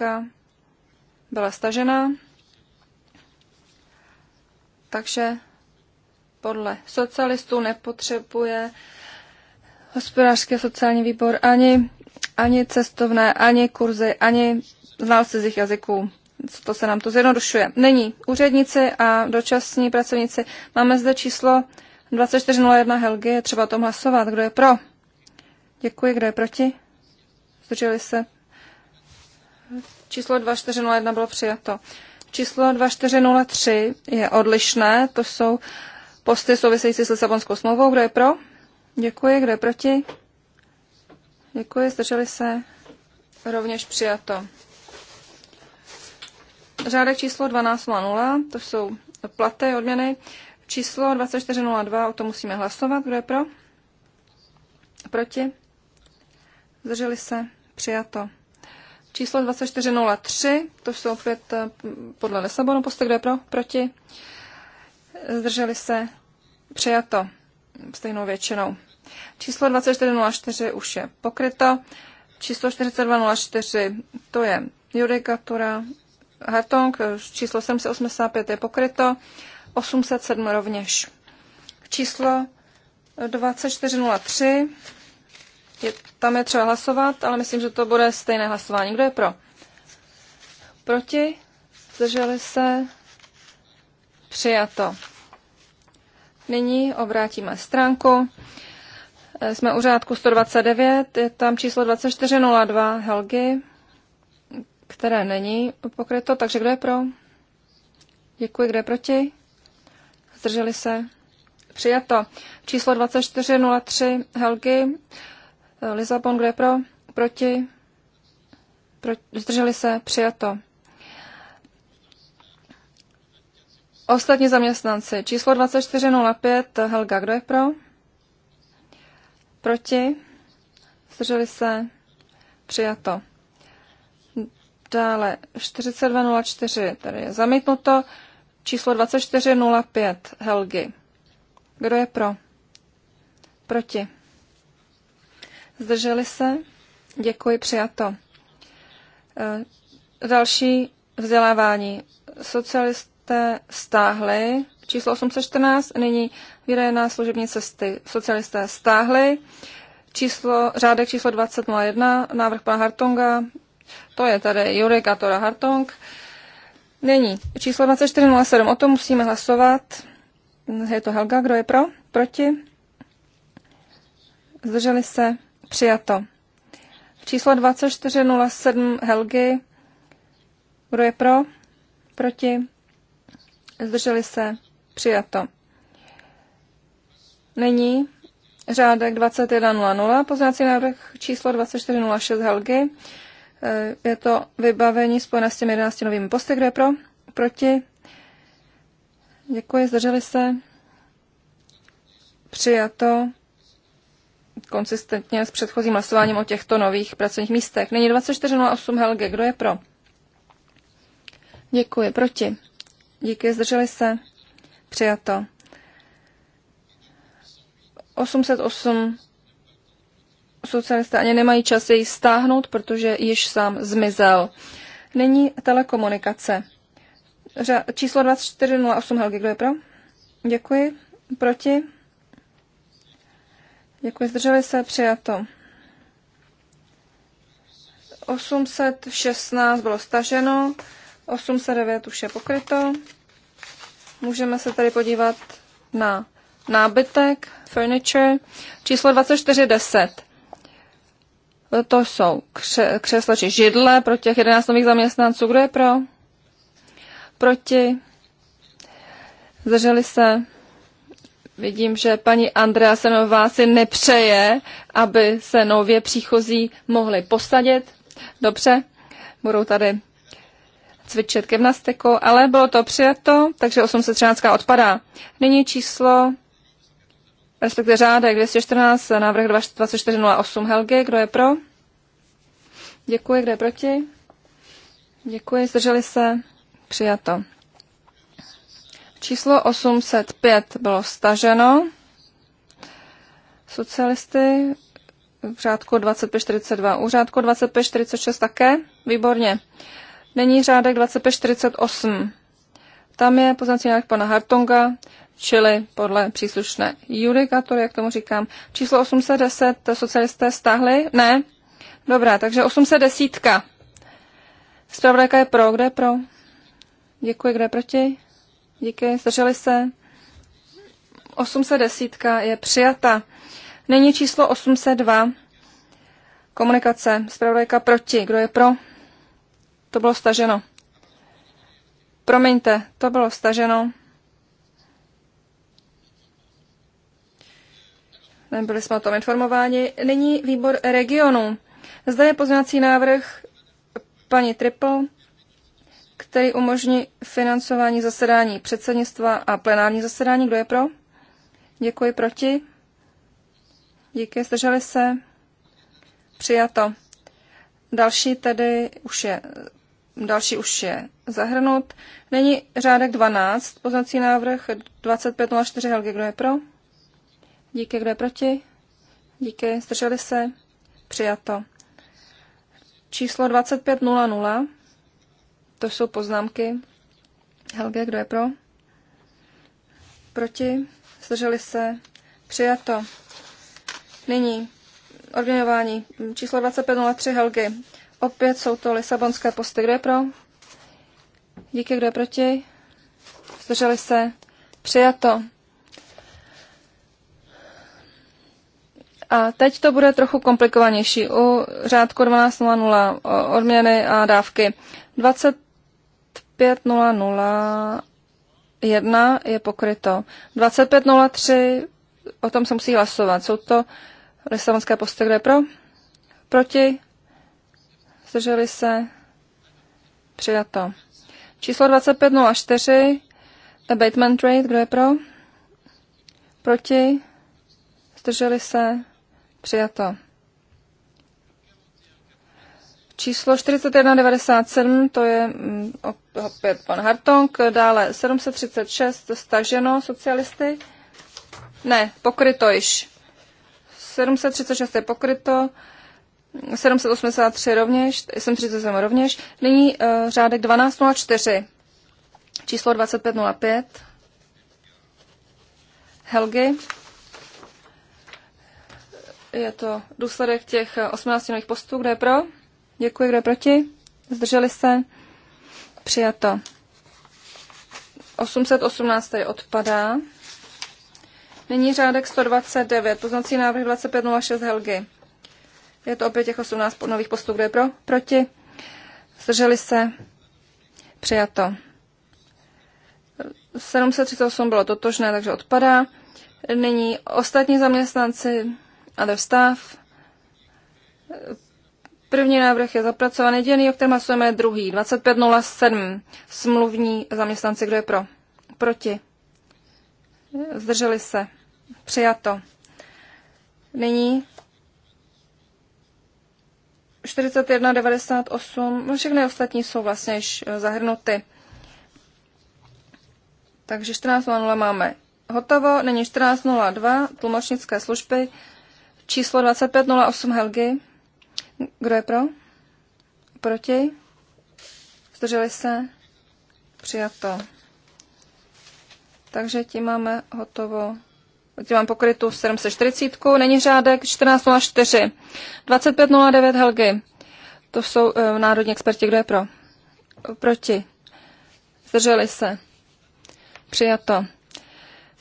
byla stažena. Takže podle socialistů nepotřebuje hospodářský a sociální výbor ani, ani cestovné, ani kurzy, ani znalci z jejich jazyků. To se nám to zjednodušuje. Není úředníci a dočasní pracovníci. Máme zde číslo 2401 Helgi, je třeba o tom hlasovat. Kdo je pro? Děkuji. Kdo je proti? Zdrželi se. Číslo 2401 bylo přijato. Číslo 2403 je odlišné. To jsou posty související s Lisabonskou smlouvou. Kdo je pro? Děkuji. Kdo je proti? Děkuji. Zdrželi se. Rovněž přijato. Řádek číslo 1200, to jsou platy, odměny. Číslo 2402, o tom musíme hlasovat. Kdo je pro? Proti? Zdrželi se? Přijato. Číslo 2403, to jsou opět eh, podle Lisabonu poste, kdo je pro? Proti? Zdrželi se? Přijato. Stejnou většinou. Číslo 2404 už je pokryto. Číslo 4204, to je judikatura Hartong, eh, číslo 785 je pokryto. 807 rovněž. Číslo 2403, je, tam je třeba hlasovat, ale myslím, že to bude stejné hlasování. Kdo je pro? Proti? Zdrželi se? Přijato. Nyní obrátíme stránku. Eh, jsme u řádku 129, je tam číslo 2402 Helgy, které není pokryto, takže kdo je pro? Děkuji, kdo je proti? Zdrželi se? Přijato. Číslo 2403 Helgi, Lisabon, kde pro? Proti? Pro, zdrželi se? Přijato. Ostatní zaměstnanci. Číslo 2405 Helga, kdo je pro? Proti? Zdrželi se? Přijato. Dále 4204, tady je zamítnuto. Číslo 2405 Helgy. Kdo je pro? Proti. Zdrželi se? Děkuji, přijato. E, další vzdělávání. Socialisté stáhli číslo 814, nyní výdaje na služební cesty. Socialisté stáhli číslo, řádek číslo 2001, návrh pana Hartonga, to je tady Jurek a Tora Hartong. Není. Číslo 2407, o tom musíme hlasovat. Je to Helga, kdo je pro? Proti? Zdrželi se? Přijato. Číslo 2407 Helgy, kdo je pro? Proti? Zdrželi se? Přijato. Není. Řádek 2100, Poznáci návrh číslo 2406 Helgy. Eh, je to vybavení spojené s těmi 11 novými posty. Kdo je pro? Proti? Děkuji, zdrželi se. Přijato konsistentně s předchozím hlasováním o těchto nových pracovních místech. Nyní 2408 Helge. Kdo je pro? Děkuji. Proti? Díky, zdrželi se. Přijato. 808 socialisté ani nemají čas jej stáhnout, protože již sám zmizel. Není telekomunikace. Ře- číslo 2408 Helgi, kdo je pro? Děkuji. Proti? Děkuji, zdrželi se, přijato. 816 bylo staženo, 809 už je pokryto. Můžeme se tady podívat na nábytek, furniture, číslo 2410 to jsou křesla či židle pro těch 11 nových zaměstnanců. Kdo je pro? Proti? Zdrželi se? Vidím, že paní Andrea Senová si nepřeje, aby se nově příchozí mohli posadit. Dobře, budou tady cvičit gymnastiku, ale bylo to přijato, takže 813 odpadá. Nyní číslo respektive řádek 214, návrh 2408 Helge, Kdo je pro? Děkuji. Kdo je proti? Děkuji. Zdrželi se? Přijato. Číslo 805 bylo staženo. Socialisty v řádku 2542. U řádku 2546 také? Výborně. Není řádek 2548. Tam je poznací návrh pana Hartonga, čili podle příslušné judikatury, jak tomu říkám. Číslo 810 socialisté stáhli? Ne? Dobrá, takže 810. Spravodajka je pro, kde je pro? Děkuji, kde je proti? Díky, zdrželi se. 810 je přijata. Není číslo 802. Komunikace. Spravodajka proti. Kdo je pro? To bylo staženo. Promiňte, to bylo staženo. Nebyli jsme o tom informováni. Nyní výbor regionu. Zde je pozměňovací návrh paní Triple, který umožní financování zasedání předsednictva a plenární zasedání. Kdo je pro? Děkuji proti. Díky, zdrželi se. Přijato. Další tedy už je další už je zahrnut. Není řádek 12, poznací návrh 2504 Helge, kdo je pro? Díky, kdo je proti? Díky, zdrželi se? Přijato. Číslo 2500, to jsou poznámky. Helge, kdo je pro? Proti? Zdrželi se? Přijato. Nyní odměňování. Číslo 2503 Helge. Opět jsou to lisabonské posty. Kdo je pro? Díky, kdo je proti? Zdrželi se? Přijato. A teď to bude trochu komplikovanější. U řádku 12.00 odměny a dávky. 25.001 je pokryto. 25.03 o tom se musí hlasovat. Jsou to lisabonské posty, kde pro? Proti? Zdrželi se? Přijato. Číslo 2504, abatement rate, kdo je pro? Proti? Zdrželi se? Přijato. Číslo 4197, to je mm, opět pan Hartong, dále 736, staženo socialisty. Ne, pokryto již. 736 je pokryto, 783 rovněž, 737 rovněž. Nyní uh, řádek 1204, číslo 2505. Helgi. Je to důsledek těch 18 eh, nových postů. Kdo je pro? Děkuji. Kdo je proti? Zdrželi se? Přijato. 818 tady odpadá. Nyní řádek 129, poznací návrh 2506 Helgi. Je to opět těch 18 nových postů, kdo je pro, proti. Zdrželi se. Přijato. 738 bylo totožné, takže odpadá. Nyní ostatní zaměstnanci a do stav. První návrh je zapracovaný jediný, o kterém hlasujeme druhý. 2507. Smluvní zaměstnanci, kdo je pro? Proti. Zdrželi se. Přijato. Nyní 4198, 98, no, všechny ostatní jsou vlastně již eh, zahrnuty. Takže 14.00 máme hotovo, není 14.02, tlumočnické služby, číslo 2508 Helgy. Kdo je pro? Proti? Zdrželi se? Přijato. Takže tím máme hotovo. Zatím mám pokrytu 740, není řádek 1404, 2509 Helgy. To jsou e, národní experti, kdo je pro? Proti. Zdrželi se. Přijato.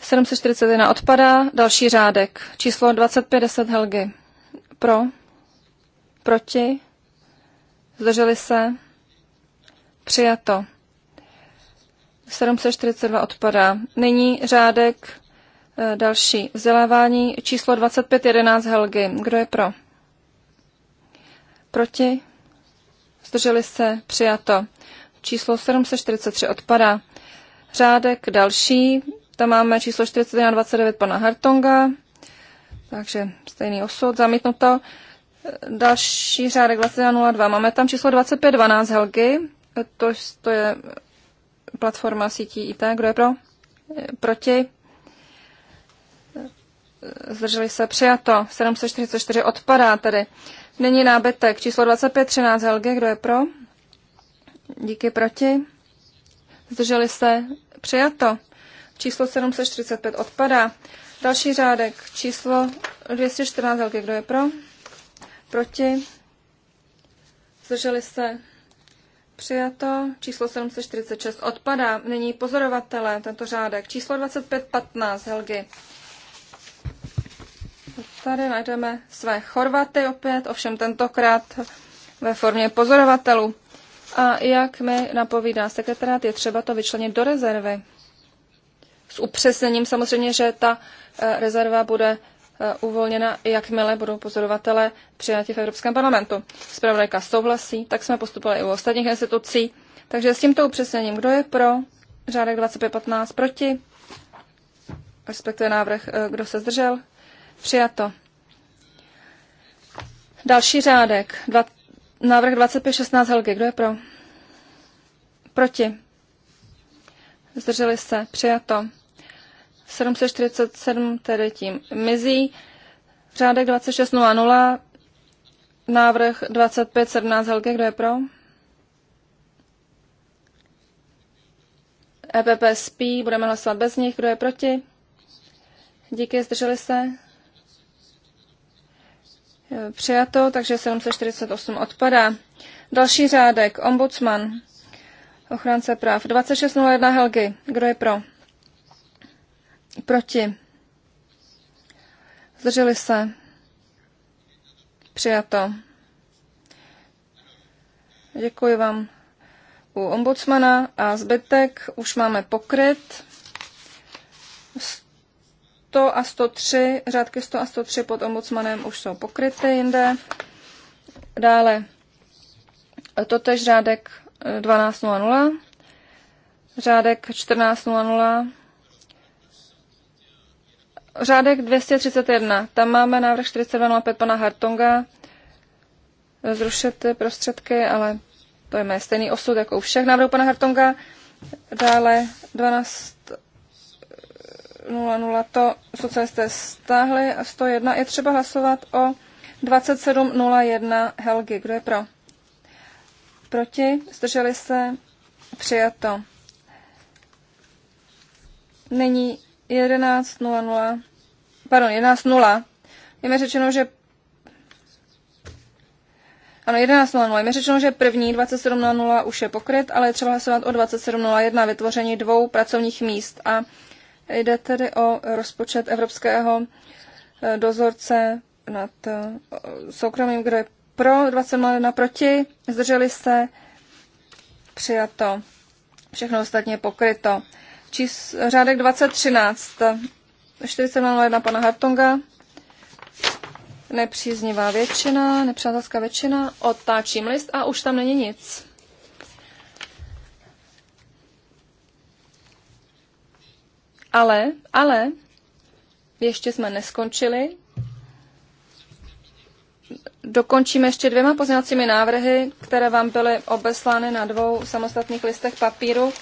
741 odpadá, další řádek, číslo 2510 Helgy. Pro? Proti? Zdrželi se? Přijato. 742 odpadá. Nyní řádek Eh, další vzdělávání číslo 2511 Helgy. Kdo je pro? Proti? Zdrželi se? Přijato. Číslo 743 odpadá. Řádek další. Tam máme číslo 4129 pana Hartonga. Takže stejný osud, zamítnuto. Eh, další řádek 2102. Máme tam číslo 2512 Helgy. Eh, to, to je platforma sítí IT. Kdo je pro? Proti? zdrželi se přijato, 744 odpadá tedy. Není nábytek, číslo 2513 Helge, kdo je pro? Díky proti. Zdrželi se přijato. Číslo 745 odpadá. Další řádek, číslo 214 Helge, kdo je pro? Proti. Zdrželi se přijato. Číslo 746 odpadá. není pozorovatele, tento řádek. Číslo 2515 Helgi Tady najdeme své Chorvaty opět, ovšem tentokrát ve formě pozorovatelů. A jak mi napovídá sekretariat, je třeba to vyčlenit do rezervy. S upřesněním samozřejmě, že ta eh, rezerva bude eh, uvolněna, jakmile budou pozorovatelé přijati v Evropském parlamentu. Zpravodajka souhlasí, tak jsme postupovali i u ostatních institucí. Takže s tímto upřesněním, kdo je pro řádek 2515 proti, respektive návrh, eh, kdo se zdržel, Přijato. Další řádek. Dva, návrh 2516 Helgy. Kdo je pro? Proti. Zdrželi se. Přijato. 747 tedy tím mizí. Řádek 2600. Návrh 2517 Helgy. Kdo je pro? EPP spí. Budeme hlasovat bez nich. Kdo je proti? Díky. Zdrželi se. Přijato, takže 748 odpadá. Další řádek, ombudsman, ochránce práv. 2601 Helgy, kdo je pro? Proti. Zdrželi se. Přijato. Děkuji vám u ombudsmana a zbytek už máme pokryt. 100 a 103, řádky 100 a 103 pod ombudsmanem už jsou pokryty jinde. Dále totež řádek 12.00, eh, řádek 14.00, řádek 231. Tam máme návrh 4205 pana Hartonga eh, zrušit prostředky, ale to je mé stejný osud jako u všech návrhů pana Hartonga. Dále 12 00 to socialisté stáhli a 101 je třeba hlasovat o 2701 Helgi. Kdo je pro? Proti? Zdrželi se? Přijato. Nyní 11.00, pardon, 11.0. Je mi řečeno, že ano, 11.00. Je řečeno, že první 27.00 už je pokryt, ale je třeba hlasovat o 27.01 vytvoření dvou pracovních míst a Jde tedy o rozpočet evropského eh, dozorce nad eh, soukromým, kdo je pro, 21 proti, zdrželi se, přijato, všechno ostatně pokryto. Čís, řádek 2013, 41 pana Hartonga, nepříznivá většina, nepřátelská většina, otáčím list a už tam není nic. Ale, ale, ještě jsme neskončili. Dokončíme ještě dvěma pozměňovacími návrhy, které vám byly obeslány na dvou samostatných listech papíru.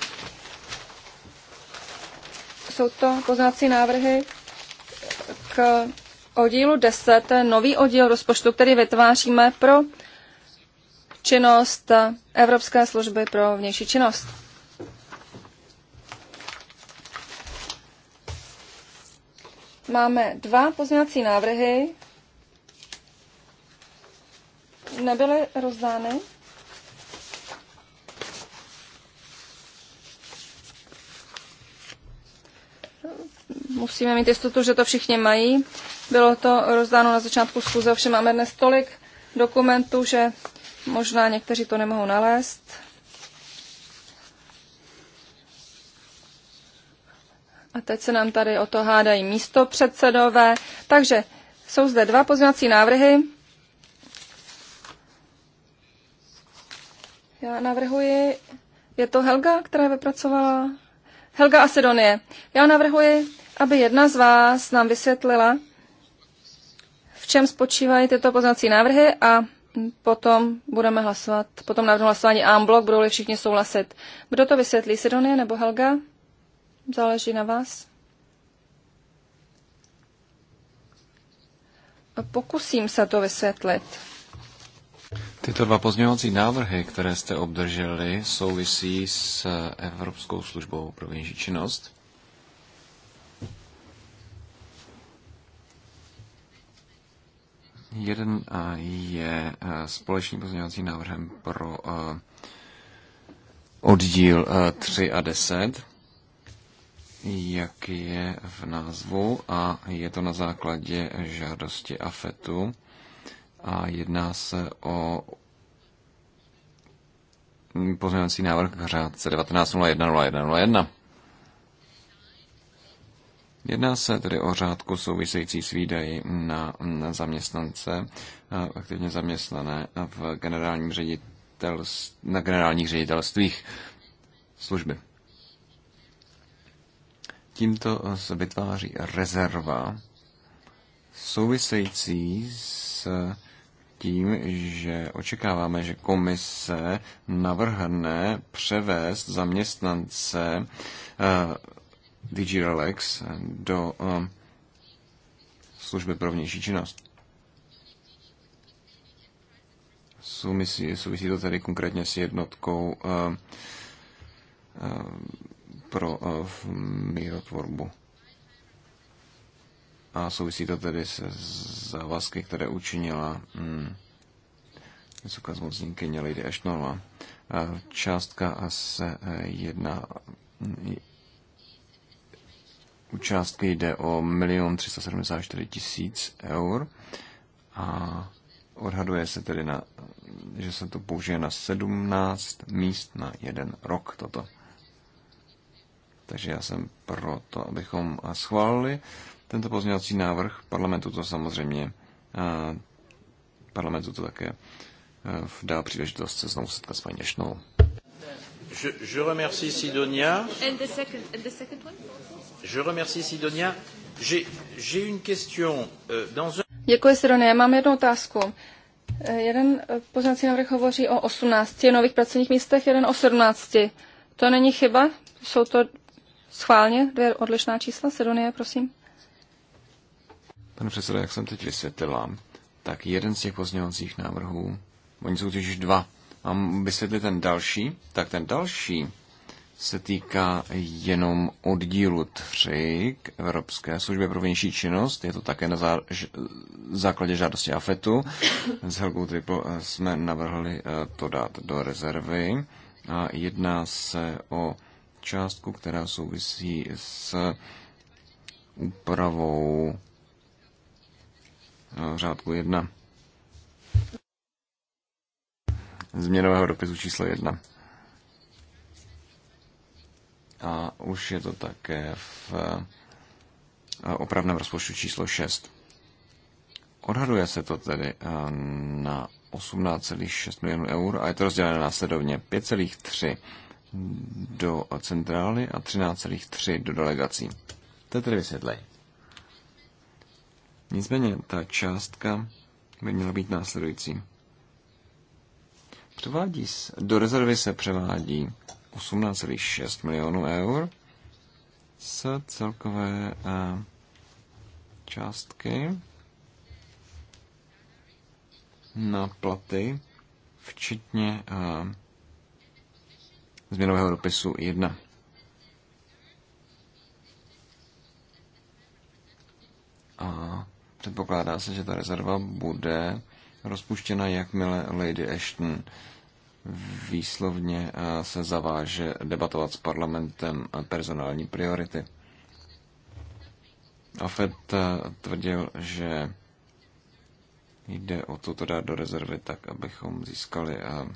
Jsou to pozměňovací návrhy k oddílu 10, nový oddíl rozpočtu, který vytváříme pro činnost Evropské služby pro vnější činnost. Máme dva pozměňovací návrhy. Nebyly rozdány. Musíme mít jistotu, že to všichni mají. Bylo to rozdáno na začátku schůze, ovšem máme dnes tolik dokumentů, že možná někteří to nemohou nalézt. A teď se nám tady o to hádají místo předsedové. Takže jsou zde dva pozměňovací návrhy. Já navrhuji, je to Helga, která vypracovala? Helga Asidonie. Já navrhuji, aby jedna z vás nám vysvětlila, v čem spočívají tyto poznací návrhy a potom budeme hlasovat, potom navrhnu hlasování Amblok, blok, budou-li všichni souhlasit. Kdo to vysvětlí, Sidonie nebo Helga? Záleží na vás. Pokusím se to vysvětlit. Tyto dva pozměňovací návrhy, které jste obdrželi, souvisí s eh, Evropskou službou pro vnější činnost. Jeden eh, je eh, společným pozměňovacím návrhem pro oddíl 3 a 10 jak je v názvu a je to na základě žádosti AFETu a jedná se o pozměňovací návrh k řádce 19.01.01.01. Jedná se tedy o řádku související s výdaji na, zaměstnance, aktivně zaměstnané v generálním ředitelství, na generálních ředitelstvích služby tímto se vytváří rezerva související s tím, že očekáváme, že komise navrhne převést zaměstnance uh, eh, DG do uh, služby pro vnější činnost. Souvisí, souvisí to tedy konkrétně s jednotkou uh, uh, pro eh, mírotvorbu. A souvisí to tedy se závazky, které učinila mm, vysoká hmm, vysoká zmocníkyně Lady Ashtonová. Eh, částka se eh, jedna mm, u částky jde o 1 374 000 eur a odhaduje se tedy, na, že se to použije na 17 míst na jeden rok toto. Takže já jsem pro to, abychom schválili tento pozměňovací návrh. Parlamentu to samozřejmě parlamentu to také e, dá příležitost se znovu setkat s paní Ješnou. Je, je remercie Sidonia. And the second, and the second one? Je remercie Sidonia. J'ai une question. Euh, dans un... Děkuji, Sidonia. Mám jednu otázku. E, jeden e, poznací návrh hovoří o 18 nových pracovních místech, jeden o 17. To není chyba? Jsou to Schválně dvě odlišná čísla. Sedonie, prosím. Pane předsedo, jak jsem teď vysvětlila, tak jeden z těch pozměňovacích návrhů, oni jsou totiž dva, mám vysvětlit ten další, tak ten další se týká jenom oddílu 3 k Evropské službě pro vnější činnost. Je to také na zá, ž, základě žádosti AFETu. S Helgou Triple jsme navrhli eh, to dát do rezervy. A jedná se o částku, která souvisí s úpravou eh, řádku 1. Změnového dopisu číslo 1. A už je to také v eh, opravném rozpočtu číslo 6. Odhaduje se to tedy eh, na 18,6 milionů eur a je to rozděleno následovně 5,3 do centrály a 13,3 do delegací. To je tedy vysvětlej. Nicméně ta částka by měla být následující. Převádí se, do rezervy se převádí 18,6 milionů eur z celkové eh, částky na platy, včetně eh, změnového dopisu 1. A předpokládá se, že ta rezerva bude rozpuštěna, jakmile Lady Ashton výslovně eh, se zaváže debatovat s parlamentem personální priority. Afet eh, tvrdil, že jde o to to dát do rezervy tak, abychom získali eh,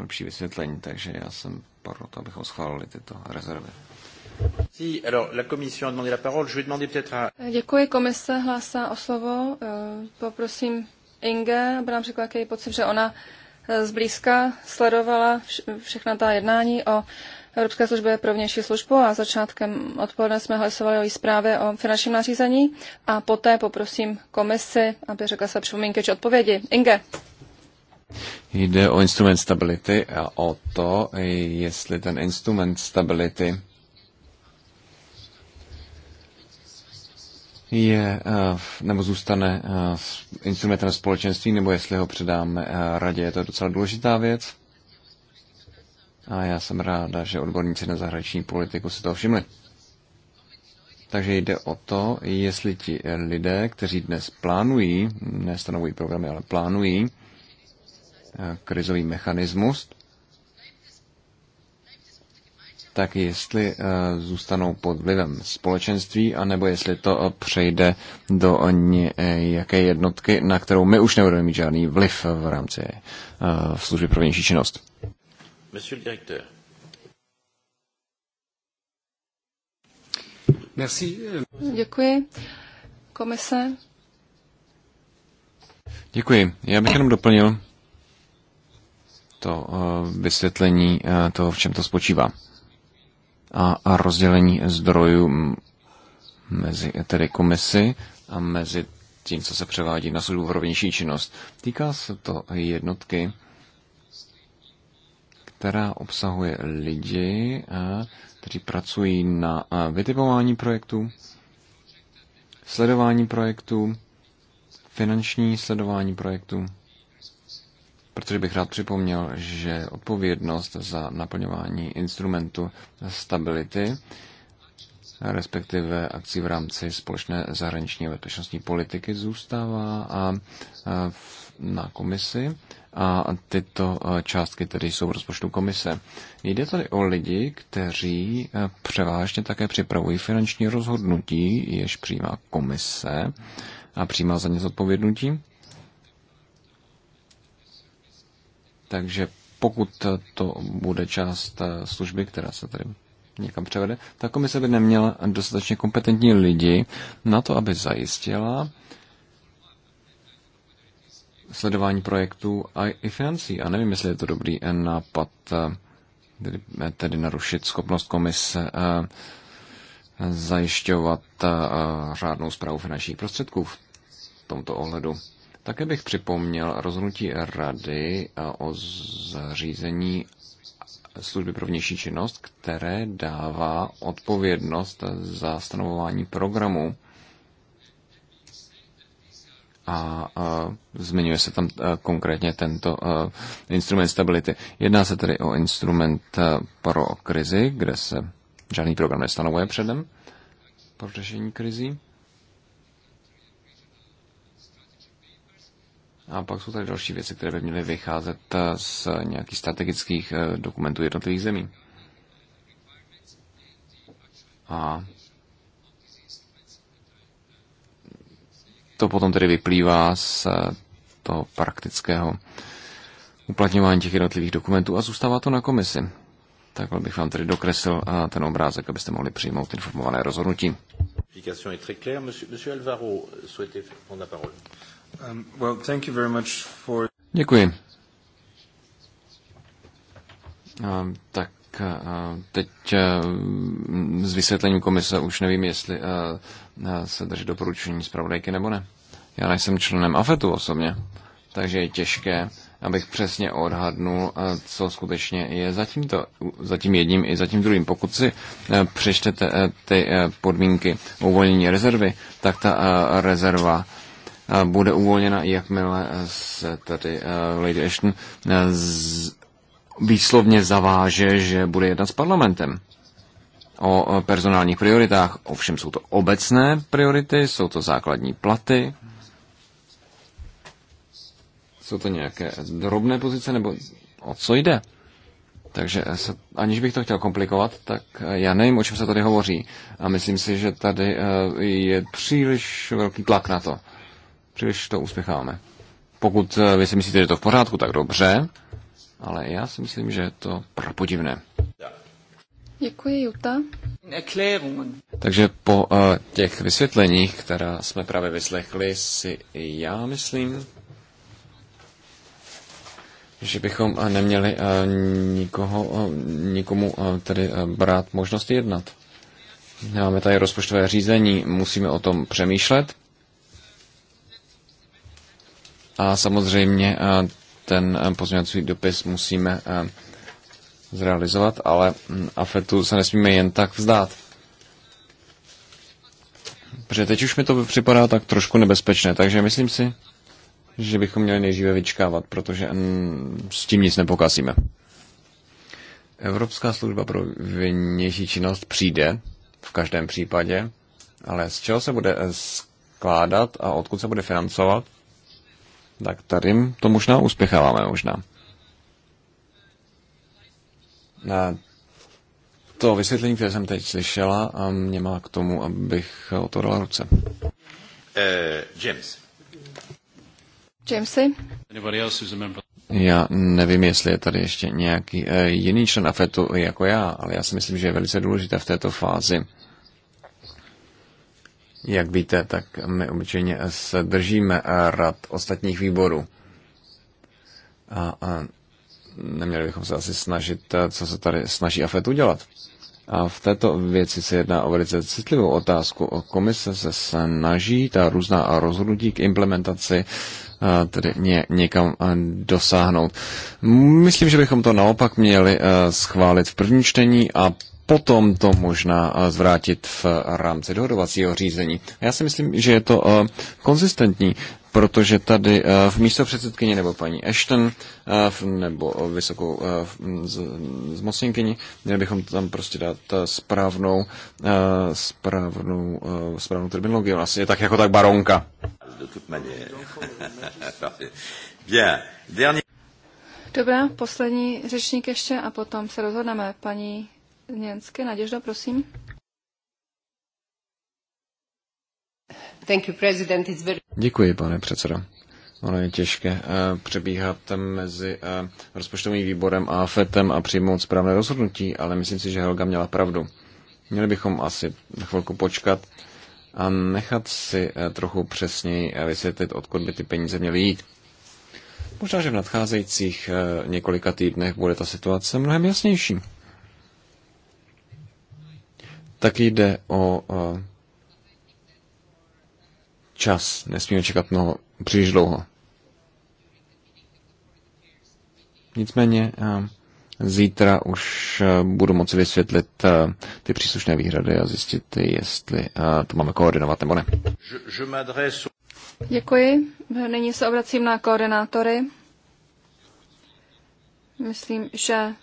lepší vysvětlení, takže já jsem pro to, abychom schválili tyto rezervy. Děkuji, komise hlásá o slovo. Eh, poprosím Inge, aby nám řekla, jaký pocit, že ona eh, zblízka sledovala všechna ta jednání o Evropské službě pro vnější službu a začátkem odpoledne jsme hlasovali o její zprávě o finančním nařízení a poté poprosím komisi, aby řekla své připomínky či odpovědi. Inge. Jde o instrument stability a o to, jestli ten instrument stability je eh, nebo zůstane eh, instrumentem společenství, nebo jestli ho předáme eh, radě. Je to docela důležitá věc. A já jsem ráda, že odborníci na zahraniční politiku si toho všimli. Takže jde o to, jestli ti lidé, kteří dnes plánují, nestanovují programy, ale plánují, krizový mechanismus, tak jestli eh, zůstanou pod vlivem společenství, anebo jestli to eh, přejde do nějaké jednotky, na kterou my už nebudeme mít žádný vliv v rámci eh, služby pro vnější činnost. Monsieur directeur. Merci. Děkuji. Komise. Děkuji. Já bych jenom doplnil, to eh, vysvětlení eh, toho, v čem to spočívá. A, a rozdělení zdrojů mezi tedy komisy a mezi tím, co se převádí na sudůvrovnější činnost. Týká se to jednotky, která obsahuje lidi, eh, kteří pracují na vytipování projektů, sledování projektů, finanční sledování projektů protože bych rád připomněl, že odpovědnost za naplňování instrumentu stability, respektive akcí v rámci společné zahraniční a bezpečnostní politiky, zůstává a na komisi a tyto částky tedy jsou v rozpočtu komise. Jde tady o lidi, kteří převážně také připravují finanční rozhodnutí, jež přijímá komise a přijímá za ně zodpovědnutí Takže pokud to bude část eh, služby, která se tady někam převede, ta komise by neměla dostatečně kompetentní lidi na to, aby zajistila sledování projektů a i financí. A nevím, jestli je to dobrý nápad eh, tedy, eh, tedy narušit schopnost komise zajišťovat řádnou zprávu finančních prostředků v tomto ohledu. Také bych připomněl rozhodnutí Rady eh, o zřízení služby pro vnější činnost, které dává odpovědnost za stanovování programu. A, a eh, zmiňuje se tam a, eh, konkrétně tento a, instrument stability. Jedná se tedy o instrument pro krizi, kde se žádný program nestanovuje předem pro řešení krizi. A pak jsou tady další věci, které by měly vycházet eh, z nějakých strategických eh, dokumentů jednotlivých zemí. A to potom tedy vyplývá z eh, toho praktického uplatňování těch jednotlivých dokumentů a zůstává to na komisi. Takhle bych vám tedy dokreslil ten obrázek, abyste mohli přijmout informované rozhodnutí. Um, Děkuji. Um, tak uh, teď uh, s vysvětlením komise už nevím, jestli uh, se drží doporučení zpravodajky nebo ne. Já nejsem členem AFETu osobně, takže je těžké, abych přesně odhadnul, co skutečně je za, tímto, za tím jedním i za tím druhým. Pokud si přečtete ty podmínky uvolnění rezervy, tak ta rezerva bude uvolněna, jakmile se tady eh, Lady Ashton eh, výslovně zaváže, že bude jednat s parlamentem o eh, personálních prioritách. Ovšem jsou to obecné priority, jsou to základní platy, jsou to nějaké drobné pozice, nebo o co jde? Takže se, aniž bych to chtěl komplikovat, tak já nevím, o čem se tady hovoří. A myslím si, že tady je příliš velký tlak na to příliš to uspěcháme. Pokud eh, vy si myslíte, že to v pořádku, tak dobře, ale já si myslím, že je to prapodivné. Děkuji, Juta. Takže po uh, těch vysvětleních, která jsme právě vyslechli, si já myslím, že bychom eh, neměli uh, nikoho, uh, nikomu uh, tedy uh, brát možnost jednat. Máme tady rozpočtové řízení, musíme o tom přemýšlet a samozřejmě eh, ten eh, pozměňovací dopis musíme eh, zrealizovat, ale hm, AFETu se nesmíme jen tak vzdát. Protože teď už mi to připadá tak trošku nebezpečné, takže myslím si, že bychom měli nejdříve vyčkávat, protože hm, s tím nic nepokazíme. Evropská služba pro vnější činnost přijde v každém případě, ale z čeho se bude skládat a odkud se bude financovat, tak tady to možná uspěcháváme, možná. To vysvětlení, které jsem teď slyšela, a mě má k tomu, abych o to dala ruce. Uh, James. Jamesy? Já nevím, jestli je tady ještě nějaký uh, jiný člen AFETu jako já, ale já si myslím, že je velice důležité v této fázi jak víte, tak my obyčejně se držíme rad ostatních výborů. A, a neměli bychom se asi snažit, co se tady snaží AFET udělat. A v této věci se jedná o velice citlivou otázku. O komise se snaží ta různá rozhodnutí k implementaci tedy ně, někam dosáhnout. Myslím, že bychom to naopak měli schválit v první čtení a potom to možná eh, zvrátit v eh, rámci dohodovacího řízení. Já si myslím, že je to eh, konzistentní, protože tady v místo předsedkyně nebo paní Ashton nebo vysokou zmocněnkyni, měli bychom tam prostě dát správnou, správnou, správnou terminologii. Ona je tak jako tak baronka. Dobrá, poslední řečník ještě a potom se rozhodneme. Paní Německy. Naděžda, prosím. Děkuji, pane předsedo. Ono je těžké eh, přebíhat mezi eh, rozpočtovým výborem a FETem a přijmout správné rozhodnutí, ale myslím si, že Helga měla pravdu. Měli bychom asi chvilku počkat a nechat si eh, trochu přesněji vysvětlit, odkud by ty peníze měly jít. Možná, že v nadcházejících několika týdnech bude ta situace mnohem jasnější tak jde o eh, čas. Nesmíme čekat mnoho, příliš dlouho. Nicméně eh, zítra už eh, budu moci vysvětlit ty příslušné výhrady a zjistit, jestli to máme koordinovat nebo ne. Děkuji. Nyní se obracím na koordinátory. Myslím, že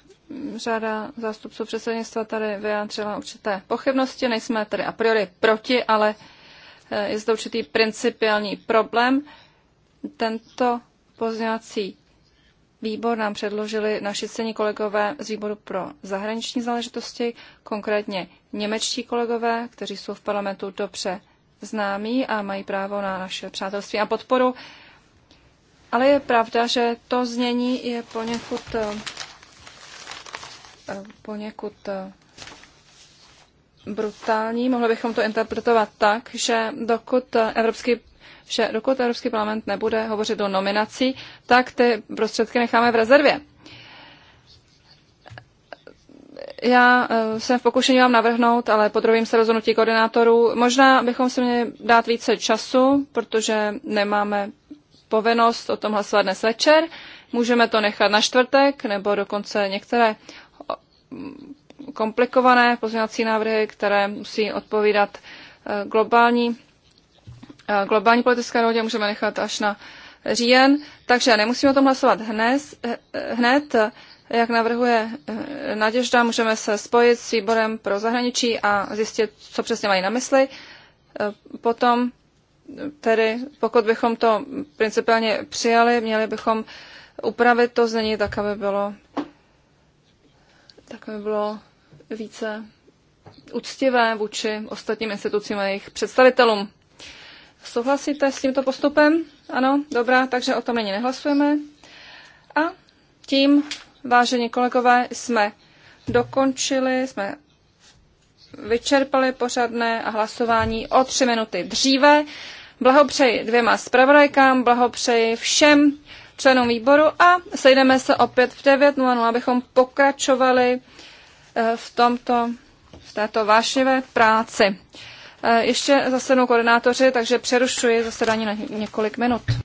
řada zástupců předsednictva tady vyjádřila určité pochybnosti. Nejsme tedy a priori proti, ale eh, je zde určitý principiální problém. Tento pozněvací výbor nám předložili naši cení kolegové z výboru pro zahraniční záležitosti, konkrétně němečtí kolegové, kteří jsou v parlamentu dobře známí a mají právo na naše přátelství a podporu. Ale je pravda, že to znění je poněkud eh, poněkud eh, brutální. Mohli bychom to interpretovat tak, že dokud eh, Evropský že dokud Evropský parlament nebude hovořit o nominací, tak ty prostředky necháme v rezervě. Já eh, jsem v pokušení vám navrhnout, ale podrobím se rozhodnutí koordinátorů. Možná bychom si měli dát více času, protože nemáme povinnost o tom hlasovat dnes večer. Můžeme to nechat na čtvrtek nebo dokonce některé komplikované pozměňovací návrhy, které musí odpovídat eh, globální, eh, globální politické dohodě, můžeme nechat až na říjen. Takže nemusíme o tom hlasovat hned, eh, hned jak navrhuje Naděžda, můžeme se spojit s výborem pro zahraničí a zjistit, co přesně mají na mysli. Potom tedy, pokud bychom to principiálně přijali, měli bychom upravit to znění tak, aby bylo tak mi bylo více úctivé vůči ostatním institucím a jejich představitelům. Souhlasíte s tímto postupem? Ano, dobrá, takže o tom nyní nehlasujeme. A tím, vážení kolegové, jsme dokončili, jsme vyčerpali pořadné a hlasování o tři minuty dříve. Blahopřeji dvěma zpravodajkám, blahopřeji všem členům výboru a sejdeme se opět v 9.00, abychom pokračovali eh, v tomto, v této vášnivé práci. Eh, ještě zasednou koordinátoři, takže přerušuji zasedání na několik minut.